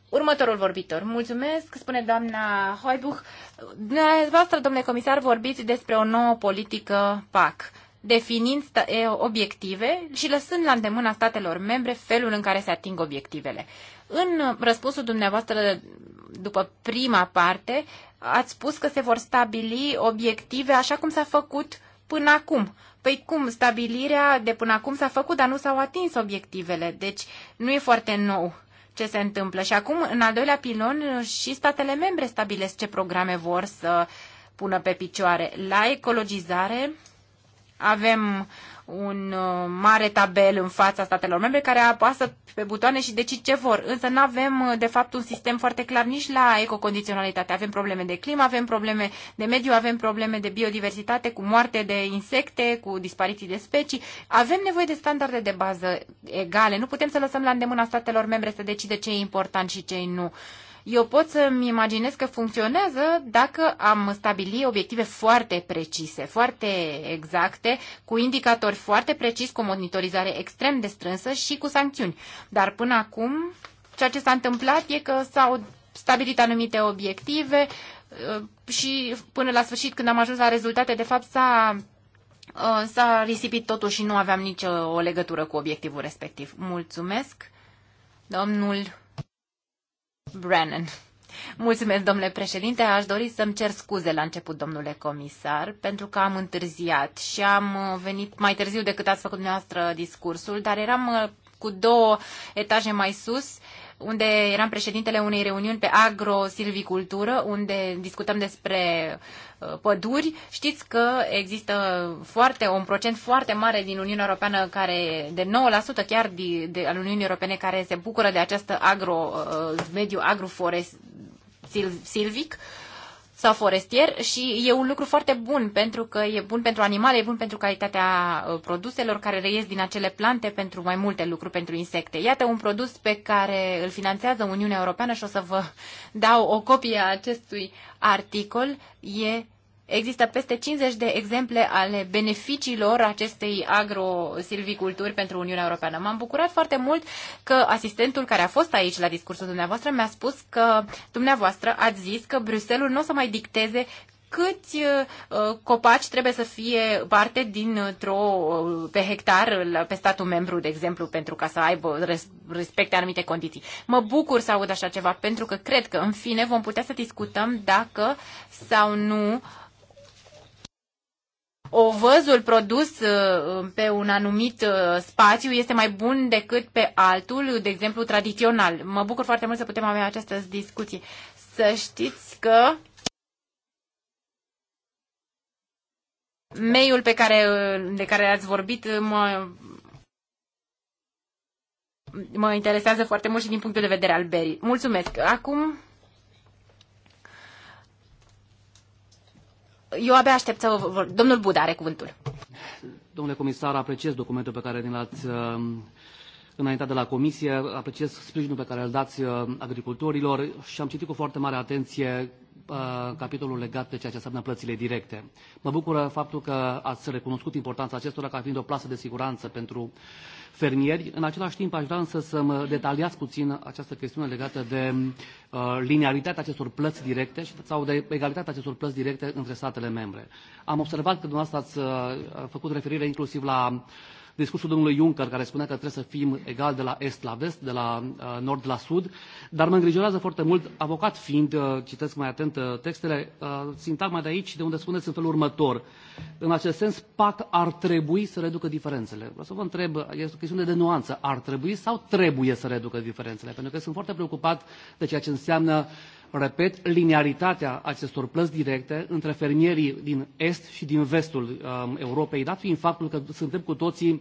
Următorul vorbitor. Mulțumesc, spune doamna Hoibuch. Dumneavoastră, domnule comisar, vorbiți despre o nouă politică PAC definind obiective și lăsând la îndemâna statelor membre felul în care se ating obiectivele. În răspunsul dumneavoastră după prima parte, ați spus că se vor stabili obiective așa cum s-a făcut până acum. Păi cum, stabilirea de până acum s-a făcut, dar nu s-au atins obiectivele, deci nu e foarte nou ce se întâmplă. Și acum, în al doilea pilon, și statele membre stabilesc ce programe vor să pună pe picioare. La ecologizare avem un uh, mare tabel în fața statelor membre care apasă pe butoane și decid ce vor. Însă nu avem, uh, de fapt, un sistem foarte clar nici la ecocondiționalitate. Avem probleme de climă, avem probleme de mediu, avem probleme de biodiversitate, cu moarte de insecte, cu dispariții de specii. Avem nevoie de standarde de bază egale. Nu putem să lăsăm la îndemâna statelor membre să decide ce e important și ce e nu. Eu pot să-mi imaginez că funcționează dacă am stabili obiective foarte precise, foarte exacte, cu indicatori foarte precis, cu monitorizare extrem de strânsă și cu sancțiuni. Dar până acum, ceea ce s-a întâmplat e că s-au stabilit anumite obiective uh, și până la sfârșit, când am ajuns la rezultate, de fapt s-a uh, s-a risipit totul și nu aveam nicio o legătură cu obiectivul respectiv. Mulțumesc, domnul Brennan. Mulțumesc, domnule președinte. Aș dori să-mi cer scuze la început, domnule comisar, pentru că am întârziat și am uh, venit mai târziu decât ați făcut dumneavoastră discursul, dar eram uh, cu două etaje mai sus unde eram președintele unei reuniuni pe agro-silvicultură, unde discutăm despre uh, păduri. Știți că există foarte, un procent foarte mare din Uniunea Europeană, care de 9% chiar de, de, al Uniunii Europene, care se bucură de acest agro, uh, mediu agroforest silvic sau forestier și e un lucru foarte bun pentru că e bun pentru animale, e bun pentru calitatea ă, produselor care reiesc din acele plante pentru mai multe lucruri pentru insecte. Iată un produs pe care îl finanțează Uniunea Europeană și o să vă dau o copie a acestui articol. E Există peste 50 de exemple ale beneficiilor acestei agrosilviculturi pentru Uniunea Europeană. M-am bucurat foarte mult că asistentul care a fost aici la discursul dumneavoastră mi-a spus că dumneavoastră ați zis că Bruselul nu o să mai dicteze câți uh, copaci trebuie să fie parte dintr-o uh, pe hectar la pe statul membru, de exemplu, pentru ca să aibă respecte anumite condiții. Mă bucur să aud așa ceva, pentru că cred că, în fine, vom putea să discutăm dacă sau nu uh, ovăzul produs uh, pe un anumit uh, spațiu este mai bun decât pe altul, de exemplu, tradițional. Mă bucur foarte mult să putem avea această discuție. Să știți că meiul pe care, uh, de care ați vorbit mă, mă interesează foarte mult și din punctul de vedere al berii. Mulțumesc. Acum eu abia aștept să vă... Domnul Buda are cuvântul. Domnule comisar, apreciez documentul pe care ne l-ați uh, înaintat de la comisie, apreciez sprijinul pe care îl dați uh, agricultorilor și am citit cu foarte mare atenție Uh, capitolul legat de ceea ce înseamnă plățile directe. Mă bucură faptul că ați recunoscut importanța acestora ca fiind o plasă de siguranță pentru fermieri. În același timp, aș vrea însă să mă detaliați puțin această chestiune legată de uh, linearitatea acestor plăți directe sau de egalitatea acestor plăți directe între statele membre. Am observat că dumneavoastră ați uh, făcut referire inclusiv la uh, discursul domnului Juncker, care spunea că trebuie să fim egali de la est la vest, de la uh, nord la sud, dar mă îngrijorează foarte mult, avocat fiind, uh, citesc mai atent uh, textele, sintagma de aici, de unde spuneți în felul următor. În acest sens, PAC ar trebui să reducă diferențele. Vreau să vă întreb, este o chestiune de nuanță, ar trebui sau trebuie să reducă diferențele? Pentru că sunt foarte preocupat de ceea ce înseamnă repet, linearitatea acestor plăți directe între fermierii din est și din vestul um, Europei, dat fiind faptul că suntem cu toții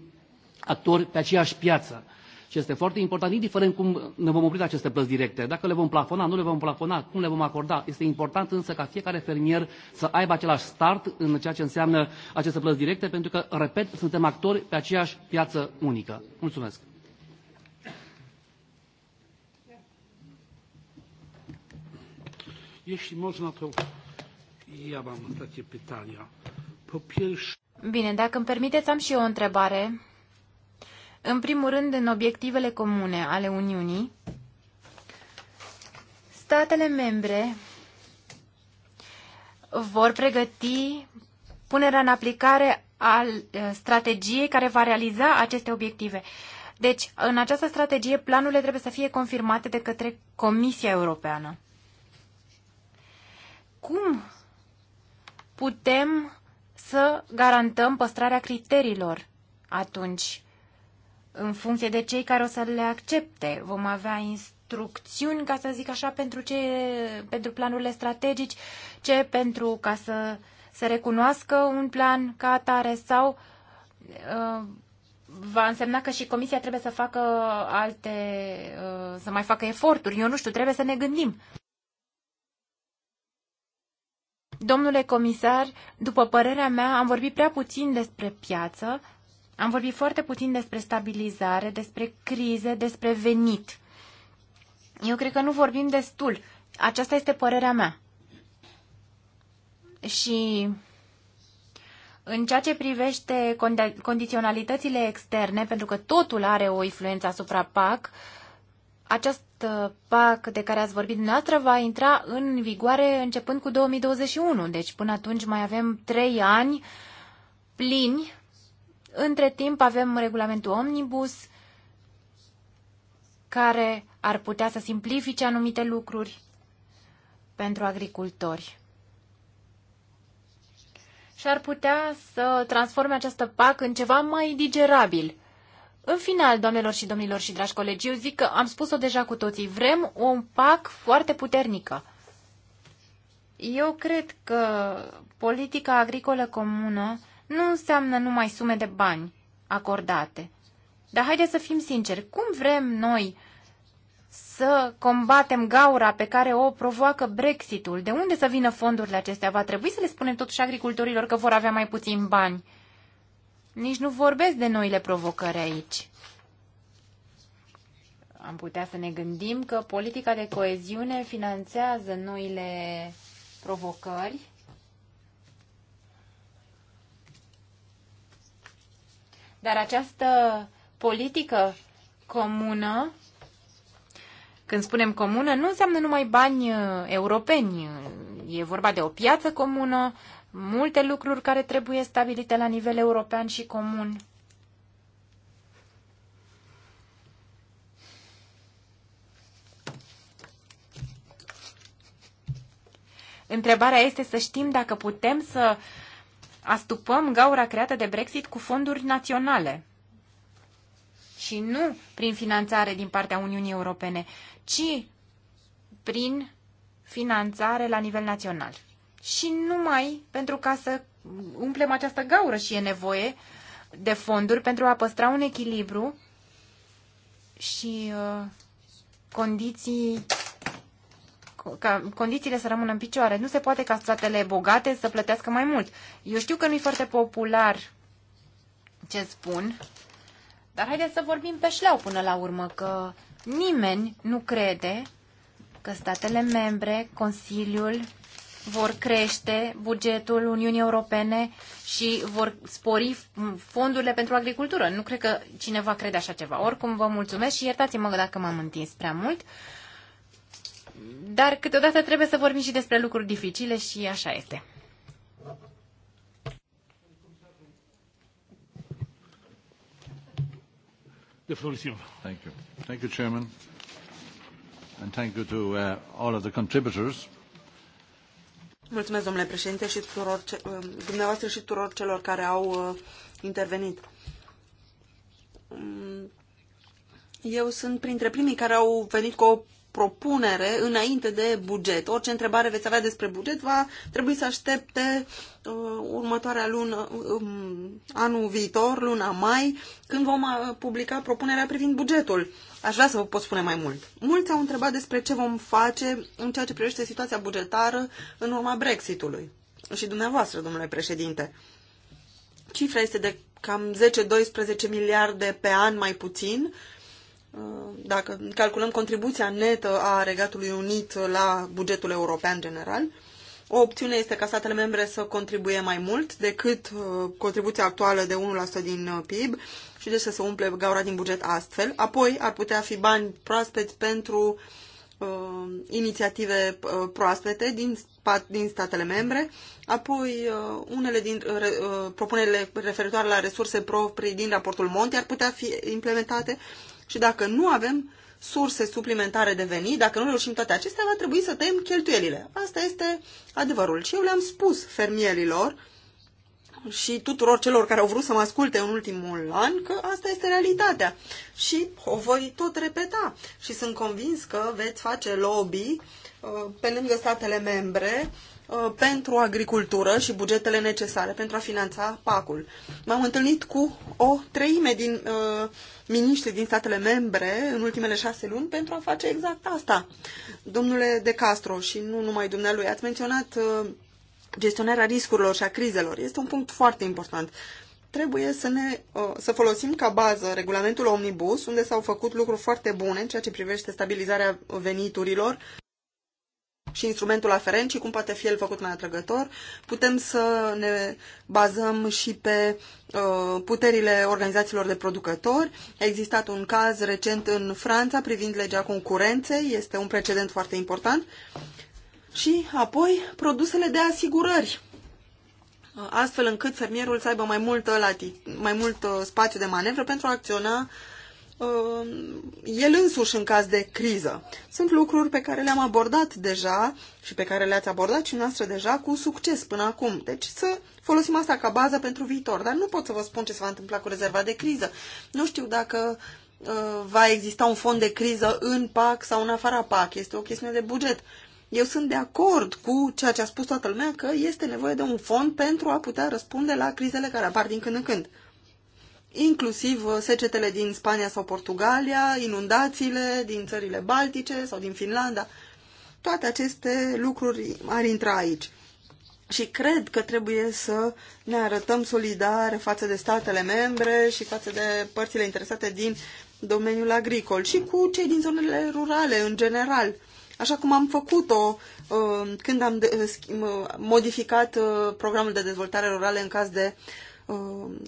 actori pe aceeași piață. Și este foarte important, indiferent cum ne vom opri aceste plăți directe, dacă le vom plafona, nu le vom plafona, cum le vom acorda. Este important însă ca fiecare fermier să aibă același start în ceea ce înseamnă aceste plăți directe, pentru că, repet, suntem actori pe aceeași piață unică. Mulțumesc! Jeśli można, to ja mam takie pytania. Po pierwsze... Bine, dacă îmi permiteți, am și eu o întrebare. În primul rând, în obiectivele comune ale Uniunii, statele membre vor pregăti punerea în aplicare al eh, strategiei care va realiza aceste obiective. Deci, în această strategie, planurile trebuie să fie confirmate de către Comisia Europeană cum putem să garantăm păstrarea criteriilor atunci în funcție de cei care o să le accepte. Vom avea instrucțiuni, ca să zic așa, pentru, ce, pentru planurile strategici, ce pentru ca să se recunoască un plan ca atare sau uh, va însemna că și comisia trebuie să facă alte, uh, să mai facă eforturi. Eu nu știu, trebuie să ne gândim. Domnule comisar, după părerea mea, am vorbit prea puțin despre piață, am vorbit foarte puțin despre stabilizare, despre crize, despre venit. Eu cred că nu vorbim destul. Aceasta este părerea mea. Și în ceea ce privește condi- condiționalitățile externe, pentru că totul are o influență asupra PAC, această Uh, PAC de care ați vorbit dumneavoastră va intra în vigoare începând cu 2021. Deci până atunci mai avem trei ani plini. Între timp avem regulamentul Omnibus care ar putea să simplifice anumite lucruri pentru agricultori. Și ar putea să transforme această PAC în ceva mai digerabil – în final, doamnelor și domnilor și dragi colegi, eu zic că am spus-o deja cu toții, vrem un PAC foarte puternică. Eu cred că politica agricolă comună nu înseamnă numai sume de bani acordate. Dar haideți să fim sinceri, cum vrem noi să combatem gaura pe care o provoacă Brexitul? De unde să vină fondurile acestea? Va trebui să le spunem totuși agricultorilor că vor avea mai puțin bani. Nici nu vorbesc de noile provocări aici. Am putea să ne gândim că politica de coeziune finanțează noile provocări Dar această politică comună, când spunem comună, nu înseamnă numai bani uh, europeni. E vorba de o piață comună, multe lucruri care trebuie stabilite la nivel european și comun. Întrebarea este să știm dacă putem să astupăm gaura creată de Brexit cu fonduri naționale și nu prin finanțare din partea Uniunii Europene, ci prin finanțare la nivel național și numai pentru ca să umplem această gaură și e nevoie de fonduri pentru a păstra un echilibru și uh, condiții ca condițiile să rămână în picioare. Nu se poate ca statele bogate să plătească mai mult. Eu știu că nu i foarte popular ce spun, dar haideți să vorbim pe șleau până la urmă, că nimeni nu crede că statele membre, Consiliul vor crește bugetul Uniunii Europene și vor spori fondurile pentru agricultură. Nu cred că cineva crede așa ceva. Oricum, vă mulțumesc și iertați-mă dacă m-am întins prea mult. Dar câteodată trebuie să vorbim și despre lucruri dificile și așa este. The floor is yours. Thank you. Thank you, Chairman. And thank you to uh, all of the contributors. Mulțumesc, domnule președinte, și tuturor ce, um, dumneavoastră și tuturor celor care au uh, intervenit. Um, eu sunt printre primii care au venit cu o propunere înainte de buget. Orice întrebare veți avea despre buget va trebui să aștepte uh, următoarea lună, um, anul viitor, luna mai, când vom uh, publica propunerea privind bugetul. Aș vrea să vă pot spune mai mult. Mulți au întrebat despre ce vom face în ceea ce privește situația bugetară în urma Brexitului. Și dumneavoastră, domnule președinte. Cifra este de cam 10-12 miliarde pe an mai puțin, dacă calculăm contribuția netă a Regatului Unit la bugetul european general. O opțiune este ca statele membre să contribuie mai mult decât uh, contribuția actuală de 1% din uh, PIB și deci să se umple gaura din buget astfel. Apoi ar putea fi bani proaspeți pentru uh, inițiative uh, proaspete din, din statele membre, apoi uh, unele din uh, uh, propunerile referitoare la resurse proprii din raportul Monti ar putea fi implementate și dacă nu avem surse suplimentare de venit, dacă nu reușim toate acestea, va trebui să tăiem cheltuielile. Asta este adevărul. Și eu le-am spus fermierilor și tuturor celor care au vrut să mă asculte în ultimul an că asta este realitatea. Și o voi tot repeta. Și sunt convins că veți face lobby uh, pe lângă statele membre uh, pentru agricultură și bugetele necesare pentru a finanța PAC-ul. M-am întâlnit cu o treime din uh, miniștri din statele membre în ultimele șase luni pentru a face exact asta. Domnule De Castro și nu numai dumnealui, ați menționat uh, gestionarea riscurilor și a crizelor. Este un punct foarte important. Trebuie să, ne, uh, să folosim ca bază regulamentul Omnibus, unde s-au făcut lucruri foarte bune în ceea ce privește stabilizarea veniturilor și instrumentul aferent și cum poate fi el făcut mai atrăgător. Putem să ne bazăm și pe uh, puterile organizațiilor de producători. A existat un caz recent în Franța privind legea concurenței, este un precedent foarte important. Și apoi produsele de asigurări, astfel încât fermierul să aibă mai mult, mai mult uh, spațiu de manevră pentru a acționa uh, el însuși în caz de criză. Sunt lucruri pe care le-am abordat deja și pe care le-ați abordat și noastră deja cu succes până acum. Deci să folosim asta ca bază pentru viitor. Dar nu pot să vă spun ce se va întâmpla cu rezerva de criză. Nu știu dacă uh, va exista un fond de criză în PAC sau în afara PAC. Este o chestiune de buget. Uh, eu sunt de acord cu ceea ce a spus toată lumea că este nevoie de un fond pentru a putea răspunde la crizele care apar din când în când. Inclusiv uh, secetele din Spania sau Portugalia, inundațiile din țările Baltice sau din Finlanda. Toate aceste lucruri ar intra aici. Și cred că trebuie să ne arătăm solidare față de statele membre și față de părțile interesate din domeniul agricol și cu cei din zonele rurale în general așa cum am făcut-o uh, când am uh, uh, modificat programul de dezvoltare rurală în caz de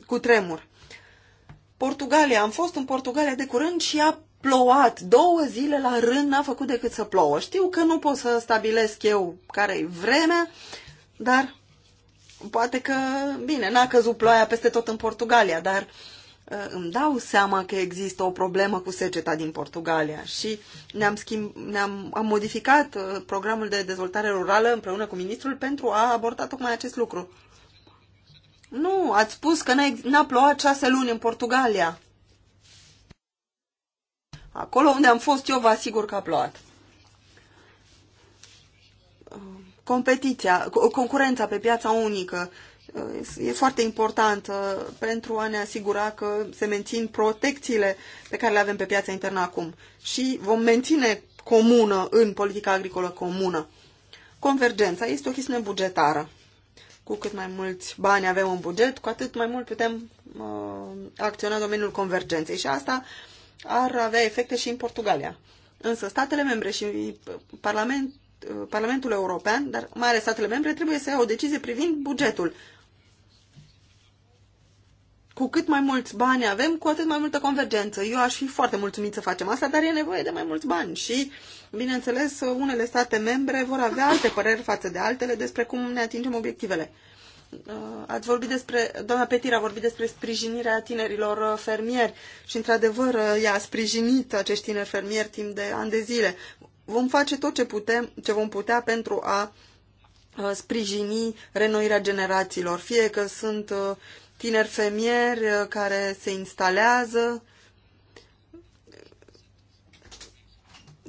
cutremur. Portugalia, am fost în Portugalia de curând și a plouat. Două zile la rând n-a făcut decât să plouă. Știu că nu pot să stabilesc eu care-i vremea, dar poate că, bine, n-a căzut ploaia peste tot în Portugalia, dar uh, Eh, îmi dau seama că există o problemă cu seceta din Portugalia și ne-am schimb, ne-am, am modificat eh, programul de dezvoltare rurală împreună cu ministrul pentru a aborda tocmai acest lucru. Nu, ați spus că n-a plouat șase luni în Portugalia. Acolo unde am fost eu, vă asigur că a plouat. Competiția, concurența pe piața unică e foarte important pentru a ne asigura că se mențin protecțiile pe care le avem pe piața internă acum și vom menține comună în politica agricolă comună. Convergența este o chestiune bugetară. Cu cât mai mulți bani avem în buget, cu atât mai mult putem uh, acționa în domeniul convergenței și asta ar avea efecte și în Portugalia. Însă statele membre și uh, Parlament, uh, Parlamentul European, dar mai ales statele membre, trebuie să ia o decizie privind bugetul cu cât mai mulți bani avem, cu atât mai multă convergență. Eu aș fi foarte mulțumit să facem asta, dar e nevoie de mai mulți bani și, bineînțeles, unele state membre vor avea alte păreri față de altele despre cum ne atingem obiectivele. Uh, ați vorbit despre, doamna Petir a vorbit despre sprijinirea tinerilor uh, fermieri și, într-adevăr, uh, ea a sprijinit acești tineri fermieri timp de ani de zile. Vom face tot ce, putem, ce vom putea pentru a sprijini renoirea generațiilor, fie că sunt uh, tineri femieri uh, care se instalează,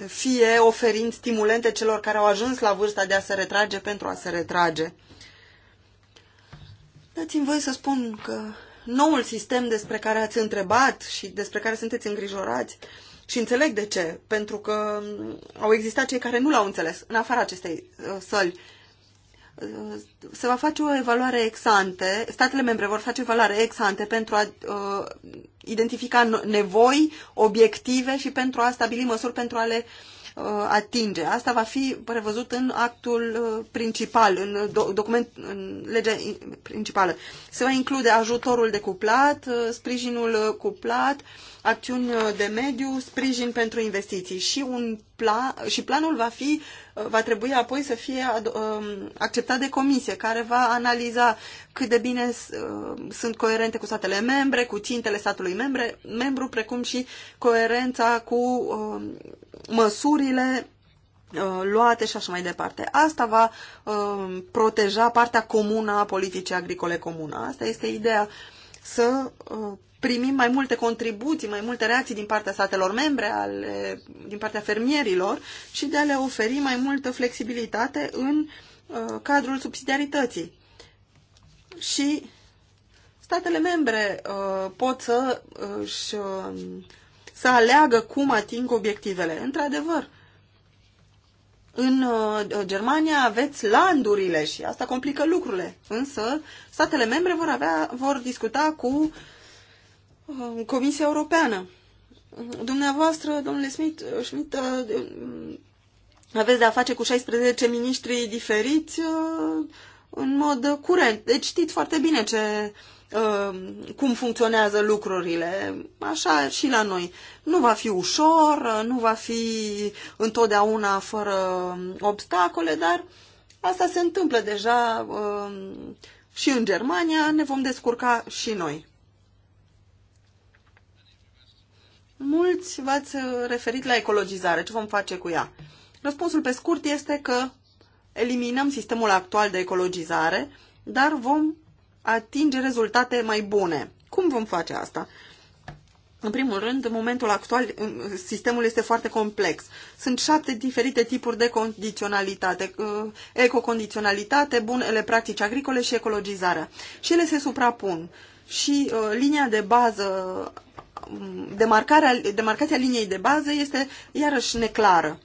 fie oferind stimulente celor care au ajuns la vârsta de a se retrage pentru a se retrage. Dați-mi voi să spun că noul sistem despre care ați întrebat și despre care sunteți îngrijorați și înțeleg de ce, pentru că au existat cei care nu l-au înțeles, în afara acestei uh, săli se va face o evaluare ex-ante, statele membre vor face o evaluare ex-ante pentru a uh, identifica nevoi, obiective și pentru a stabili măsuri pentru a le uh, atinge. Asta va fi prevăzut în actul uh, principal, în do- document, în legea principală. Se va include ajutorul de cuplat, uh, sprijinul cuplat, uh, acțiuni uh, de mediu, sprijin pentru investiții și, un plan, și planul va, fi, uh, va trebui apoi să fie um, acceptat de comisie, care va analiza cât de bine uh, sunt coerente cu statele membre, cu țintele statului membre, membru, precum și coerența cu um, măsurile luate și așa mai departe. Asta va um, proteja partea comună a politicii agricole comună. Asta este ideea să primim mai multe contribuții, mai multe reacții din partea statelor membre, ale, din partea fermierilor și de a le oferi mai multă flexibilitate în uh, cadrul subsidiarității. Și statele membre uh, pot să, uh, și, uh, să aleagă cum ating obiectivele. Într-adevăr, în uh, Germania aveți landurile și asta complică lucrurile, însă statele membre vor, avea, vor discuta cu uh, Comisia Europeană. Dumneavoastră, domnule Smith, Schmidt, uh, aveți de-a face cu 16 miniștri diferiți uh, în mod curent. Deci știți foarte bine ce, uh, cum funcționează lucrurile, așa și la noi. Nu va fi ușor, nu va fi întotdeauna fără um, obstacole, dar asta se întâmplă deja um, și în Germania, ne vom descurca și noi. Mulți v-ați referit la ecologizare. Ce vom face cu ea? Răspunsul pe scurt este că eliminăm sistemul actual de ecologizare, dar vom atinge rezultate mai bune. Cum vom face asta? În primul rând, în momentul actual, sistemul este foarte complex. Sunt șapte diferite tipuri de condiționalitate. Ecocondiționalitate, bunele practici agricole și ecologizarea. Și ele se suprapun. Și uh, linia de bază demarcarea, demarcația liniei de bază este iarăși neclară.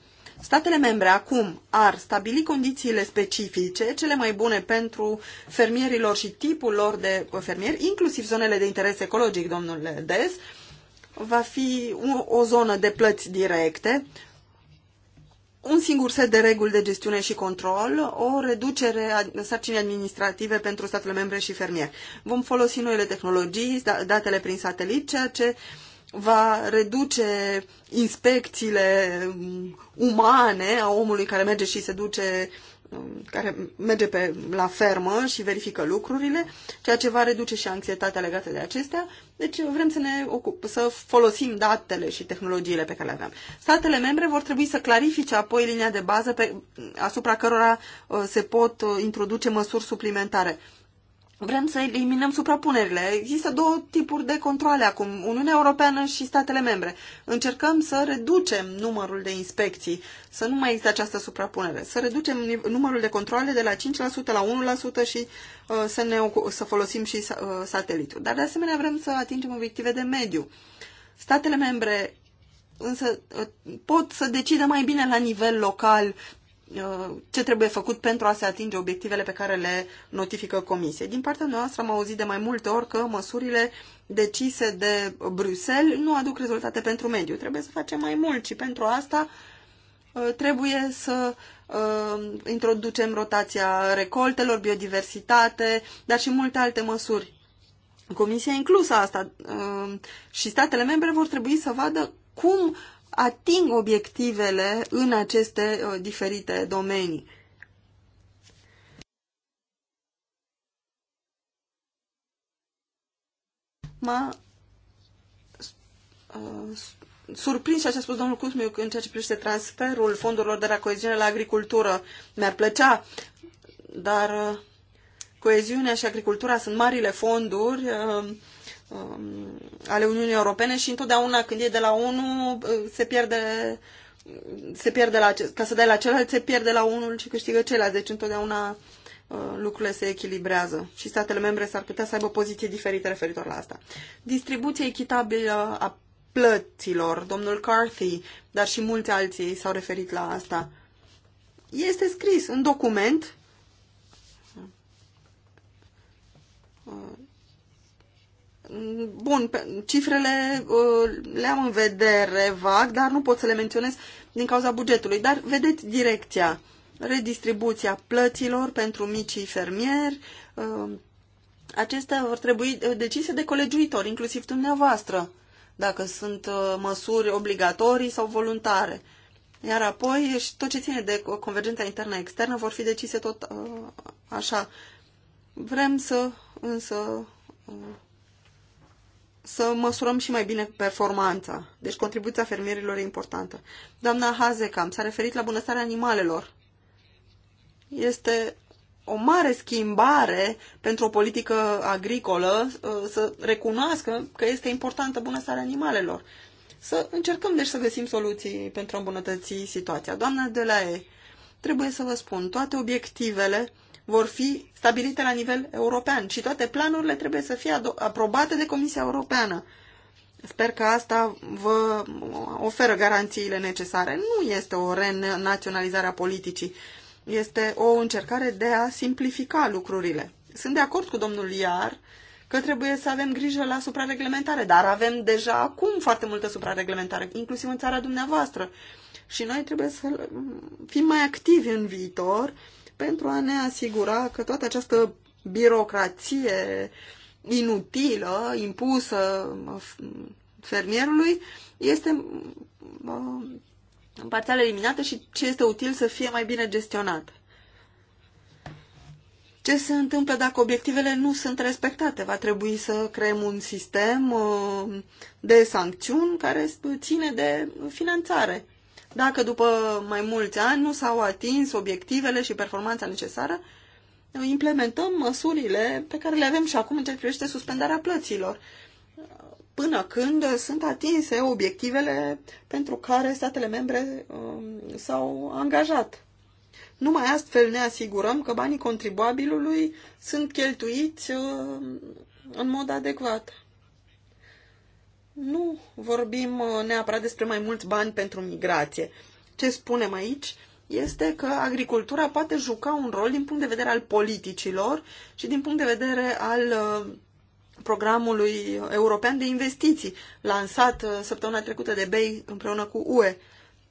Statele membre acum ar stabili condițiile specifice, cele mai bune pentru fermierilor și tipul lor de fermieri, inclusiv zonele de interes ecologic, domnule Des, va fi o, o zonă de plăți directe, un singur set de reguli de gestiune și control, o reducere a sarcinii administrative pentru statele membre și fermieri. Vom folosi noile tehnologii, da, datele prin satelit, ceea ce va reduce inspecțiile um, umane a omului care merge și se duce uh, Um, care merge pe, la fermă și verifică lucrurile, ceea ce va reduce și anxietatea legată de acestea. Deci vrem să ne ocup, să folosim datele și tehnologiile pe care le avem. Statele membre vor trebui să clarifice apoi linia de bază pe, asupra cărora uh, se pot uh, introduce măsuri suplimentare. Vrem să eliminăm suprapunerile. Există două tipuri de controle acum, Uniunea Europeană și statele membre. Încercăm să reducem numărul de inspecții, să nu mai există această suprapunere, să reducem numărul de controle de la 5% la 1% și uh, să, ne, să folosim și uh, satelitul. Dar de asemenea vrem să atingem obiective de mediu. Statele membre însă uh, pot să decidă mai bine la nivel local ce trebuie făcut pentru a se atinge obiectivele pe care le notifică Comisie. Din partea noastră am auzit de mai multe ori că măsurile decise de Bruxelles nu aduc rezultate pentru mediu. Trebuie să facem mai mult și pentru asta uh, trebuie să uh, introducem rotația recoltelor, biodiversitate, dar și multe alte măsuri. Comisia inclusă asta uh, și statele membre vor trebui să vadă cum ating obiectivele în aceste uh, diferite domenii. M-a uh, surprins și ce a spus domnul Cusmiu în ceea ce privește transferul fondurilor de la coeziune la agricultură. Mi-ar plăcea, dar uh, coeziunea și agricultura sunt marile fonduri uh, Um, ale Uniunii Europene și întotdeauna când e de la unul uh, se pierde se pierde la, ca să dai la celălalt, se pierde la unul și câștigă celălalt. Deci întotdeauna uh, lucrurile se echilibrează și statele membre s-ar putea să aibă poziții diferite referitor la asta. Distribuția echitabilă a plăților, domnul Carthy, dar și mulți alții s-au referit la asta. Este scris în document uh, Bun, cifrele uh, le-am în vedere vag, dar nu pot să le menționez din cauza bugetului. Dar vedeți direcția, redistribuția plăților pentru micii fermieri. Uh, acestea vor trebui uh, decise de colegiuitori, inclusiv dumneavoastră, dacă sunt măsuri obligatorii sau voluntare. Iar apoi și tot ce ține de convergența internă-externă vor fi decise tot așa. Vrem să însă să măsurăm și mai bine performanța. Deci contribuția fermierilor e importantă. Doamna Hazekam s-a referit la bunăstarea animalelor. Este o mare schimbare pentru o politică agricolă uh, să recunoască că este importantă bunăstarea animalelor. Să încercăm deci să găsim soluții pentru a îmbunătăți situația. Doamna de la E, trebuie să vă spun, toate obiectivele vor fi stabilite la nivel european și toate planurile trebuie să fie aprobate de Comisia Europeană. Sper că asta vă oferă garanțiile necesare. Nu este o renaționalizare a politicii, este o încercare de a simplifica lucrurile. Sunt de acord cu domnul Iar că trebuie să avem grijă la suprareglementare, dar avem deja acum foarte multă suprareglementare, inclusiv în țara dumneavoastră. Și noi trebuie să fim mai activi în viitor pentru a ne asigura că toată această birocrație inutilă impusă fermierului este parțial eliminată și ce este util să fie mai bine gestionată. Ce se întâmplă dacă obiectivele nu sunt respectate? Va trebui să creăm un sistem uh, de sancțiuni care ține de finanțare. Dacă după mai mulți ani nu s-au atins obiectivele și performanța necesară, implementăm măsurile pe care le avem și acum în ce privește suspendarea plăților, până când sunt atinse obiectivele pentru care statele membre um, s-au angajat. Numai astfel ne asigurăm că banii contribuabilului sunt cheltuiți um, în mod adecvat nu vorbim uh, neapărat despre mai mulți bani pentru migrație. Ce spunem aici este că agricultura poate juca un rol din punct de vedere al politicilor și din punct de vedere al uh, programului european de investiții, lansat uh, săptămâna trecută de BEI împreună cu UE.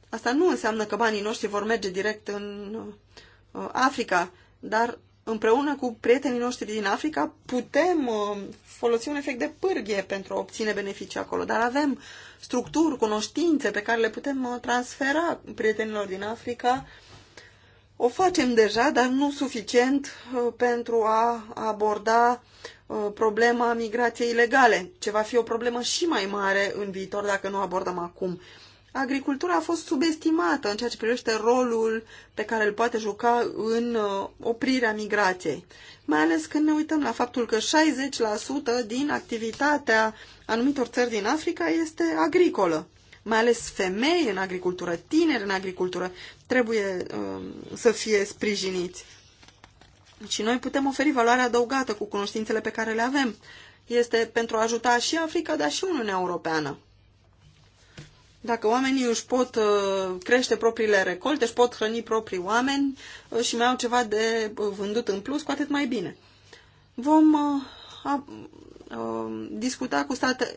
Asta nu înseamnă că banii noștri vor merge direct în Africa, dar împreună cu prietenii noștri din Africa, putem uh, folosi un efect de pârghie pentru a obține beneficii acolo, dar avem structuri, cunoștințe pe care le putem uh, transfera prietenilor din Africa. O facem deja, dar nu suficient uh, pentru a aborda problema migrației ilegale, ce va fi o problemă și mai mare în viitor dacă nu abordăm acum agricultura a fost subestimată în ceea ce privește rolul pe care îl poate juca în uh, oprirea migrației. Mai ales când ne uităm la faptul că 60% din activitatea anumitor țări din Africa este agricolă. Mai ales femei în agricultură, tineri în agricultură, trebuie um, să fie sprijiniți. Și noi putem oferi valoare adăugată cu cunoștințele pe care le avem. Este pentru a ajuta și Africa, dar și Uniunea Europeană. Dacă oamenii își pot uh, crește propriile recolte, își pot hrăni proprii oameni uh, și mai au ceva de uh, vândut în plus, cu atât mai bine. Vom discuta cu state.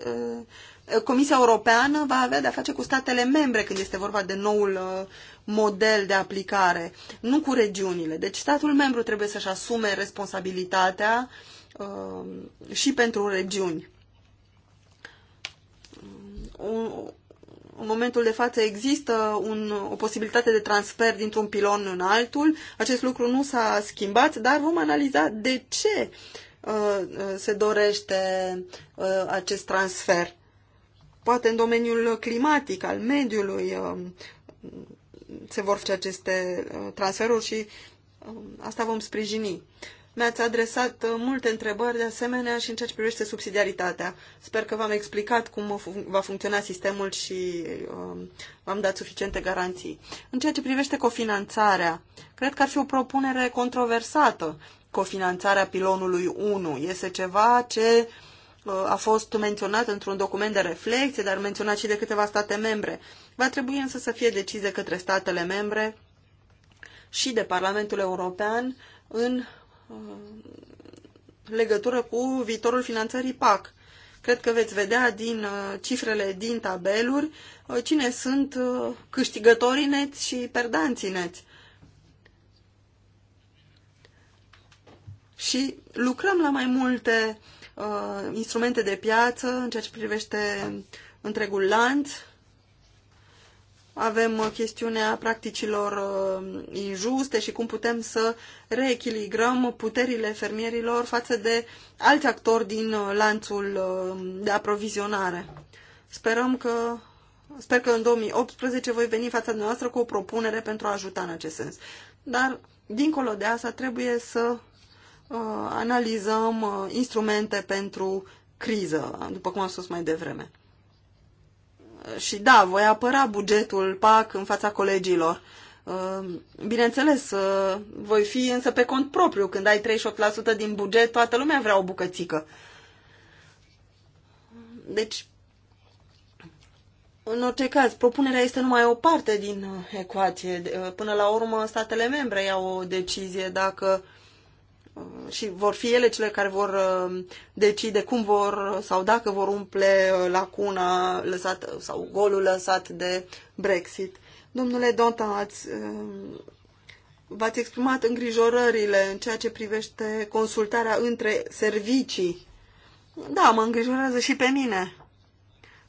Comisia Europeană va avea de-a face cu statele membre când este vorba de noul model de aplicare, nu cu regiunile. Deci statul membru trebuie să-și asume responsabilitatea și pentru regiuni în momentul de față există un, o posibilitate de transfer dintr-un pilon în altul. Acest lucru nu s-a schimbat, dar vom analiza de ce uh, se dorește uh, acest transfer. Poate în domeniul climatic, al mediului, uh, se vor face aceste uh, transferuri și uh, asta vom sprijini. Mi-ați adresat uh, multe întrebări de asemenea și în ceea ce privește subsidiaritatea. Sper că v-am explicat cum va funcționa sistemul și um, v-am dat suficiente garanții. În ceea ce privește cofinanțarea, cred că ar fi o propunere controversată. Cofinanțarea pilonului 1 este ceva ce uh, a fost menționat într-un document de reflexie, dar menționat și de câteva state membre. Va trebui însă să fie decis de către statele membre și de Parlamentul European în Uh, legătură cu viitorul finanțării PAC. Cred că veți vedea din uh, cifrele din tabeluri uh, cine sunt câștigătorii neți și perdanții neți. Și lucrăm la mai multe uh, instrumente de piață în ceea ce privește întregul lanț, avem uh, chestiunea practicilor uh, injuste și cum putem să reechilibrăm puterile fermierilor față de alți actori din uh, lanțul de aprovizionare. Sperăm că Sper că în 2018 voi veni fața noastră cu o propunere pentru a ajuta în acest sens. Dar, dincolo de asta, trebuie să uh, analizăm uh, instrumente pentru criză, după cum am spus mai devreme și da, voi apăra bugetul PAC în fața colegilor. Uh, bineînțeles, uh, voi fi însă pe cont propriu. Când ai 38% din buget, toată lumea vrea o bucățică. Deci, în orice caz, propunerea este numai o parte din uh, ecuație. Până la urmă, statele membre iau o decizie dacă și vor fi ele cele care vor uh, decide cum vor sau dacă vor umple uh, lacuna lăsată uh, sau golul lăsat de Brexit. Domnule Donta, ați, v-ați exprimat îngrijorările în ceea ce privește consultarea între servicii. Da, mă îngrijorează și pe mine.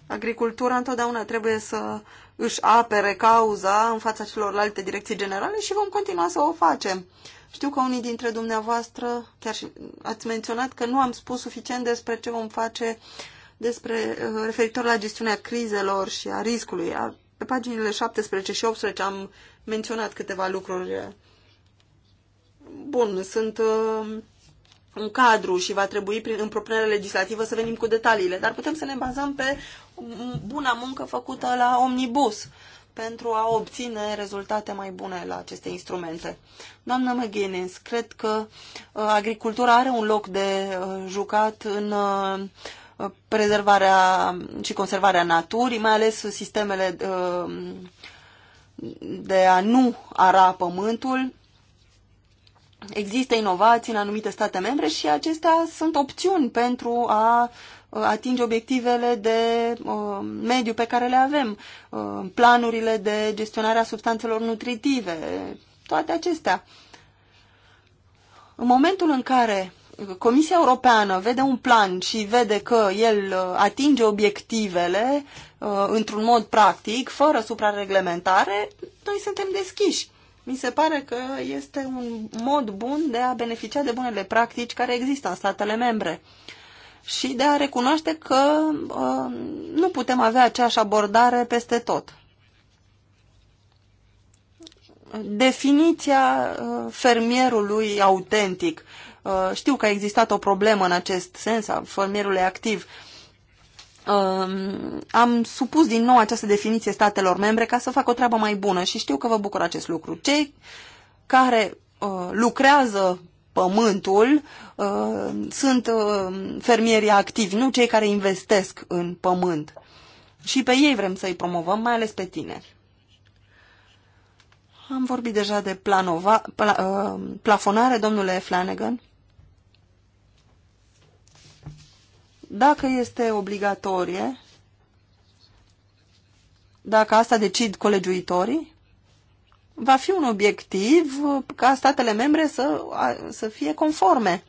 Agricultura întotdeauna trebuie să își apere cauza în fața celorlalte direcții generale și vom continua să o facem știu că unii dintre dumneavoastră chiar și ați menționat că nu am spus suficient despre ce vom face despre uh, referitor la gestiunea crizelor și a riscului. Pe paginile 17 și 18 am menționat câteva lucruri. Bun, sunt uh, un cadru și va trebui prin, în propunerea legislativă să venim cu detaliile, dar putem să ne bazăm pe buna muncă făcută la omnibus. Uh, pentru a obține rezultate mai bune la aceste instrumente. Doamna McGuinness, cred că uh, agricultura are un loc de uh, jucat în uh, prezervarea și conservarea naturii, mai ales sistemele de a nu ara pământul. Există inovații în anumite state membre și acestea sunt opțiuni pentru a atinge obiectivele de uh, mediu pe care le avem, uh, planurile de gestionare a substanțelor nutritive, toate acestea. În momentul în care Comisia Europeană vede un plan și vede că el uh, atinge obiectivele într-un mod practic, fără suprareglementare, noi suntem deschiși. Mi se pare că este un mod bun de a beneficia de bunele practici care există în statele membre. Uh, și de a recunoaște că uh, nu putem avea aceeași abordare peste tot. Definiția uh, fermierului autentic. Uh, știu că a existat o problemă în acest sens a fermierului activ. Um, am supus din nou această definiție statelor membre ca să fac o treabă mai bună și știu că vă bucur acest lucru. Cei care uh, lucrează pământul uh, sunt uh, fermierii activi, nu cei care investesc în pământ. Și pe ei vrem să-i promovăm, mai ales pe tineri. Am vorbit deja de planova, pla, uh, plafonare, domnule Flanagan. Dacă este obligatorie, dacă asta decid colegiuitorii, va fi un obiectiv ca statele membre să, să fie conforme.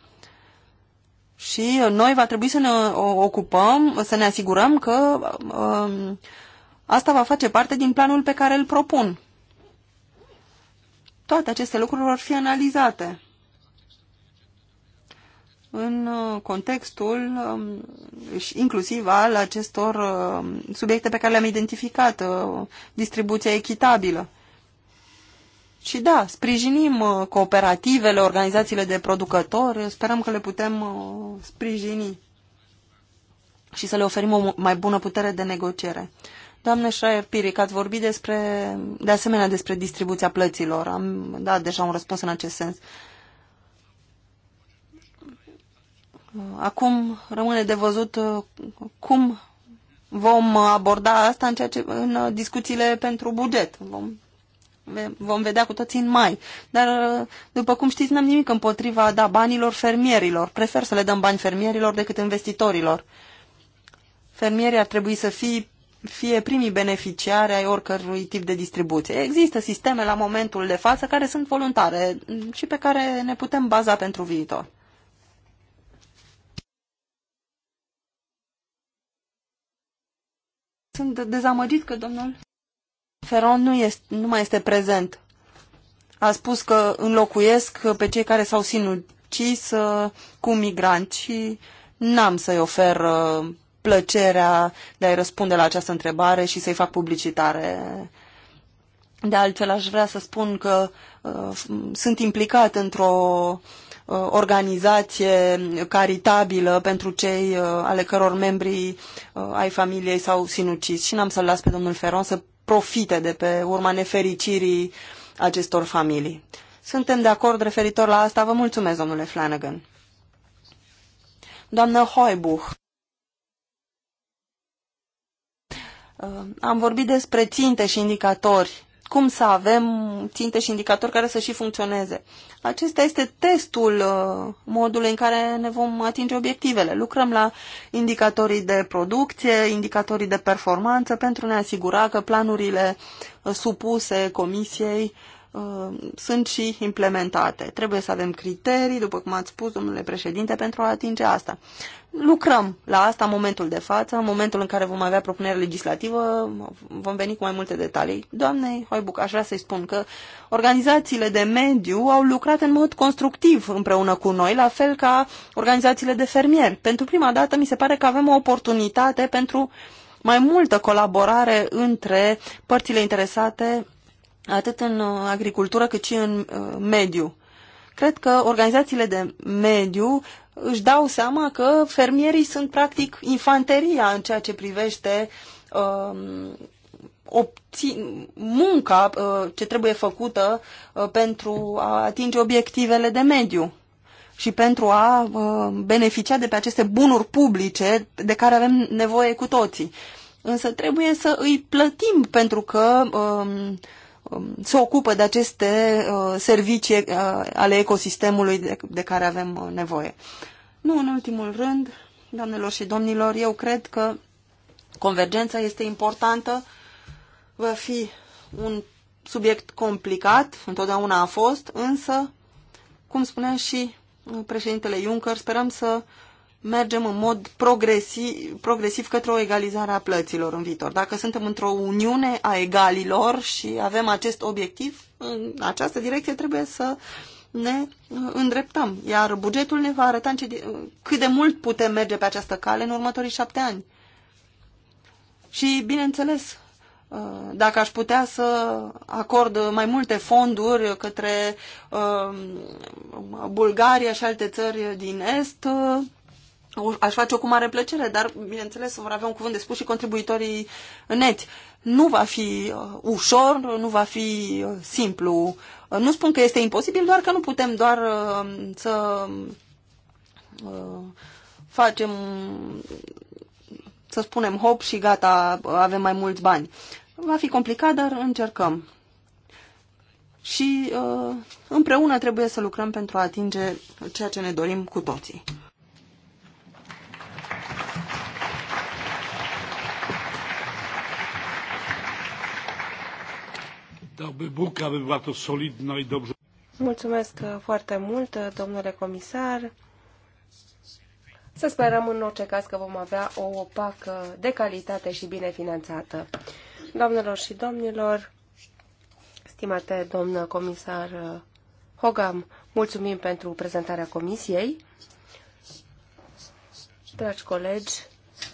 Și noi va trebui să ne ocupăm, să ne asigurăm că um, asta va face parte din planul pe care îl propun. Toate aceste lucruri vor fi analizate în uh, contextul um, și inclusiv al acestor uh, subiecte pe care le-am identificat, uh, distribuția echitabilă. Și da, sprijinim uh, cooperativele, organizațiile de producători, sperăm că le putem uh, sprijini și să le oferim o mai bună putere de negociere. Doamne Schreier-Piric, ați vorbit despre, de asemenea despre distribuția plăților. Am dat deja un răspuns în acest sens. Uh, acum rămâne de văzut cum vom aborda asta în, ceea ce, în discuțiile pentru buget. Vom vom vedea cu toții în mai. Dar, după cum știți, n-am nimic împotriva da banilor fermierilor. Prefer să le dăm bani fermierilor decât investitorilor. Fermierii ar trebui să fie, fie primii beneficiari ai oricărui tip de distribuție. Există sisteme la momentul de față care sunt voluntare și pe care ne putem baza pentru viitor. Sunt dezamăgit că domnul Feron nu, este, nu mai este prezent. A spus că înlocuiesc pe cei care s-au sinucis uh, cu migranți și n-am să-i ofer uh, plăcerea de a-i răspunde la această întrebare și să-i fac publicitare. De altfel, aș vrea să spun că uh, sunt implicat într-o uh, organizație caritabilă pentru cei uh, ale căror membri uh, ai familiei s-au sinucis și n-am să-l las pe domnul Feron să profite de pe urma nefericirii acestor familii. Suntem de acord referitor la asta. Vă mulțumesc, domnule Flanagan. Doamnă Hoibuch, uh, am vorbit despre ținte și indicatori cum să avem ținte și indicatori care să și funcționeze. Acesta este testul uh, modului în care ne vom atinge obiectivele. Lucrăm la indicatorii de producție, indicatorii de performanță pentru a ne asigura că planurile uh, supuse comisiei Uh, sunt și implementate. Trebuie să avem criterii, după cum ați spus, domnule președinte, pentru a atinge asta. Lucrăm la asta în momentul de față, în momentul în care vom avea propunere legislativă, vom veni cu mai multe detalii. Doamnei Hoibuc, aș vrea să-i spun că organizațiile de mediu au lucrat în mod constructiv împreună cu noi, la fel ca organizațiile de fermieri. Pentru prima dată mi se pare că avem o oportunitate pentru mai multă colaborare între părțile interesate atât în uh, agricultură cât și în uh, mediu. Cred că organizațiile de mediu își dau seama că fermierii sunt practic infanteria în ceea ce privește uh, obții, munca uh, ce trebuie făcută uh, pentru a atinge obiectivele de mediu și pentru a uh, beneficia de pe aceste bunuri publice de care avem nevoie cu toții. Însă trebuie să îi plătim pentru că uh, Um, se ocupă de aceste uh, servicii uh, ale ecosistemului de care avem uh, nevoie. Nu în ultimul rând, doamnelor și domnilor, eu cred că convergența este importantă, va fi un subiect complicat, întotdeauna a fost, însă, cum spunea și președintele Juncker, sperăm să mergem în mod progresiv, progresiv către o egalizare a plăților în viitor. Dacă suntem într-o uniune a egalilor și avem acest obiectiv, în această direcție trebuie să ne uh, îndreptăm. Iar bugetul ne va arăta în ce, cât de mult putem merge pe această cale în următorii șapte ani. Și, bineînțeles, uh, dacă aș putea să acord mai multe fonduri către uh, Bulgaria și alte țări din Est, aș face-o cu mare plăcere, dar, bineînțeles, vor avea un cuvânt de spus și contribuitorii neti. Nu va fi uh, ușor, nu va fi uh, simplu. Uh, nu spun că este imposibil, doar că nu putem doar să facem, să spunem hop și gata, avem mai mulți bani. Va fi complicat, dar încercăm. Și împreună trebuie să lucrăm pentru a atinge ceea ce ne dorim cu toții. Mulțumesc uh, foarte mult, uh, domnule comisar. Să sperăm în orice caz că vom avea o PAC uh, de calitate și bine finanțată. Doamnelor și domnilor, stimate domnă comisar Hogam, mulțumim pentru prezentarea comisiei. Dragi colegi,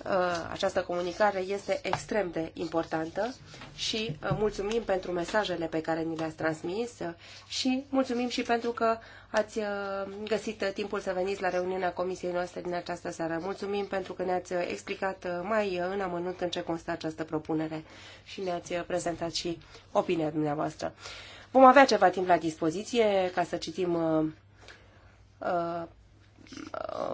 Uh, această comunicare este extrem de importantă și uh, mulțumim pentru mesajele pe care ni le-ați transmis uh, și mulțumim și pentru că ați găsit timpul să veniți la reuniunea comisiei noastre din această seară. Mulțumim pentru că ne-ați explicat mai în amănunt în ce constă această propunere și ne-ați prezentat și opinia dumneavoastră. Vom avea ceva timp la dispoziție ca să citim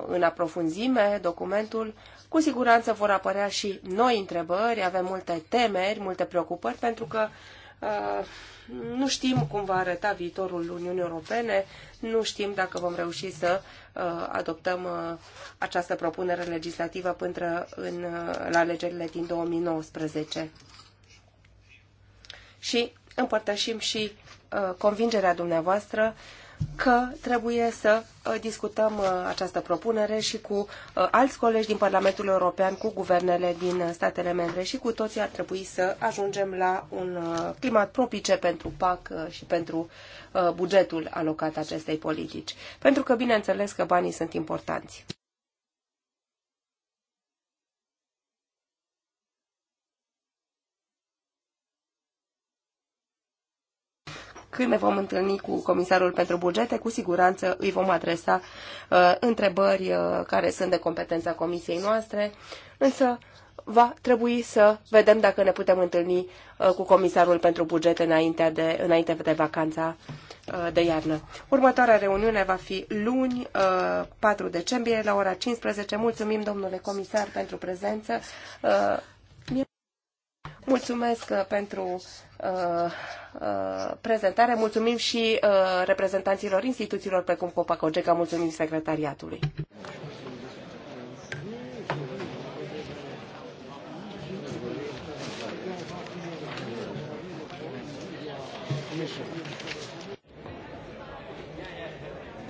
în aprofunzime documentul. Cu siguranță vor apărea și noi întrebări, avem multe temeri, multe preocupări, pentru că uh, nu știm cum va arăta viitorul Uniunii Europene, nu știm dacă vom reuși să uh, adoptăm uh, această propunere legislativă până în, uh, la alegerile din 2019. Și împărtășim și uh, convingerea dumneavoastră uh, că trebuie să uh, discutăm uh, această propunere și cu uh, alți colegi din Parlamentul European, cu guvernele din statele membre și cu toții ar trebui să ajungem la un climat propice pentru PAC și pentru bugetul alocat acestei politici. Pentru că bineînțeles că banii sunt importanți. Când ne vom întâlni cu Comisarul pentru Bugete, cu siguranță îi vom adresa uh, întrebări uh, care sunt de competența Comisiei noastre, însă va trebui să vedem dacă ne putem întâlni uh, cu Comisarul pentru Bugete înainte de, înainte de vacanța uh, de iarnă. Următoarea reuniune va fi luni, uh, 4 decembrie, la ora 15. Mulțumim, domnule comisar, pentru prezență. Uh, Mulțumesc uh, pentru uh, uh, prezentare. Mulțumim și uh, reprezentanților instituțiilor precum Copacogeca. Mulțumim secretariatului. you.